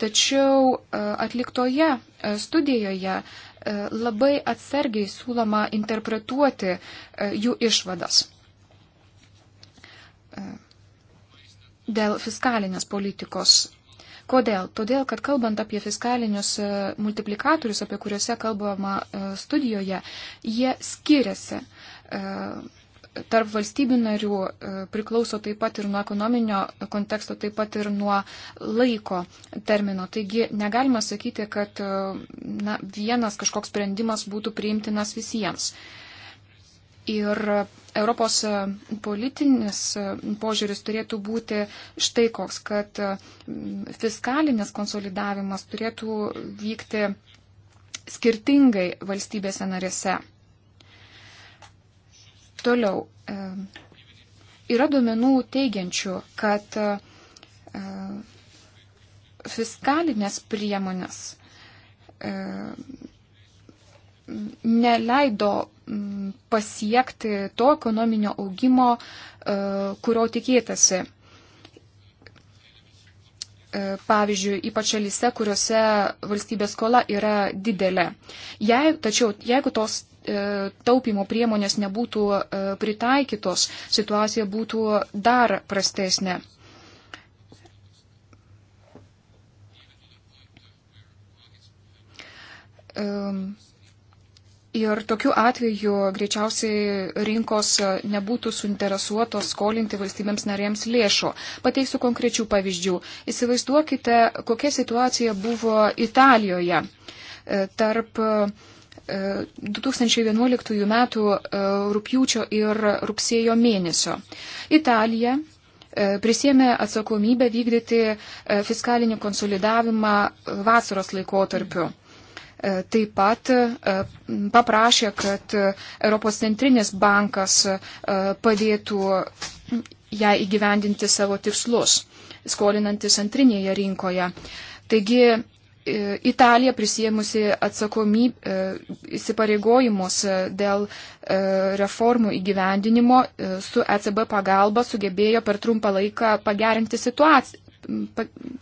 Speaker 5: Tačiau atliktoje studijoje labai atsargiai siūloma interpretuoti jų išvadas dėl fiskalinės politikos. Kodėl? Todėl, kad kalbant apie fiskalinius e, multiplikatorius, apie kuriuose kalbama e, studijoje, jie skiriasi. E, tarp valstybių narių priklauso taip pat ir nuo ekonominio konteksto, taip pat ir nuo laiko termino. Taigi negalima sakyti, kad na, vienas kažkoks sprendimas būtų priimtinas visiems. Ir Europos politinis požiūris turėtų būti štai koks, kad fiskalinis konsolidavimas turėtų vykti skirtingai valstybėse narėse. Toliau. E, yra duomenų teigiančių, kad e, fiskalinės priemonės e, neleido mm, pasiekti to ekonominio augimo, e, kurio tikėtasi. E, pavyzdžiui, ypač šalyse, kuriuose valstybės skola yra didelė. Jei, tačiau, jeigu tos e, taupimo priemonės nebūtų pritaikytos, situacija būtų dar prastesnė. Um, Ir tokiu atveju greičiausiai rinkos nebūtų suinteresuotos skolinti valstybėms narėms lėšų. Pateiksiu konkrečių pavyzdžių. Įsivaizduokite, kokia situacija buvo Italijoje e, tarp 2011 m. rūpjūčio ir rugsėjo mėnesio. Italija e, prisėmė atsakomybę vykdyti e, fiskalinį konsolidavimą vasaros laikotarpiu. Mm E, taip pat e, paprašė, kad Europos centrinis bankas e, padėtų ją įgyvendinti savo tikslus, skolinantis antrinėje rinkoje. Taigi Italija prisėmusi atsakomybę, įsipareigojimus dėl reformų įgyvendinimo su ECB pagalba sugebėjo per trumpą laiką pagerinti situaciją,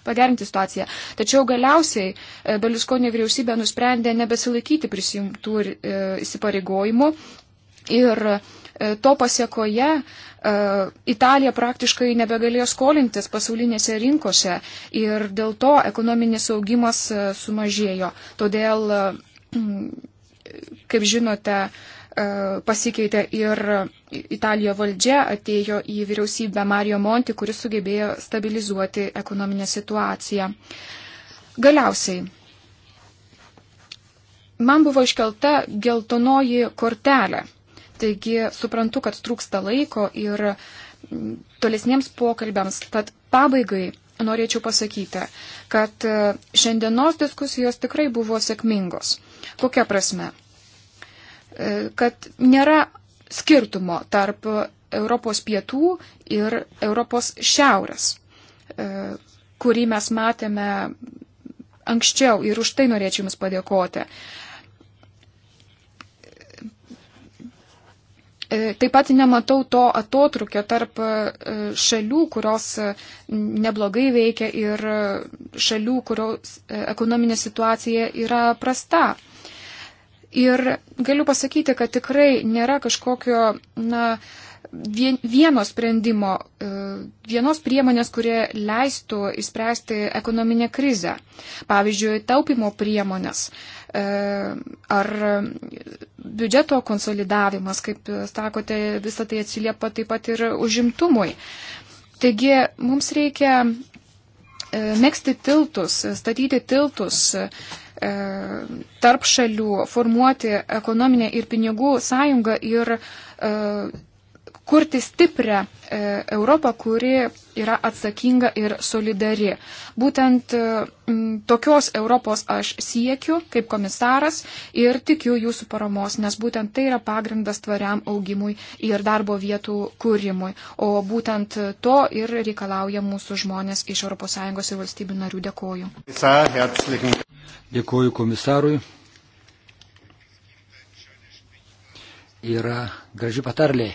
Speaker 5: pagerinti situaciją. Tačiau galiausiai e, Beluskonio vyriausybė nusprendė nebesilaikyti prisijungtų e, įsipareigojimų ir e, to pasiekoje Italija praktiškai nebegalėjo skolintis pasaulinėse rinkose ir dėl to ekonominis augimas sumažėjo. Todėl, kaip žinote, pasikeitė ir Italijoje valdžia atėjo į vyriausybę Mario Monti, kuris sugebėjo stabilizuoti ekonominę situaciją. Galiausiai, man buvo iškelta geltonoji kortelė. Taigi suprantu, kad trūksta laiko ir tolesniems pokalbiams. Tad pabaigai norėčiau pasakyti, kad e, šiandienos diskusijos tikrai buvo sėkmingos. Kokia prasme? E, kad nėra skirtumo tarp Europos pietų ir Europos šiaurės, e, kurį mes matėme anksčiau ir už tai norėčiau Jums padėkoti. E, taip pat nematau to atotrukio tarp e, šalių, kurios neblogai veikia ir šalių, kurios ekonominė situacija yra prasta. Ir galiu pasakyti, kad tikrai nėra kažkokio na, vien, vieno sprendimo, e, vienos priemonės, kurie leistų įspręsti ekonominę krizę. Pavyzdžiui, taupimo priemonės e, ar biudžeto konsolidavimas, kaip sakote, visą tai atsiliepa taip pat ir užimtumui. Taigi mums reikia E, mėgsti tiltus, statyti tiltus e, tarp šalių, formuoti ekonominę ir pinigų sąjungą ir e, kurti stiprią e, Europą, kuri yra atsakinga ir solidari. Būtent e, tokios Europos aš siekiu kaip komisaras ir tikiu jūsų paramos, nes būtent tai yra pagrindas tvariam augimui ir darbo vietų kūrimui. O būtent to ir reikalauja mūsų žmonės iš ES ir valstybių narių. Dėkoju.
Speaker 1: Dėkoju komisarui. Yra graži patarlė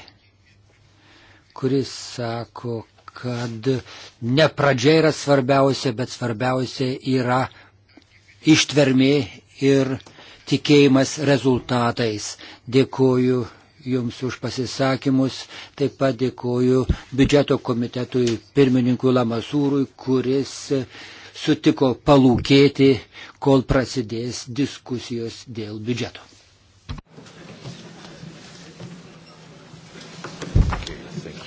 Speaker 1: kuris sako, kad ne pradžia yra svarbiausia, bet svarbiausia yra ištvermė ir tikėjimas rezultatais. Dėkuoju Jums už pasisakymus, taip pat dėkuoju biudžeto komitetui pirmininkui Lamasūrui, kuris sutiko palūkėti, kol prasidės diskusijos dėl biudžeto.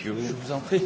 Speaker 1: you. Je vous en prie.